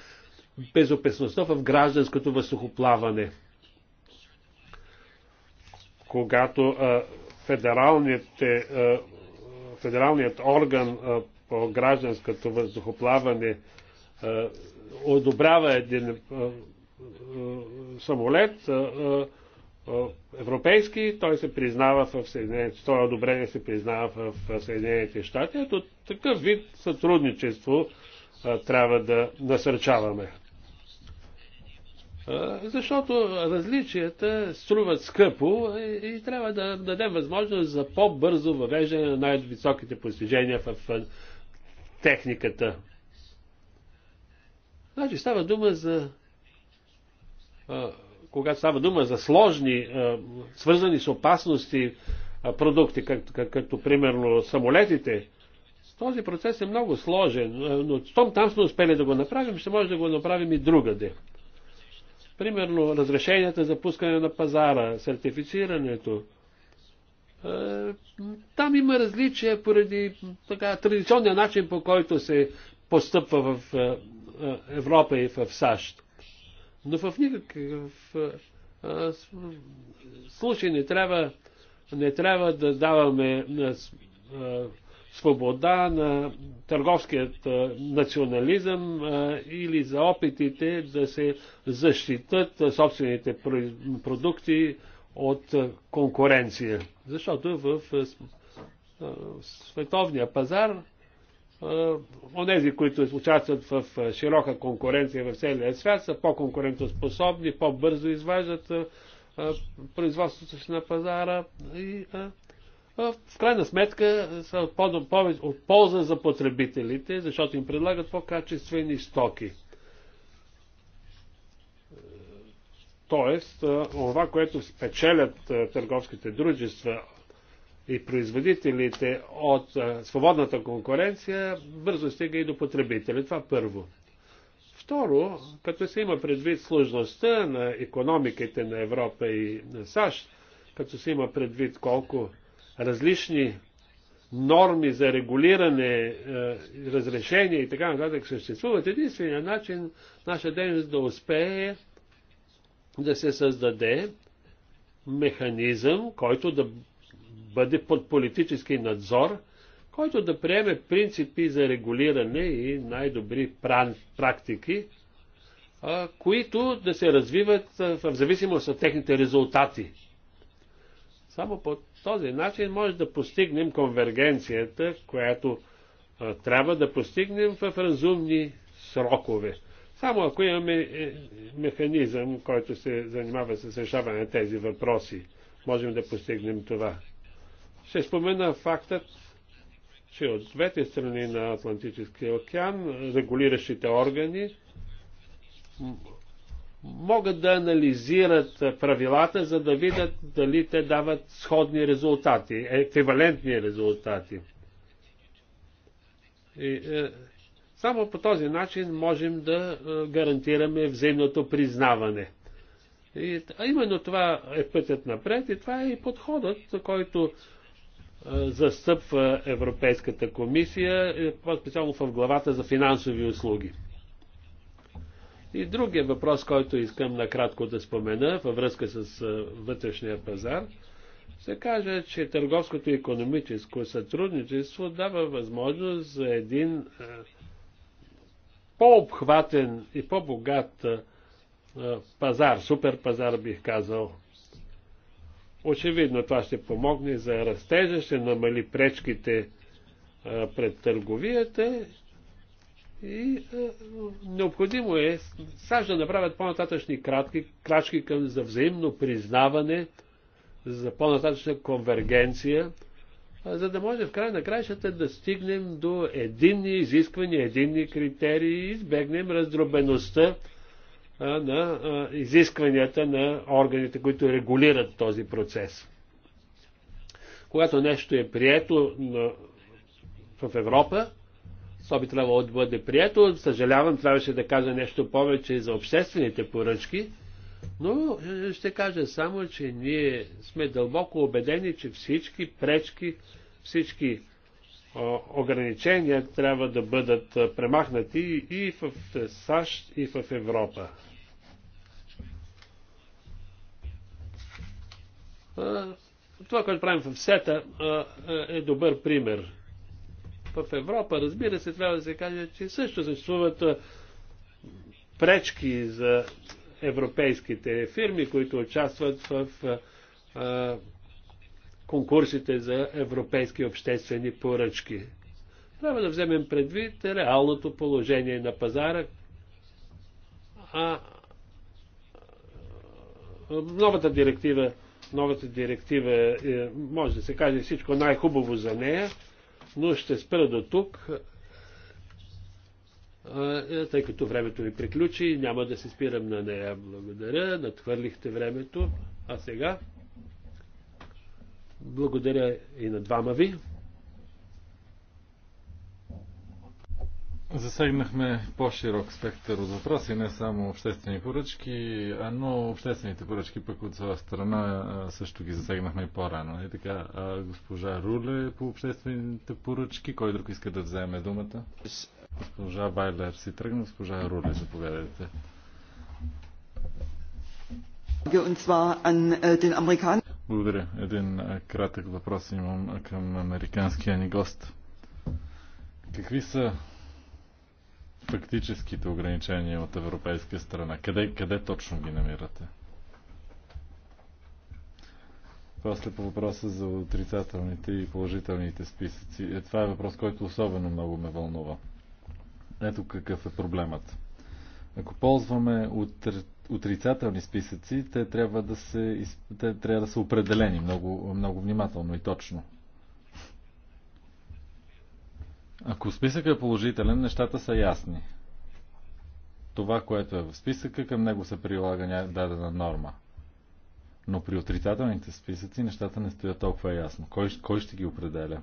безопасността в гражданското въздухоплаване. Когато федералните, федералният орган по гражданското въздухоплаване одобрява един самолет, а, а, е, европейски, той се признава в Съединените, той одобрение се признава в Съединените щати, ето такъв вид сътрудничество а, е, трябва да насърчаваме. А, е, защото различията струват скъпо и, и трябва да дадем възможност за по-бързо въвеждане на най-високите постижения в, в техниката. Значи става дума за а, когато става дума за сложни, е, свързани с опасности е, продукти, като примерно самолетите, този процес е много сложен, е, но щом там сме успели да го направим, ще може да го направим и другаде. Примерно разрешенията за пускане на пазара, сертифицирането. Там има различия поради така, традиционния начин, по който се постъпва в Европа и в САЩ. Но в никакъв случай не трябва, не трябва да даваме на свобода на търговският национализъм или за опитите да се защитат собствените продукти от конкуренция. Защото в световния пазар Онези, които участват в широка конкуренция в целия свят, са по-конкурентоспособни, по-бързо изваждат производството си на пазара и в крайна сметка са от полза за потребителите, защото им предлагат по-качествени стоки. Тоест, това, което спечелят търговските дружества и производителите от свободната конкуренция бързо стига и до потребители. Това първо. Второ, като се има предвид сложността на економиките на Европа и на САЩ, като се има предвид колко различни норми за регулиране, е, разрешения и така нататък съществуват, единственият начин наша дейност да успее да се създаде механизъм, който да бъде под политически надзор, който да приеме принципи за регулиране и най-добри практики, които да се развиват в зависимост от техните резултати. Само по този начин може да постигнем конвергенцията, която трябва да постигнем в разумни срокове. Само ако имаме е, механизъм, който се занимава с решаване на тези въпроси, можем да постигнем това. Ще спомена фактът, че от двете страни на Атлантическия океан регулиращите органи могат да анализират правилата, за да видят дали те дават сходни резултати, еквивалентни резултати. И, е, само по този начин можем да е, гарантираме взаимното признаване. И, а именно това е пътят напред и това е и подходът, който застъпва Европейската комисия, е, по-специално в главата за финансови услуги. И другия въпрос, който искам накратко да спомена във връзка с вътрешния пазар, се каже, че търговското и економическо сътрудничество дава възможност за един по-обхватен и по-богат пазар, супер пазар бих казал, Очевидно това ще помогне за растежа, ще намали пречките пред търговията и необходимо е САЩ да направят по-нататъчни кратки, крачки към за взаимно признаване, за по-нататъчна конвергенция, за да може в край на краищата да стигнем до единни изисквания, единни критерии и избегнем раздробеността на изискванията на органите, които регулират този процес. Когато нещо е прието в Европа, то би трябвало да бъде прието. Съжалявам, трябваше да кажа нещо повече за обществените поръчки, но е, ще кажа само, че ние сме дълбоко убедени, че всички пречки, всички ограничения трябва да бъдат премахнати и в САЩ, и в Европа. Това, което правим в СЕТА, е добър пример. В Европа, разбира се, трябва да се каже, че също съществуват пречки за европейските фирми, които участват в конкурсите за европейски обществени поръчки. Трябва да вземем предвид реалното положение на пазара, а новата директива, новата директива е, може да се каже всичко най-хубаво за нея, но ще спра до тук, е, тъй като времето ми приключи, няма да се спирам на нея. Благодаря, надхвърлихте времето, а сега благодаря и на двама ви. Засегнахме по-широк спектър от въпроси, не само обществени поръчки, а но обществените поръчки пък от своя страна също ги засегнахме и по-рано. И така, а госпожа Руле е по обществените поръчки, кой друг иска да вземе думата? Госпожа Вайлер си тръгна, госпожа Руле, заповядайте. Äh, благодаря. Един кратък въпрос имам към американския ни гост. Какви са фактическите ограничения от европейска страна? Къде, къде точно ги намирате? После по въпроса за отрицателните и положителните списъци. Е, това е въпрос, който особено много ме вълнува. Ето какъв е проблемът. Ако ползваме отрицателните отрицателни списъци, те трябва да се, те трябва да са определени много, много внимателно и точно. Ако списъкът е положителен, нещата са ясни. Това, което е в списъка, към него се прилага дадена норма. Но при отрицателните списъци нещата не стоят толкова ясно. Кой, кой ще ги определя?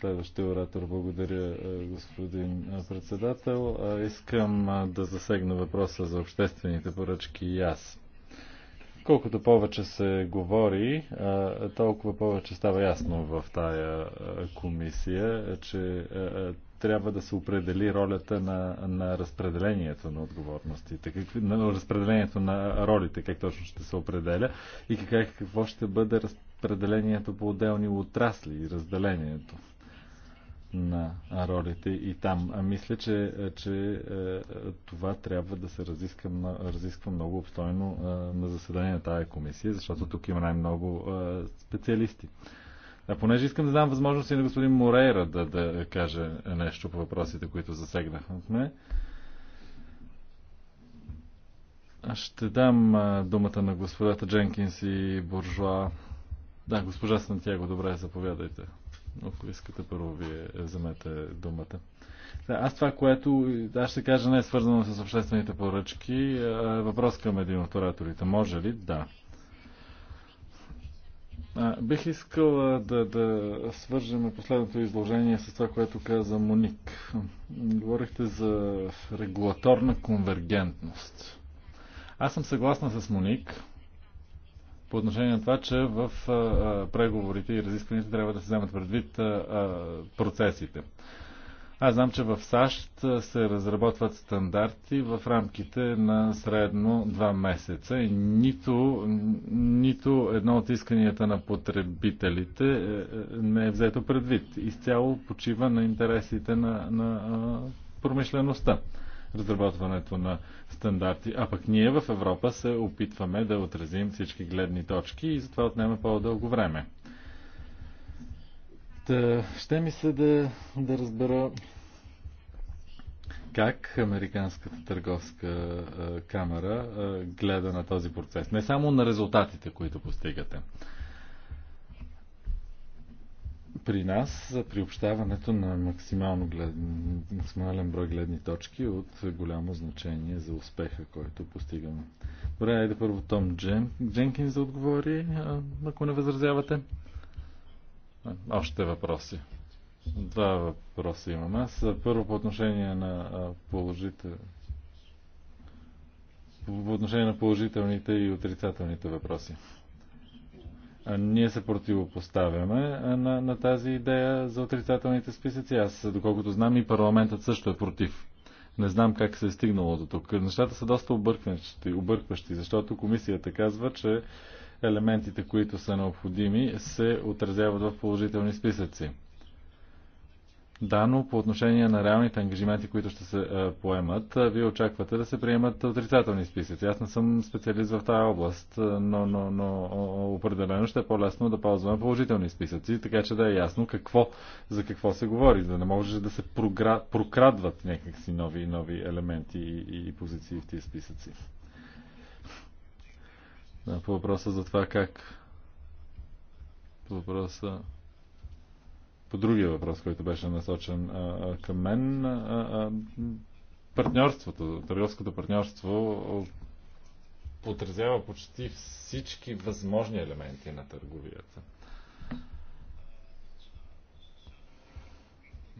Следващия оратор. Благодаря, е, господин е, председател. Искам е, да засегна въпроса за обществените поръчки и аз. Колкото повече се говори, толкова повече става ясно в тая комисия, че трябва да се определи ролята на, на разпределението на отговорностите, как, на разпределението на ролите, как точно ще се определя и как, какво ще бъде разпределението по отделни отрасли и разделението на ролите и там. А мисля, че, че е, това трябва да се разисква, разисква много обстойно е, на заседание на тази комисия, защото тук има най-много е, специалисти. А понеже искам да дам възможност и на господин Морейра да, да каже нещо по въпросите, които засегнахме, ще дам думата на господата Дженкинс и Буржуа. Да, госпожа Сантьяго, добре, заповядайте. Ако искате, първо вие вземете думата. Аз това, което аз ще кажа, не е свързано с обществените поръчки. Въпрос към един от ораторите. Може ли? Да. А, бих искал да, да свържем последното изложение с това, което каза Моник. Говорихте за регулаторна конвергентност. Аз съм съгласна с Моник по отношение на това, че в преговорите и разискванията трябва да се вземат предвид процесите. Аз знам, че в САЩ се разработват стандарти в рамките на средно 2 месеца и нито, нито едно от исканията на потребителите е, е, не е взето предвид. Изцяло почива на интересите на, на промишлеността разработването на стандарти. А пък ние в Европа се опитваме да отразим всички гледни точки и затова отнема по-дълго време. Та, ще ми се да, да разбера как Американската търговска камера гледа на този процес. Не само на резултатите, които постигате при нас за приобщаването на максимално глед... максимален брой гледни точки от голямо значение за успеха, който постигаме. Добре, айде първо Том Джен... Дженкинс да отговори, ако не възразявате. Още въпроси. Два въпроса имам аз. Първо по отношение на положител... по отношение на положителните и отрицателните въпроси. Ние се противопоставяме на, на тази идея за отрицателните списъци. Аз, доколкото знам, и парламентът също е против. Не знам как се е стигнало до тук. Нещата са доста объркващи, объркващи защото комисията казва, че елементите, които са необходими, се отразяват в положителни списъци. Да, но по отношение на реалните ангажименти, които ще се е, поемат, е, вие очаквате да се приемат отрицателни списъци. Аз не съм специалист в тази област, е, но, но, но определено ще е по-лесно да ползваме положителни списъци, така че да е ясно какво, за какво се говори, за да не може да се програ... прокрадват някакси нови, нови елементи и, и позиции в тези списъци. по въпроса за това как... По въпроса по другия въпрос, който беше насочен а, към мен, а, партньорството, търговското партньорство отразява почти всички възможни елементи на търговията.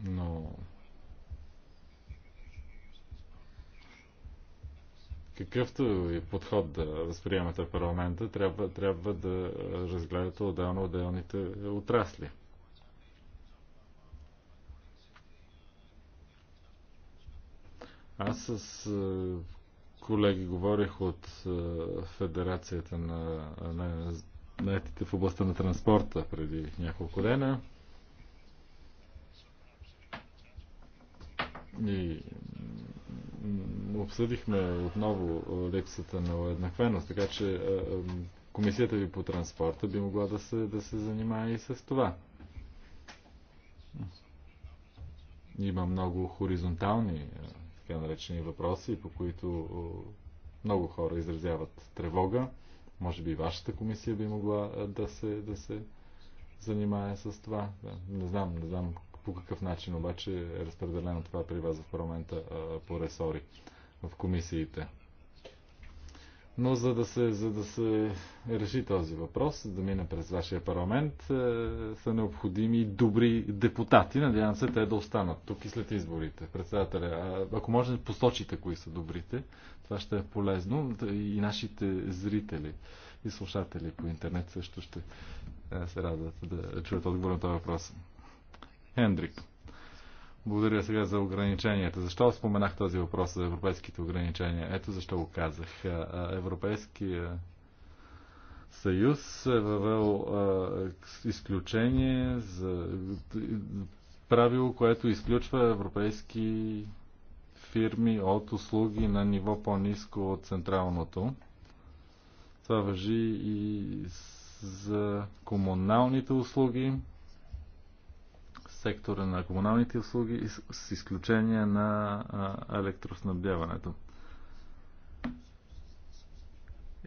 Но какъвто и подход да възприемате в парламента, трябва, трябва да разгледате отделно отделните отрасли. Аз с е, колеги говорих от е, Федерацията на, на наетите в областта на транспорта преди няколко дена. И обсъдихме отново е, липсата на уеднаквеност, така че комисията ви по транспорта би могла да се, да се занимава и с това. Има много хоризонтални така наречени въпроси, по които много хора изразяват тревога. Може би вашата комисия би могла да се, да се занимае с това. Не знам, не знам по какъв начин обаче е разпределено това при вас в парламента по ресори в комисиите. Но за да се, за да се реши този въпрос, да мине през вашия парламент, е, са необходими добри депутати. Надявам се те да останат тук и след изборите. Председателя, а, ако може да посочите кои са добрите, това ще е полезно. И нашите зрители и слушатели по интернет също ще е, се радват да чуят отговор на този въпрос. Хендрик. Благодаря сега за ограниченията. Защо споменах този въпрос за европейските ограничения? Ето защо го казах. Европейския съюз е въвел изключение за правило, което изключва европейски фирми от услуги на ниво по-низко от централното. Това въжи и за комуналните услуги сектора на комуналните услуги, с изключение на електроснабдяването.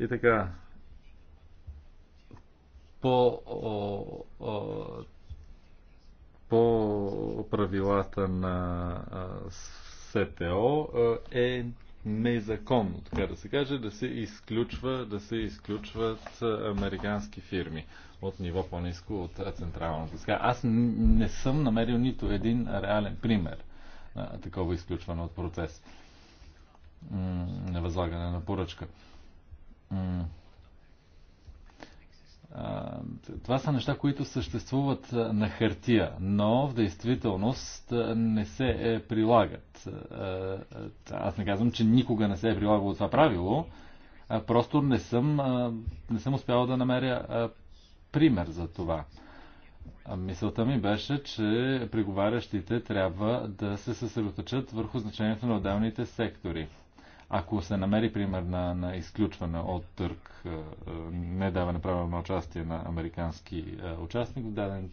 И така, по, о, о, по правилата на СТО е незаконно, така да се каже, да се, изключва, да се изключват американски фирми от ниво по-низко от централната Сега, аз не съм намерил нито един реален пример на такова изключване от процес на възлагане на поръчка това са неща, които съществуват на хартия, но в действителност не се е прилагат. Аз не казвам, че никога не се е прилагало това правило, просто не съм, не съм успял да намеря пример за това. Мисълта ми беше, че преговарящите трябва да се съсредоточат върху значението на отделните сектори. Ако се намери пример на, на изключване от търг, е, е, не даване право на участие на американски е, участник в даден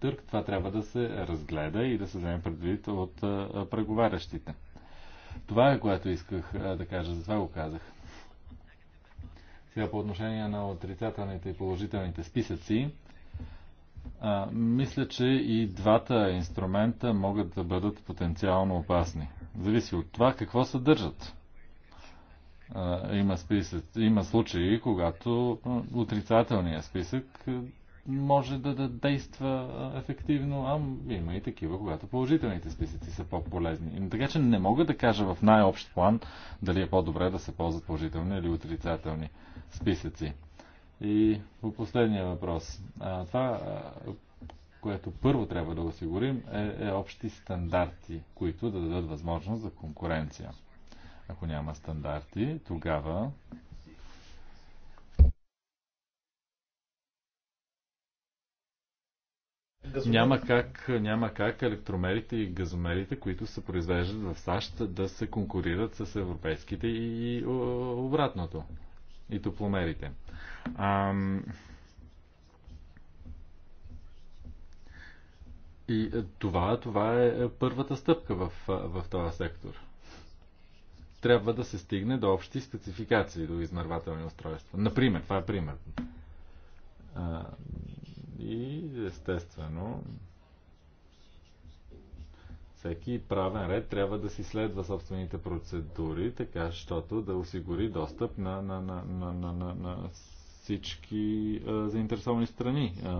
търг, това трябва да се разгледа и да се вземе предвид от преговарящите. Това е което исках да кажа, затова го казах. Сега по отношение на отрицателните и положителните списъци, а, мисля, че и двата инструмента могат да бъдат потенциално опасни. Зависи от това какво съдържат има, списък, има случаи, когато отрицателният списък може да, да действа ефективно, а има и такива, когато положителните списъци са по-полезни. Така че не мога да кажа в най-общ план дали е по-добре да се ползват положителни или отрицателни списъци. И по последния въпрос. А, това, което първо трябва да осигурим, е, е общи стандарти, които да дадат възможност за конкуренция. Ако няма стандарти, тогава Няма как, няма как електромерите и газомерите, които се произвеждат в САЩ, да се конкурират с европейските и, и обратното. И топломерите. Ам... И е, това, това е, е първата стъпка в, е, в този сектор трябва да се стигне до общи спецификации, до измервателни устройства. Например, това е пример. А, и естествено, всеки правен ред трябва да си следва собствените процедури, така, щото да осигури достъп на, на, на, на, на, на, на всички а, заинтересовани страни а,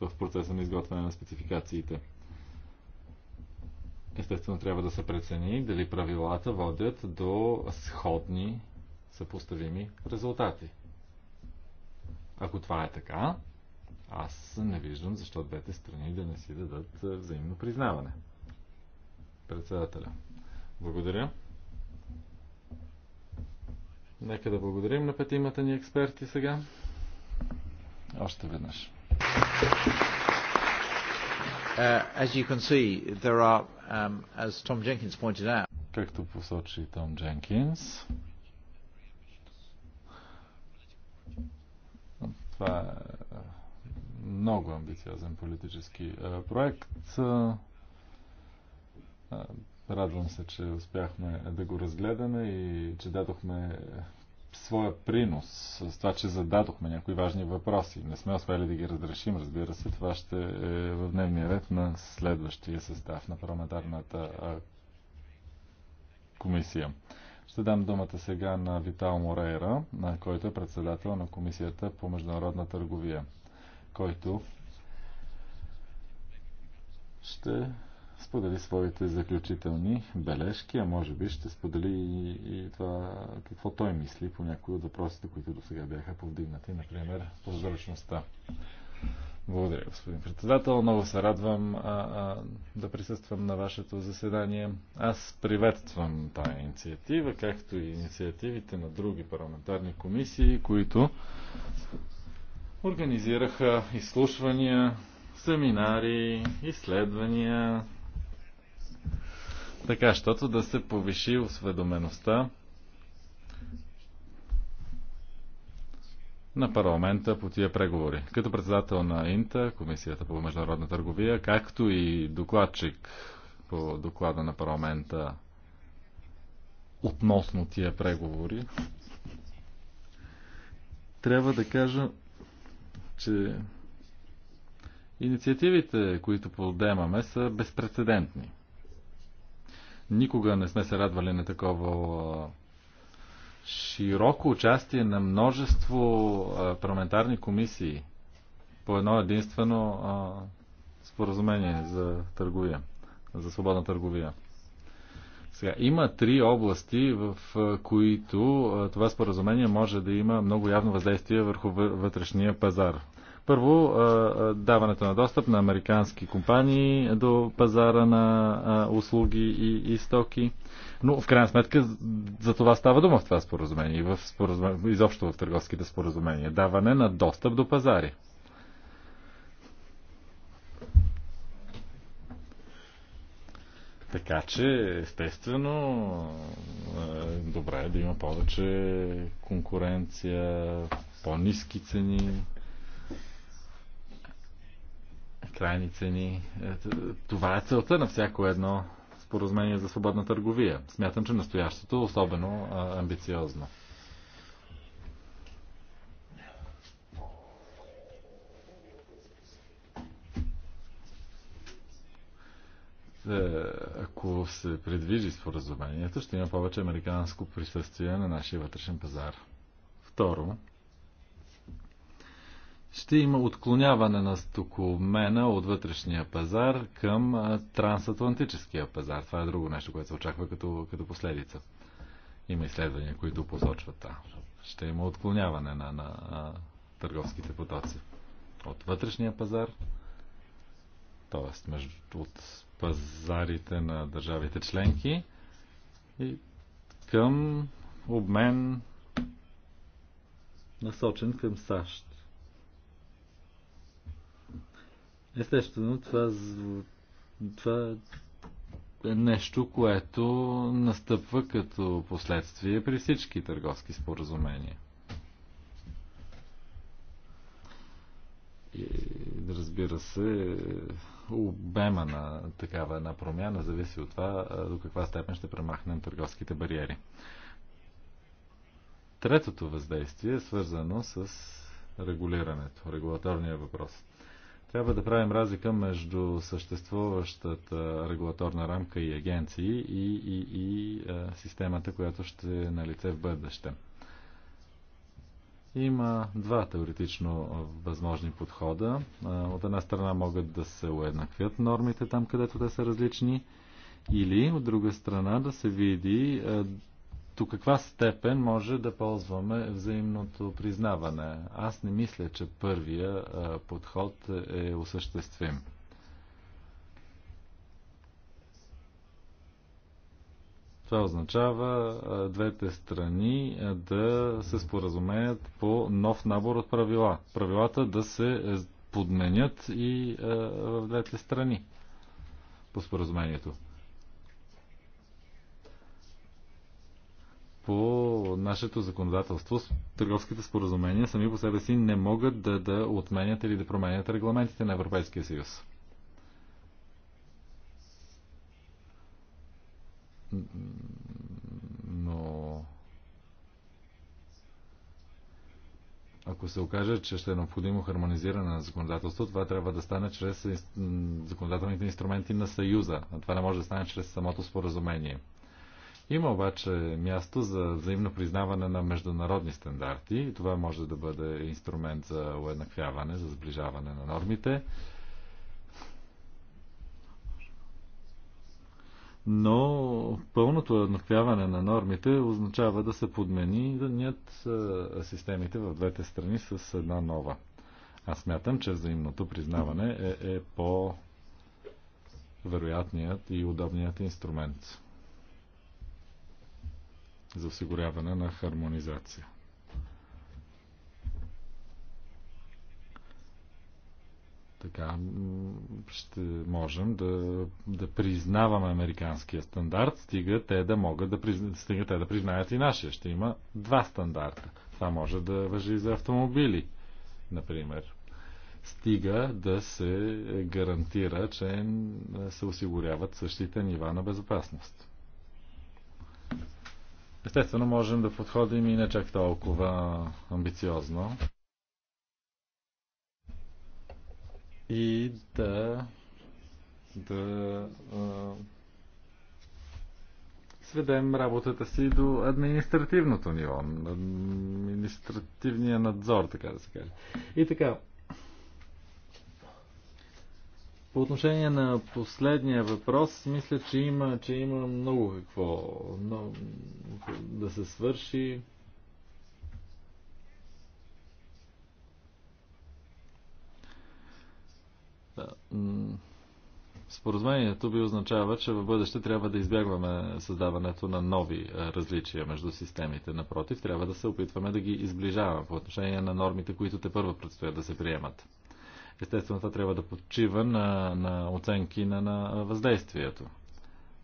в процеса на изготвяне на спецификациите. Естествено, трябва да се прецени дали правилата водят до сходни, съпоставими резултати. Ако това е така, аз не виждам защо двете страни да не си дадат е, взаимно признаване. Председателя. Благодаря. Нека да благодарим на петимата ни експерти сега. Още веднъж. Thank you. Uh, as you can see, there are, um, as Tom Jenkins pointed out, както посочи Том Дженкинс, това е много амбициозен политически е, проект. Е, е, радвам се, че успяхме да го разгледаме и че дадохме своя принос с това, че зададохме някои важни въпроси. Не сме успели да ги разрешим, разбира се. Това ще е в дневния ред на следващия състав на парламентарната комисия. Ще дам думата сега на Витал Морейра, който е председател на Комисията по международна търговия, който ще сподели своите заключителни бележки, а може би ще сподели и, и това какво той мисли по някои от въпросите, които до сега бяха повдигнати, например прозрачността. Благодаря, господин председател. Много се радвам а, а, да присъствам на вашето заседание. Аз приветствам тази инициатива, както и инициативите на други парламентарни комисии, които организираха изслушвания, семинари, изследвания, така, щото да се повиши осведомеността на парламента по тия преговори. Като председател на Инта, Комисията по международна търговия, както и докладчик по доклада на парламента относно тия преговори, трябва да кажа, че инициативите, които подемаме, са безпредседентни. Никога не сме се радвали на такова широко участие на множество парламентарни комисии по едно единствено споразумение за търговия, за свободна търговия. Сега, има три области, в които това споразумение може да има много явно въздействие върху вътрешния пазар. Първо, даването на достъп на американски компании до пазара на услуги и, и стоки. Но в крайна сметка за това става дума в това споразумение и в споразумение, изобщо в търговските споразумения. Даване на достъп до пазари. Така че, естествено, добре е да има повече конкуренция, по-низки цени. Крайни цени. Е, това е целта на всяко едно споразумение за свободна търговия. Смятам, че настоящото е особено амбициозно. Е, ако се предвижи споразумението, ще има повече американско присъствие на нашия вътрешен пазар. Второ, ще има отклоняване на стокообмена от вътрешния пазар към трансатлантическия пазар. Това е друго нещо, което се очаква като, като последица. Има изследвания, които посочват това. Ще има отклоняване на, на а, търговските потоци от вътрешния пазар, т.е. от пазарите на държавите членки и към обмен насочен към САЩ. Естествено, това, това е нещо, което настъпва като последствие при всички търговски споразумения. И, разбира се, обема на такава една промяна зависи от това до каква степен ще премахнем търговските бариери. Третото въздействие е свързано с регулирането, регулаторния въпрос. Трябва да правим разлика между съществуващата регулаторна рамка и агенции и, и, и е, системата, която ще е на лице в бъдеще. Има два теоретично възможни подхода. Е, от една страна могат да се уеднаквят нормите там, където те са различни, или от друга страна да се види е, до каква степен може да ползваме взаимното признаване. Аз не мисля, че първия подход е осъществим. Това означава двете страни да се споразумеят по нов набор от правила. Правилата да се е, подменят и в двете страни по споразумението. по нашето законодателство, търговските споразумения сами по себе си не могат да, да отменят или да променят регламентите на Европейския съюз. Но ако се окаже, че ще е необходимо хармонизиране на законодателство, това трябва да стане чрез законодателните инструменти на Съюза. А това не може да стане чрез самото споразумение. Има обаче място за взаимно признаване на международни стандарти и това може да бъде инструмент за уеднаквяване, за сближаване на нормите. но пълното еднаквяване на нормите означава да се подмени да нят системите в двете страни с една нова. Аз смятам, че взаимното признаване е, е по-вероятният и удобният инструмент за осигуряване на хармонизация. Така ще можем да, да признаваме американския стандарт, стига те да могат да призна, стига те да признаят и нашия. Ще има два стандарта. Това може да въжи за автомобили, например стига да се гарантира, че се осигуряват същите нива на безопасност. Естествено, можем да подходим и не чак толкова амбициозно. И да. да. А, сведем работата си до административното ниво, административния надзор, така да се каже. И така, по отношение на последния въпрос, мисля, че има, че има много какво но, да се свърши. Споразумението би означава, че в бъдеще трябва да избягваме създаването на нови различия между системите. Напротив, трябва да се опитваме да ги изближаваме по отношение на нормите, които те първо предстоят да се приемат. Естествено, това трябва да почива на, на оценки на, на въздействието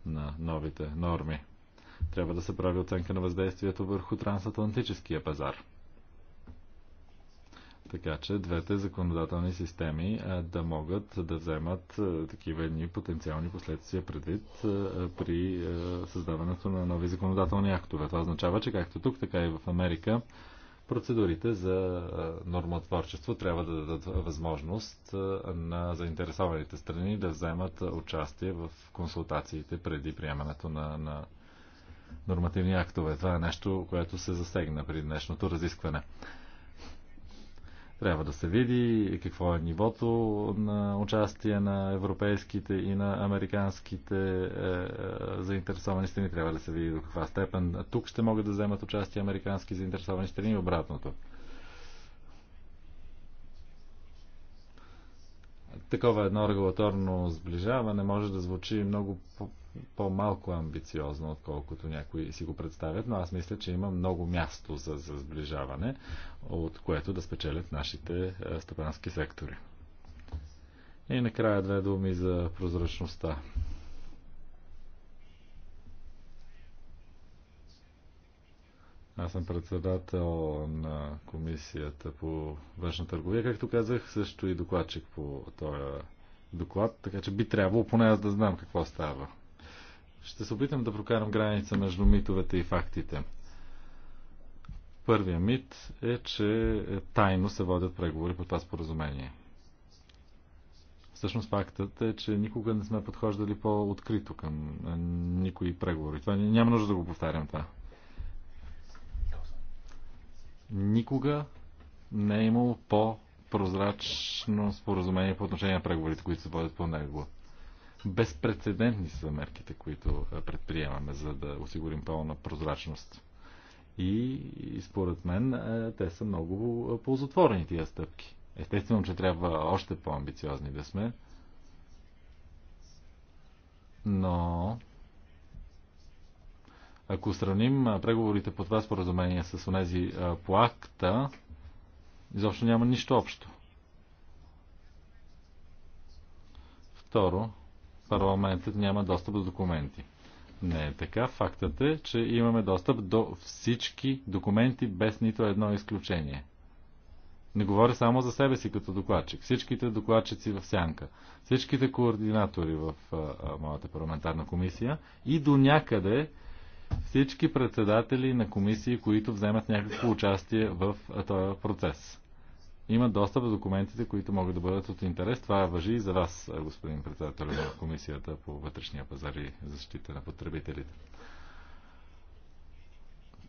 на новите норми. Трябва да се прави оценка на въздействието върху трансатлантическия пазар. Така че двете законодателни системи да могат да вземат такива едни потенциални последствия предвид при създаването на нови законодателни актове. Това означава, че както тук, така и в Америка Процедурите за нормотворчество трябва да дадат възможност на заинтересованите страни да вземат участие в консултациите преди приемането на, на нормативни актове. Това е нещо, което се засегна при днешното разискване. Трябва да се види какво е нивото на участие на европейските и на американските е, е, заинтересовани страни. Трябва да се види до каква степен тук ще могат да вземат участие американски заинтересовани страни и обратното. такова едно регулаторно сближаване може да звучи много по-малко амбициозно, отколкото някои си го представят, но аз мисля, че има много място за, за сближаване, от което да спечелят нашите е, стопански сектори. И накрая две думи за прозрачността. Аз съм председател на комисията по външна търговия, както казах, също и докладчик по този доклад, така че би трябвало поне аз да знам какво става. Ще се опитам да прокарам граница между митовете и фактите. Първия мит е, че тайно се водят преговори по това споразумение. Всъщност фактът е, че никога не сме подхождали по-открито към никои преговори. Това няма нужда да го повтарям това. Никога не е имало по-прозрачно споразумение по отношение на преговорите, които се водят по него. Безпредседентни са мерките, които предприемаме, за да осигурим пълна прозрачност. И, и според мен те са много ползотворени тия стъпки. Естествено, че трябва още по-амбициозни да сме, но ако сравним преговорите по това споразумение с онези по акта, изобщо няма нищо общо. Второ, парламентът няма достъп до документи. Не е така. Фактът е, че имаме достъп до всички документи без нито едно изключение. Не говоря само за себе си като докладчик. Всичките докладчици в Сянка, всичките координатори в а, а, моята парламентарна комисия и до някъде всички председатели на комисии, които вземат някакво участие в този процес има достъп до документите, които могат да бъдат от интерес. Това въжи и за вас, господин председател на Комисията по вътрешния пазар и защита на потребителите.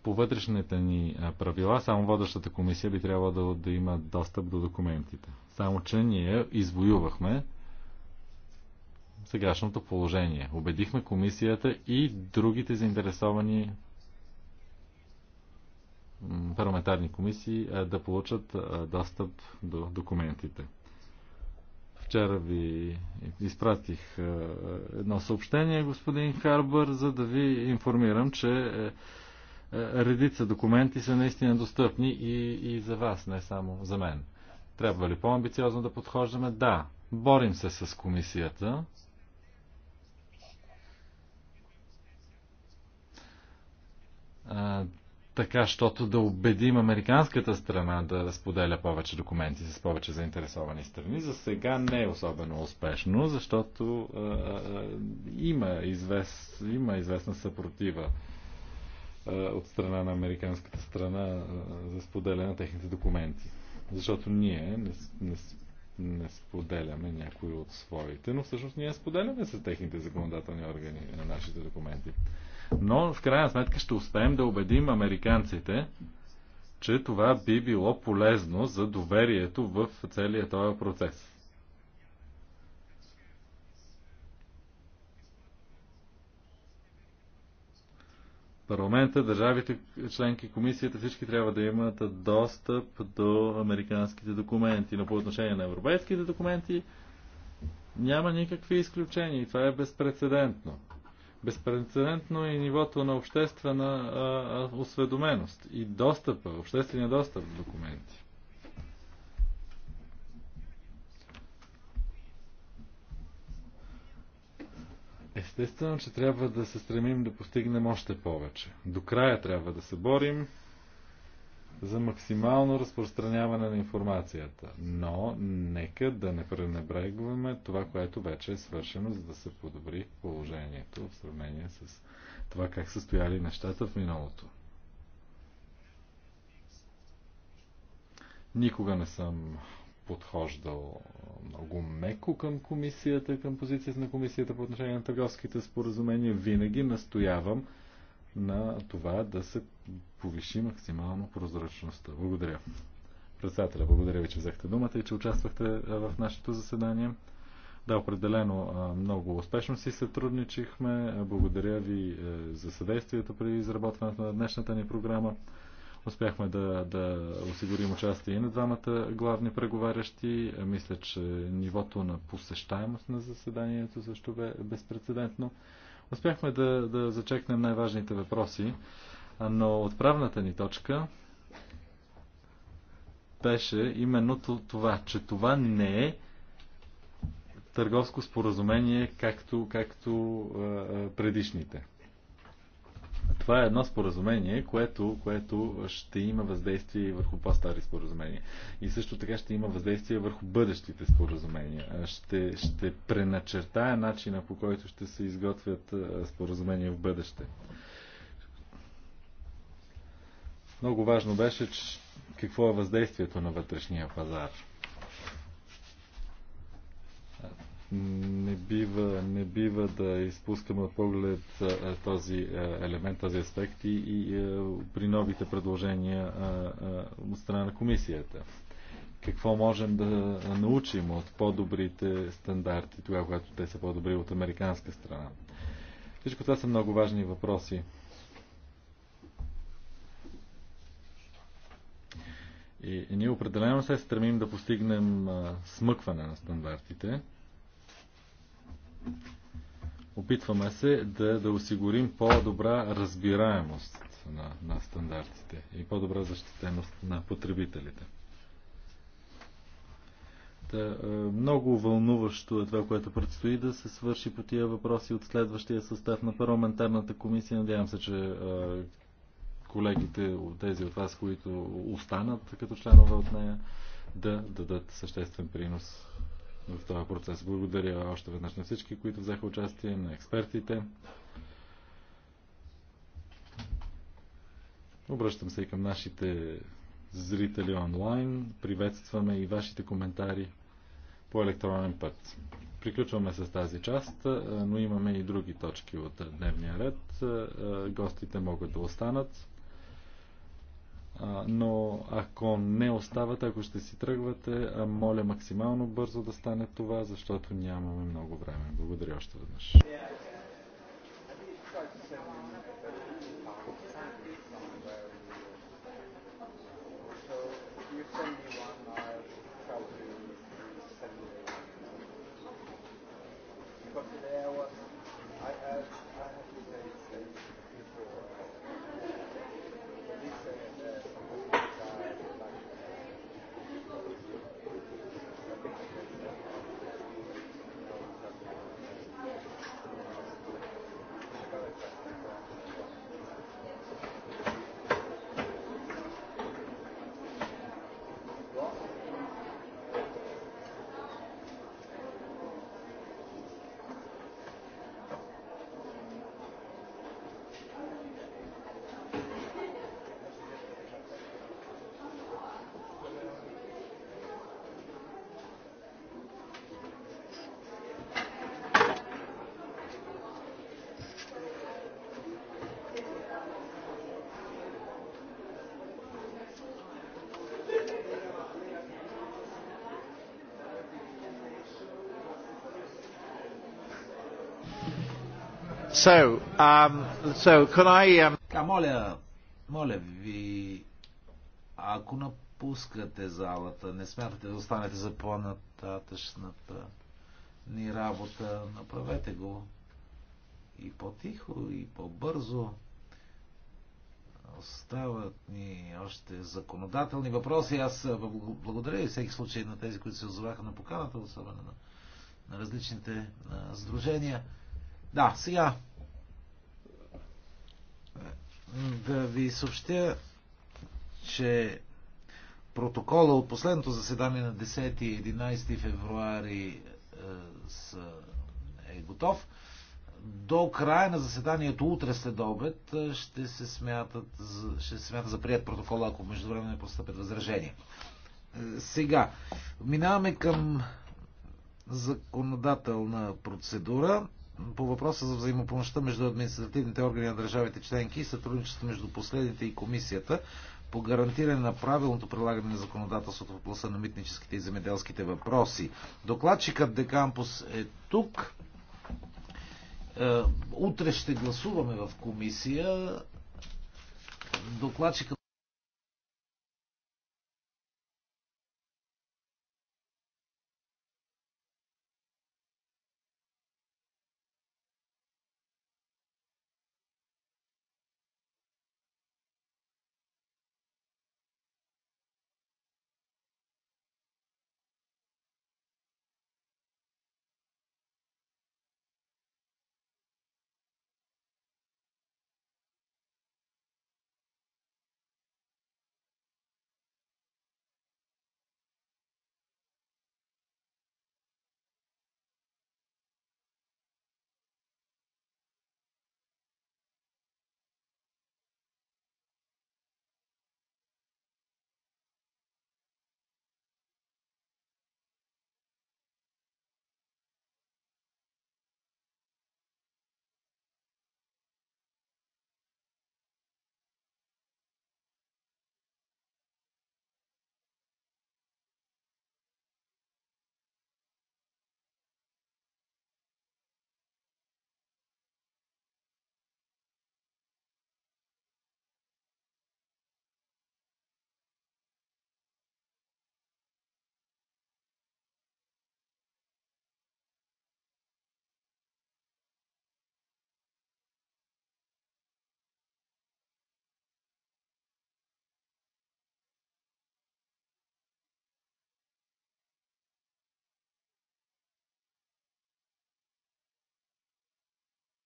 По вътрешните ни правила, само водещата комисия би трябвало да, да има достъп до документите. Само, че ние извоювахме сегашното положение. Убедихме комисията и другите заинтересовани парламентарни комисии е, да получат е, достъп до документите. Вчера ви изпратих е, едно съобщение, господин Харбър, за да ви информирам, че редица документи са наистина достъпни и, и за вас, не само за мен. Трябва ли по-амбициозно да подхождаме? Да. Борим се с комисията така, щото да убедим американската страна да споделя повече документи с повече заинтересовани страни. За сега не е особено успешно, защото а, а, има, извес, има известна съпротива а, от страна на американската страна а, за споделяне на техните документи. Защото ние не, не, не споделяме някои от своите, но всъщност ние споделяме с техните законодателни органи на нашите документи но в крайна сметка ще успеем да убедим американците, че това би било полезно за доверието в целия този процес. парламента, държавите, членки, комисията, всички трябва да имат достъп до американските документи. Но по отношение на европейските документи няма никакви изключения и това е безпредседентно. Безпредседентно и нивото на обществена а, осведоменост и достъпа, обществения достъп до документи. Естествено, че трябва да се стремим да постигнем още повече. До края трябва да се борим за максимално разпространяване на информацията. Но нека да не пренебрегваме това, което вече е свършено, за да се подобри положението в сравнение с това как са стояли нещата в миналото. Никога не съм подхождал много меко към комисията, към позицията на комисията по отношение на търговските споразумения. Винаги настоявам на това да се повиши максимално прозрачността. Благодаря. Председателя, благодаря ви, че взехте думата и че участвахте в нашето заседание. Да, определено много успешно си сътрудничихме. Благодаря ви е, за съдействието при изработването на днешната ни програма. Успяхме да, да осигурим участие и на двамата главни преговарящи. Мисля, че нивото на посещаемост на заседанието също бе безпредседентно. Успяхме да, да зачекнем най-важните въпроси, но отправната ни точка беше именно това, че това не е търговско споразумение, както, както предишните това е едно споразумение, което, което ще има въздействие върху по-стари споразумения. И също така ще има въздействие върху бъдещите споразумения. Ще, ще преначертая начина по който ще се изготвят споразумения в бъдеще. Много важно беше, че какво е въздействието на вътрешния пазар. не бива, не бива да изпускаме от поглед този елемент, този аспект и, и при новите предложения от страна на комисията. Какво можем да научим от по-добрите стандарти, тогава, когато те са по-добри от американска страна? Всичко това са много важни въпроси. И, и ние определено се стремим да постигнем смъкване на стандартите. Опитваме се да, да осигурим по-добра разбираемост на, на стандартите и по-добра защитеност на потребителите. Та, е, много вълнуващо е това, което предстои да се свърши по тия въпроси от следващия състав на парламентарната комисия. Надявам се, че е, колегите, от тези от вас, които останат като членове от нея, да дадат съществен принос в този процес. Благодаря още веднъж на всички, които взеха участие, на експертите. Обръщам се и към нашите зрители онлайн. Приветстваме и вашите коментари по електронен път. Приключваме с тази част, но имаме и други точки от дневния ред. Гостите могат да останат но ако не оставате, ако ще си тръгвате, моля максимално бързо да стане това, защото нямаме много време. Благодаря още веднъж. So, um, so can I, um... моля, моля ви, ако напускате залата, не смятате да останете за по-нататъчната ни работа, направете го и по-тихо, и по-бързо. Остават ни още законодателни въпроси. Аз е, благодаря и всеки случай на тези, които се озоваха на поканата, особено на, на различните на сдружения. Да, сега да ви съобщя, че протокола от последното заседание на 10 и 11 февруари е, е готов. До края на заседанието утре след обед е, ще се смятат, ще се смята за прият протокола, ако между време не постъпят възражения. Е, сега, минаваме към законодателна процедура по въпроса за взаимопомощта между административните органи на държавите членки и сътрудничество между последните и комисията по гарантиране на правилното прилагане на законодателството в областта на митническите и земеделските въпроси. Докладчикът Декампус е тук. Е, утре ще гласуваме в комисия. Докладчикът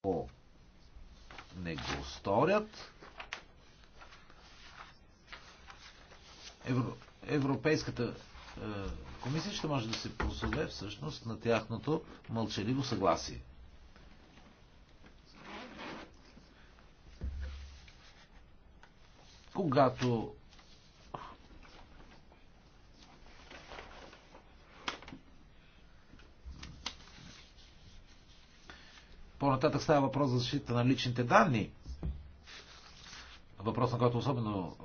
Ако не го сторят, Евро... Европейската е, комисия ще може да се позове всъщност на тяхното мълчаливо съгласие. Когато По-нататък става въпрос за защита на личните данни. Въпрос, на който особено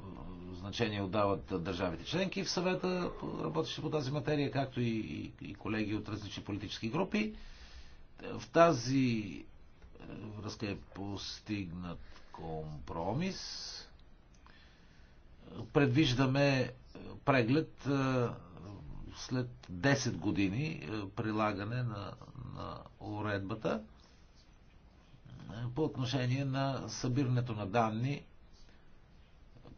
значение отдават държавите членки в съвета, работещи по тази материя, както и, и колеги от различни политически групи. В тази е, връзка е постигнат компромис. Предвиждаме преглед е, след 10 години е, прилагане на, на уредбата по отношение на събирането на данни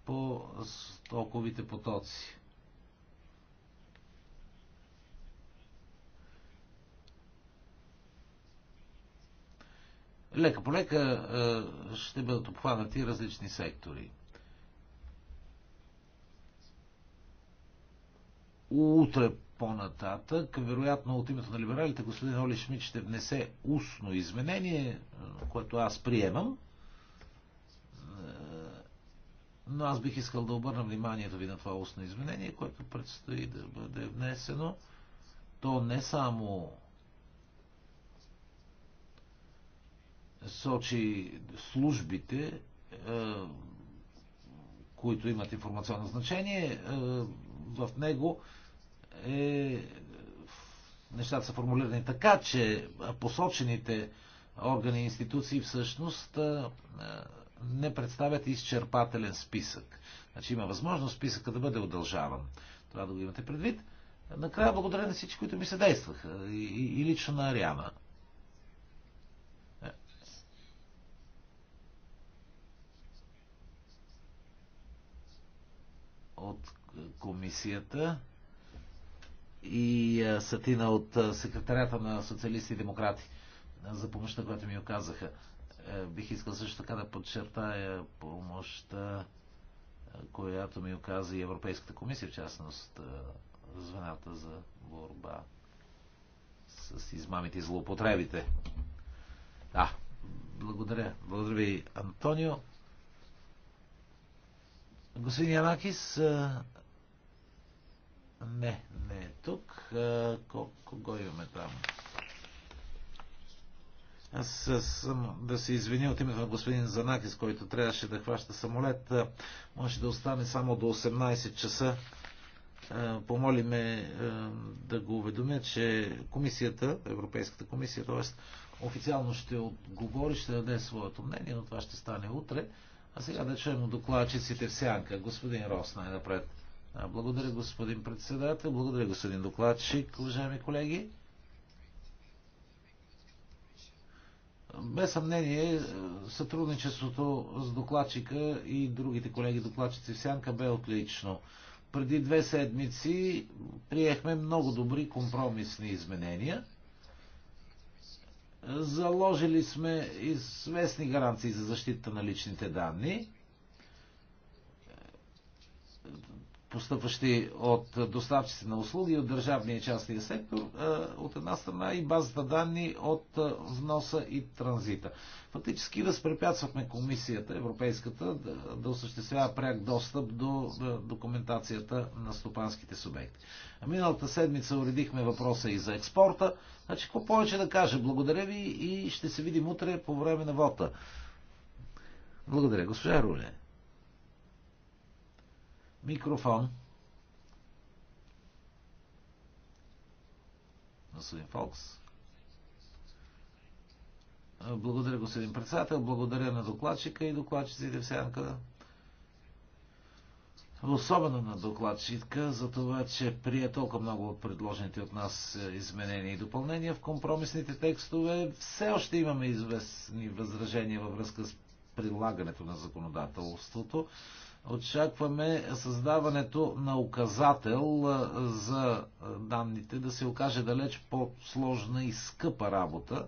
по стоковите потоци. Лека по лека е, ще бъдат обхванати различни сектори. Утре по-нататък. Вероятно от името на либералите господин Оли Шмид ще внесе устно изменение, е, което аз приемам. Е, но аз бих искал да обърна вниманието ви на това устно изменение, което предстои да бъде внесено. То не само сочи службите, е, които имат информационно значение, в него е, нещата са формулирани така, че посочените органи и институции всъщност не представят изчерпателен списък. Значи има възможност списъка да бъде удължаван. Това да го имате предвид. Накрая благодаря на всички, които ми съдействаха и, и, и лично на Ариана. Е. От комисията и Сатина от секретарята на социалисти и демократи за помощта, която ми оказаха. Е, бих искал също така да подчертая помощта, която ми оказа и Европейската комисия, в частност звената за борба с измамите и злоупотребите. Да, благодаря. Благодаря ви, Антонио. Господин Янакис, не, не е тук. Кого имаме там? Аз съм да се извиня от името на господин Занакис, който трябваше да хваща самолет. Може да остане само до 18 часа. Помоли ме да го уведомя, че комисията, Европейската комисия, т.е. официално ще отговори, ще даде своето мнение, но това ще стане утре. А сега да чуем докладчиците в сянка. Господин Рос най-напред. Благодаря, господин председател. Благодаря, господин докладчик, уважаеми колеги. Без съмнение, сътрудничеството с докладчика и другите колеги докладчици в Сянка бе отлично. Преди две седмици приехме много добри компромисни изменения. Заложили сме известни гаранции за защита на личните данни постъпващи от доставчици на услуги от държавния и частния сектор, е, от една страна и базата данни от е, вноса и транзита. Фактически възпрепятствахме комисията, европейската, да, да осъществява пряк достъп до е, документацията на стопанските субекти. А миналата седмица уредихме въпроса и за експорта. Значи, какво повече да кажа? Благодаря ви и ще се видим утре по време на вота. Благодаря, госпожа Руле. Микрофон. Господин Фокс. Благодаря, господин председател. Благодаря на докладчика и докладчиците в сянка. Особено на докладчика за това, че прие толкова много от предложените от нас изменения и допълнения в компромисните текстове. Все още имаме известни възражения във връзка с прилагането на законодателството очакваме създаването на указател за данните да се окаже далеч по-сложна и скъпа работа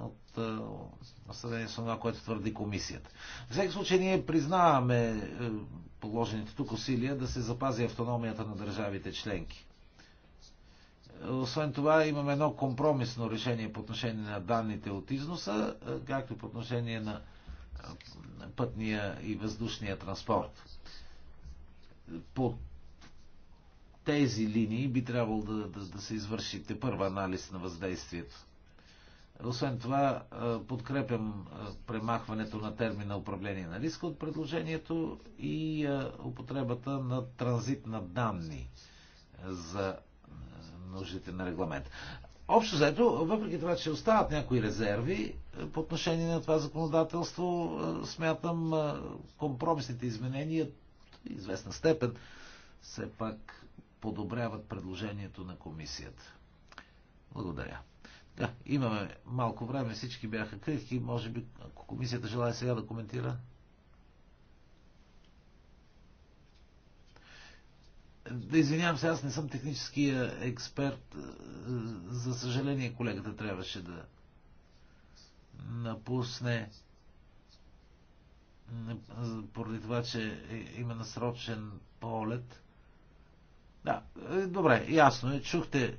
от съдение с това, което твърди комисията. В всеки случай ние признаваме е, положените тук усилия да се запази автономията на държавите членки. Освен това имаме едно компромисно решение по отношение на данните от износа, е, както и по отношение на пътния и въздушния транспорт. По тези линии би трябвало да, да, да се извършите първа анализ на въздействието. Освен това, подкрепям премахването на термина управление на риска от предложението и употребата на транзит на данни за нуждите на регламент. Общо заето, въпреки това, че остават някои резерви е, по отношение на това законодателство, е, смятам е, компромисните изменения известна степен все пак подобряват предложението на комисията. Благодаря. Да, имаме малко време, всички бяха критики, може би, ако комисията желая сега да коментира. Да извинявам се, аз не съм техническия експерт. Е, за съжаление, колегата трябваше да напусне е, поради това, че е, има насрочен полет. Да, добре, ясно е. Чухте.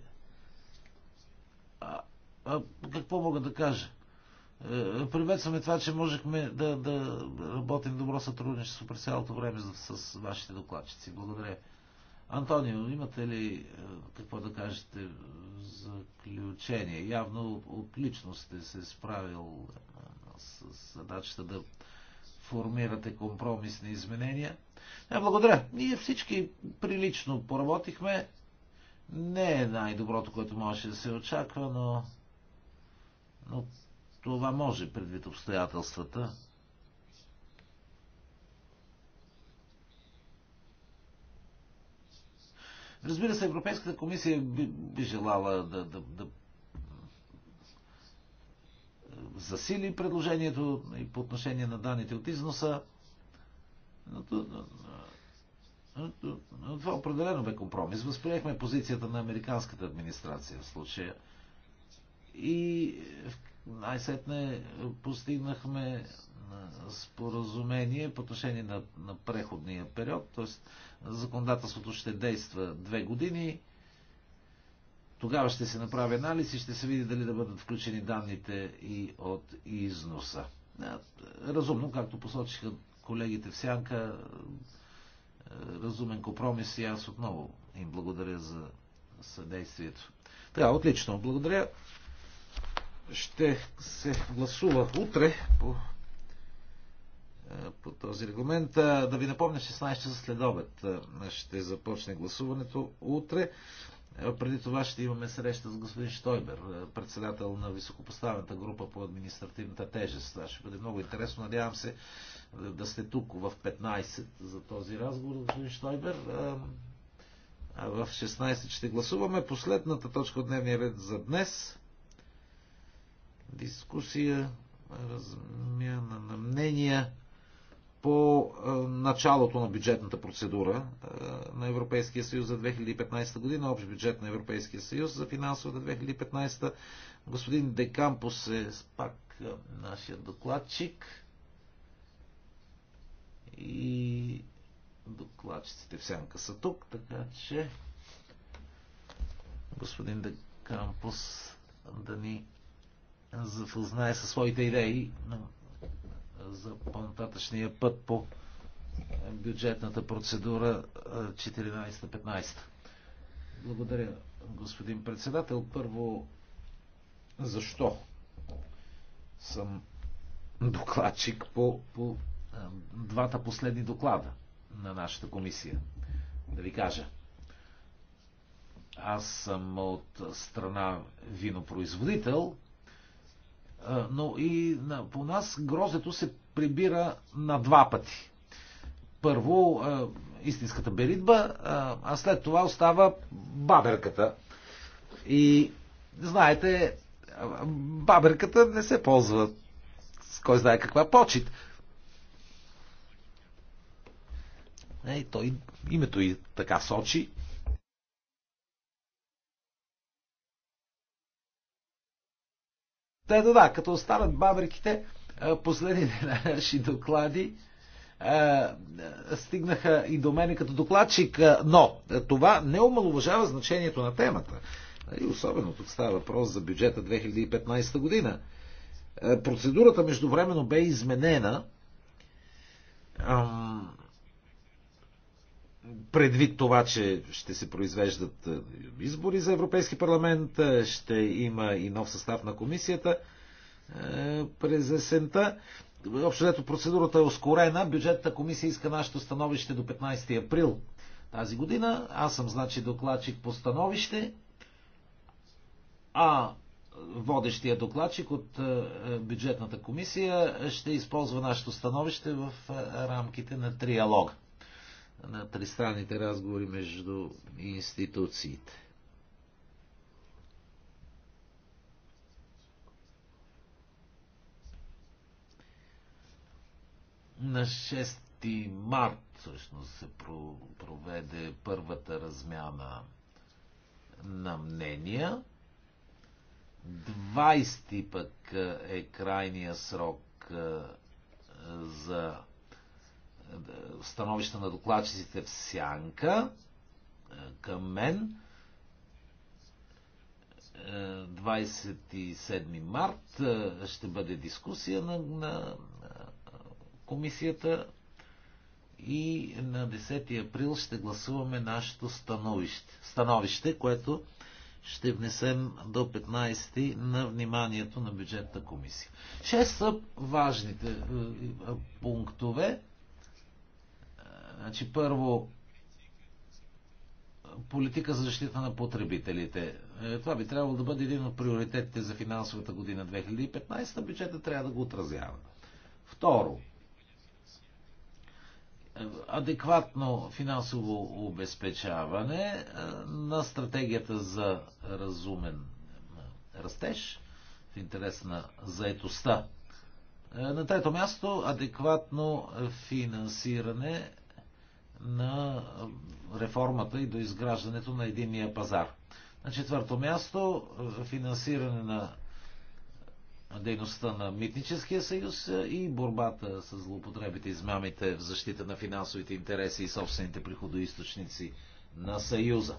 А, а, какво мога да кажа? Приветстваме това, че можехме да, да работим добро сътрудничество през цялото време с, с вашите докладчици. Благодаря. Антонио, имате ли е, какво да кажете за ключение? Явно отлично сте се справил е, с задачата да формирате компромисни изменения. Не, благодаря. Ние всички прилично поработихме. Не е най-доброто, което можеше да се очаква, но, но това може предвид обстоятелствата. Разбира се, Европейската комисия би, би желала да, да, да засили предложението и по отношение на данните от износа. Но, това определено бе компромис. Възприехме позицията на американската администрация в случая. И най-сетне постигнахме споразумение по отношение на, на преходния период, т.е. законодателството ще действа две години. Тогава ще се направи анализ и ще се види дали да бъдат включени данните и от износа. Разумно, както посочиха колегите в Сянка, разумен компромис и аз отново им благодаря за съдействието. Така, отлично. Благодаря. Ще се гласува утре по по този регламент. Да ви напомня, 16 часа след обед ще започне гласуването утре. Преди това ще имаме среща с господин Штойбер, председател на високопоставената група по административната тежест. Това ще бъде много интересно. Надявам се да сте тук в 15 за този разговор, господин Штойбер. А в 16 ще гласуваме последната точка от дневния ред за днес. Дискусия, размяна на мнения по е, началото на бюджетната процедура е, на Европейския съюз за 2015 година, общ бюджет на Европейския съюз за финансовата 2015. Господин Декампус е пак е, нашия докладчик и докладчиците в сянка са тук, така че господин Декампус да ни запознае със своите идеи на за по-нататъчния път по бюджетната процедура 14-15. Благодаря, господин председател. Първо, защо съм докладчик по, по двата последни доклада на нашата комисия? Да ви кажа. Аз съм от страна винопроизводител – но и по нас грозето се прибира на два пъти. Първо истинската беритба, а след това остава баберката. И знаете, баберката не се ползва с кой знае каква почет. Ей, той името и така сочи. Та да, да, като остават бабриките, последните [laughs] наши доклади стигнаха и до мене като докладчик, но това не омалуважава значението на темата. И особено тук става въпрос за бюджета 2015 година. Процедурата междувременно бе изменена предвид това, че ще се произвеждат е, избори за Европейски парламент, е, ще има и нов състав на комисията е, през есента. Общо взето процедурата е ускорена. Бюджетната комисия иска нашето становище до 15 април тази година. Аз съм, значи, докладчик по становище, а водещия докладчик от бюджетната комисия ще използва нашето становище в рамките на триалога на тристранните разговори между институциите. На 6 март всъщност се проведе първата размяна на мнения. 20 пък е крайния срок е, за становища на докладчиците в Сянка е, към мен. 27 е, март е, ще бъде дискусия на, на комисията и на 10 април ще гласуваме нашето становище, становище което ще внесем до 15 на вниманието на бюджетна комисия. Шест са важните пунктове Значи първо политика за защита на потребителите. Е, това би трябвало да бъде един от приоритетите за финансовата година 2015. Бюджета трябва да го отразява. Второ, адекватно финансово обезпечаване е, на стратегията за разумен е, растеж в интерес на заетостта. На трето място, адекватно финансиране на реформата и до изграждането на единния пазар. На четвърто място финансиране на дейността на Митническия съюз и борбата с злоупотребите, измамите в защита на финансовите интереси и собствените приходоисточници на Съюза.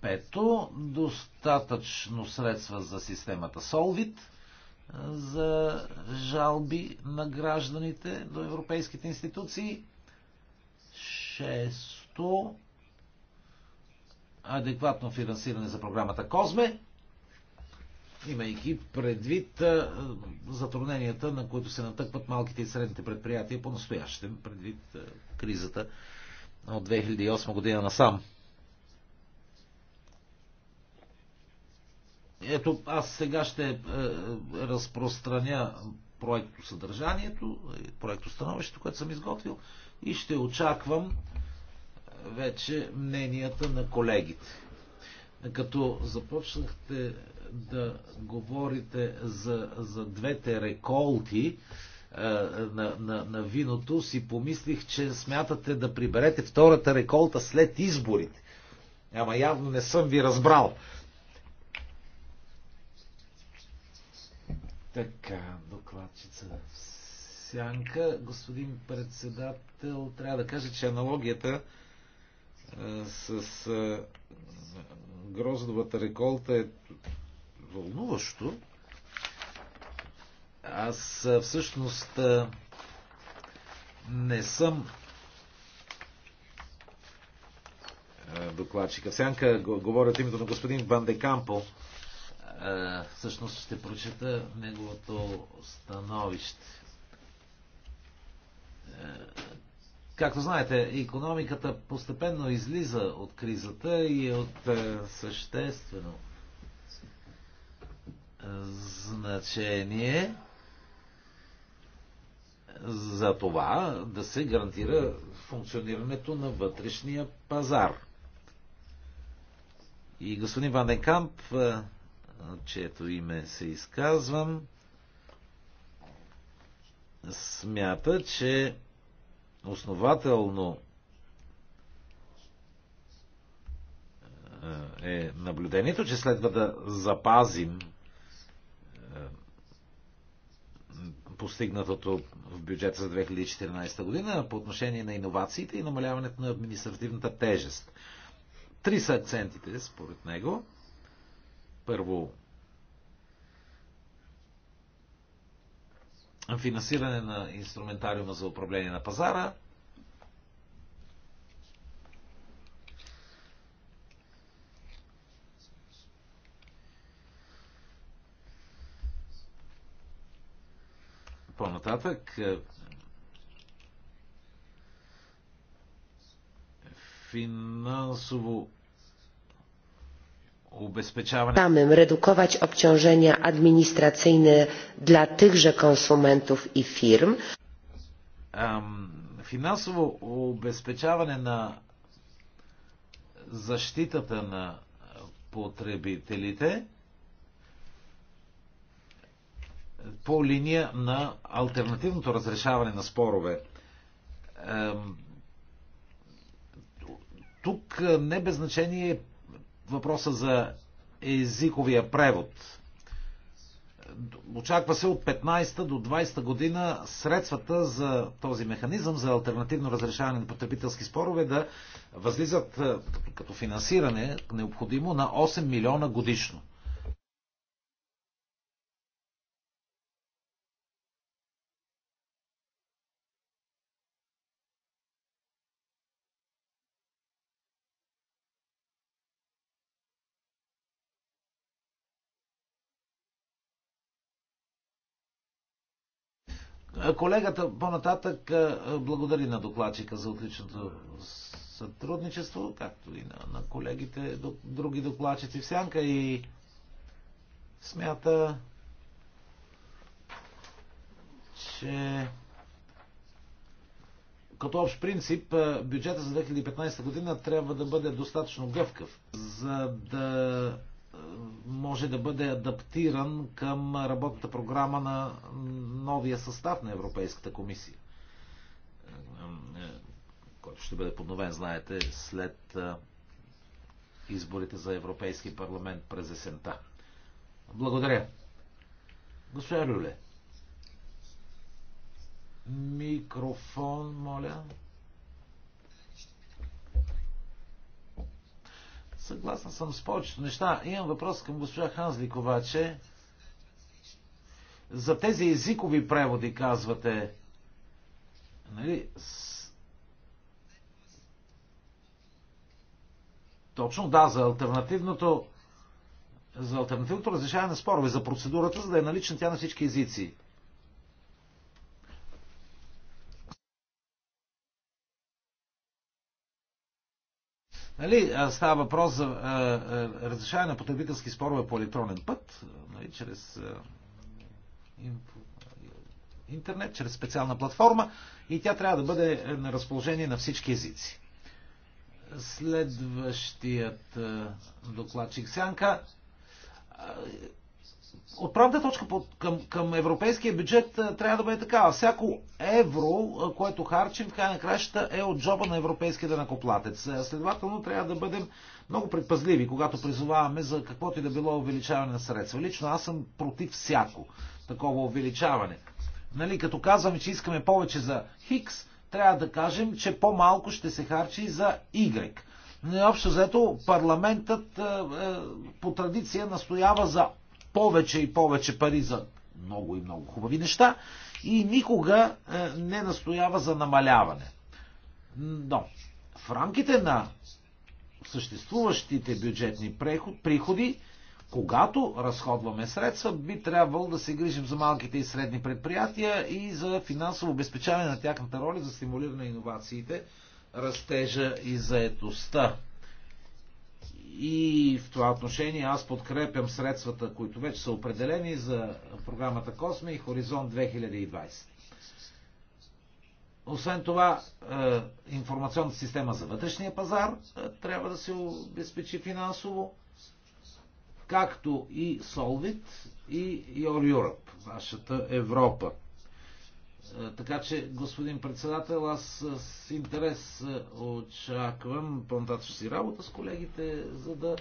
Пето, достатъчно средства за системата Солвит за жалби на гражданите до европейските институции – Шесто, адекватно финансиране за програмата Козме, имайки предвид затрудненията, на които се натъкват малките и средните предприятия по-настоящем, предвид кризата от 2008 година насам. Ето, аз сега ще е, разпространя проекто съдържанието, проекто становището, което съм изготвил и ще очаквам е, вече мненията на колегите. Като започнахте да говорите за, за двете реколти а, е, на, на, на виното, си помислих, че смятате да приберете втората реколта след изборите. Ама явно не съм ви разбрал. Така, докладчица сянка. Господин председател, трябва да кажа, че аналогията с а, гроздовата реколта е вълнуващо. Аз всъщност не съм докладчика. Сянка говоря от името на господин Ван де Кампо. Всъщност ще прочета неговото становище. Както знаете, економиката постепенно излиза от кризата и е от е, съществено е, значение за това да се гарантира функционирането на вътрешния пазар. И господин Ванекамп, е, чието име се изказвам, смята, че основателно е, е наблюдението, че следва да запазим е, постигнатото в бюджета за 2014 година по отношение на иновациите и намаляването на административната тежест. Три са акцентите, според него. Първо, финансиране на инструментариума за управление на пазара. По-нататък е, финансово samym redukować obciążenia administracyjne dla tychże konsumentów i firm. Финансово обезпечаване на защитата на потребителите по линия на альтернативното разрешаване на спорове. Тук не без значение е въпроса за езиковия превод. Очаква се от 15-та до 20-та година средствата за този механизъм за альтернативно разрешаване на потребителски спорове да възлизат като финансиране необходимо на 8 милиона годишно. Колегата по-нататък благодари на докладчика за отличното сътрудничество, както и на, на колегите, други докладчици в сянка и смята, че като общ принцип бюджета за 2015 година трябва да бъде достатъчно гъвкав, за да може да бъде адаптиран към работната програма на новия състав на Европейската комисия, е, който ще бъде подновен, знаете, след е, изборите за Европейски парламент през есента. Благодаря. Госпожа Люле. Микрофон, моля. Съгласна съм с повечето неща. Имам въпрос към госпожа Ханзлик обаче. За тези езикови преводи казвате. Нали, с... Точно да, за альтернативното за альтернативното разрешаване на спорове, за процедурата, за да е налична тя на всички езици. Нали, става въпрос за разрешаване на потребителски спорове по електронен път, нали, чрез интернет, чрез специална платформа и тя трябва да бъде на разположение на всички езици. Следващият докладчик Сянка отправната точка под, към, към европейския бюджет трябва да бъде такава. Всяко евро, което харчим, в край на кращата е от джоба на европейския данакоплатец. Следователно трябва да бъдем много предпазливи, когато призоваваме за каквото и да било увеличаване на средства. Лично аз съм против всяко такова увеличаване. Нали, като казваме, че искаме повече за Хикс, трябва да кажем, че по-малко ще се харчи за Y. Общо заето парламентът по традиция настоява за повече и повече пари за много и много хубави неща и никога е, не настоява за намаляване. Но в рамките на съществуващите бюджетни приходи, когато разходваме средства, би трябвало да се грижим за малките и средни предприятия и за финансово обезпечаване на тяхната роля за стимулиране на иновациите, растежа и заетостта. И в това отношение аз подкрепям средствата, които вече са определени за програмата Косме и Хоризонт 2020. Освен това, е, информационната система за вътрешния пазар е, трябва да се обезпечи финансово, както и Solvit и Your Europe, нашата Европа. Е, така че, господин председател, аз е, с интерес е, очаквам по си работа с колегите, за да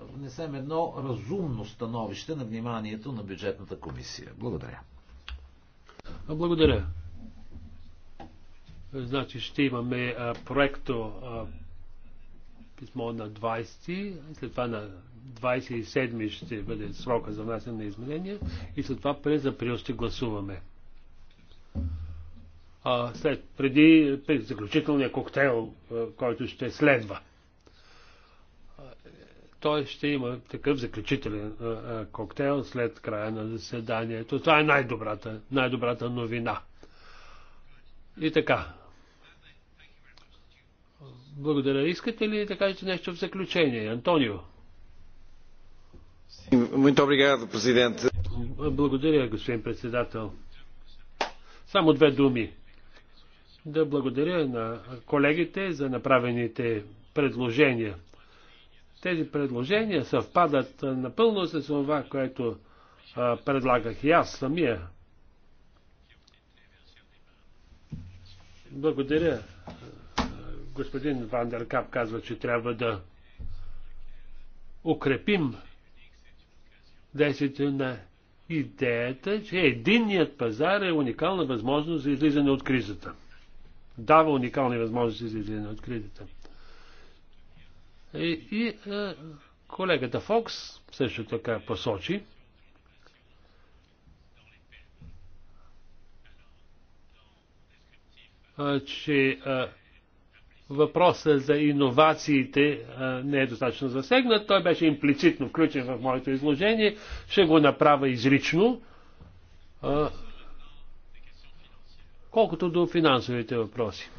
внесем едно разумно становище на вниманието на бюджетната комисия. Благодаря. Благодаря. Значи ще имаме а, проекто а, писмо на 20, след това на 27 ще бъде срока за внасяне на изменения и след това през април ще гласуваме а, след, преди заключителния коктейл, а, който ще следва. Той ще има такъв заключителен а, а, коктейл след края на заседанието. Това е най-добрата, най-добрата новина. И така. Благодаря. Искате ли да кажете нещо в заключение, Антонио? Благодаря, господин председател. Само две думи да благодаря на колегите за направените предложения. Тези предложения съвпадат напълно с това, което предлагах и аз самия. Благодаря. Господин Вандеркап казва, че трябва да укрепим действието на идеята, че единният пазар е уникална възможност за излизане от кризата дава уникални възможности за излизане от кризата. И, е, и е, колегата Фокс също така посочи, че е, въпросът за иновациите е, не е достатъчно засегнат. Той беше имплицитно включен в моето изложение. Ще го направя изрично. Колкото до финансовите въпроси.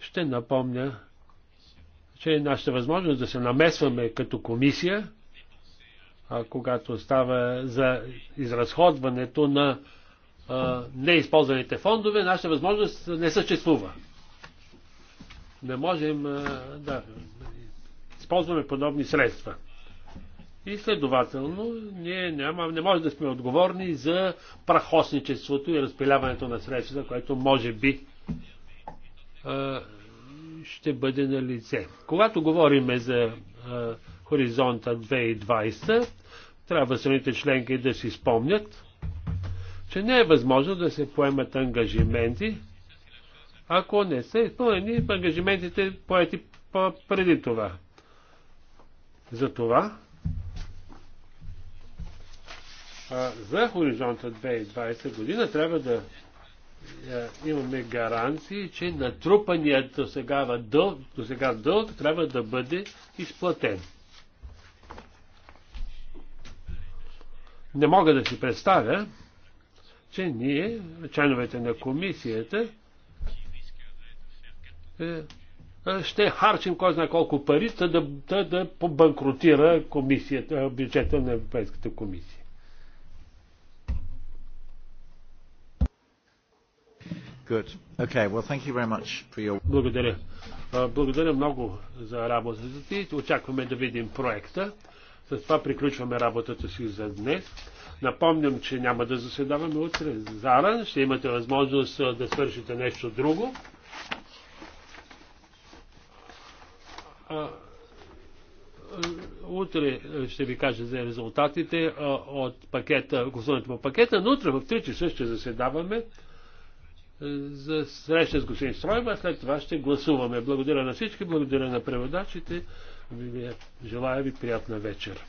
Ще напомня, че е нашата възможност да се намесваме като комисия, а, когато става за изразходването на а, неизползваните фондове, нашата възможност не съществува. Не можем а, да използваме подобни средства. И следователно, ние няма, не може да сме отговорни за прахосничеството и разпиляването на средства, което може би а, ще бъде на лице. Когато говорим за а, хоризонта 2020, трябва самите членки да си спомнят, че не е възможно да се поемат ангажименти, ако не са изпълнени ангажиментите поети преди това. Затова за хоризонта 2020 година трябва да е, имаме гаранции, че натрупаният до сега дълг, до сега дълг трябва да бъде изплатен. Не мога да си представя, че ние, членовете на комисията, е, е, ще харчим кой знае колко пари, за да, да, да побанкротира комисията, бюджета на Европейската комисия. Good. Okay. Well, thank you very much for your... Благодаря. Благодаря много за работата ти. Очакваме да видим проекта. С това приключваме работата си за днес. Напомням, че няма да заседаваме утре. Заран ще имате възможност да свършите нещо друго. утре ще ви кажа за резултатите от пакета, гласуването по пакета, но утре в 3 часа ще заседаваме за среща с господин Стройба, след това ще гласуваме. Благодаря на всички, благодаря на преводачите. Желая ви приятна вечер.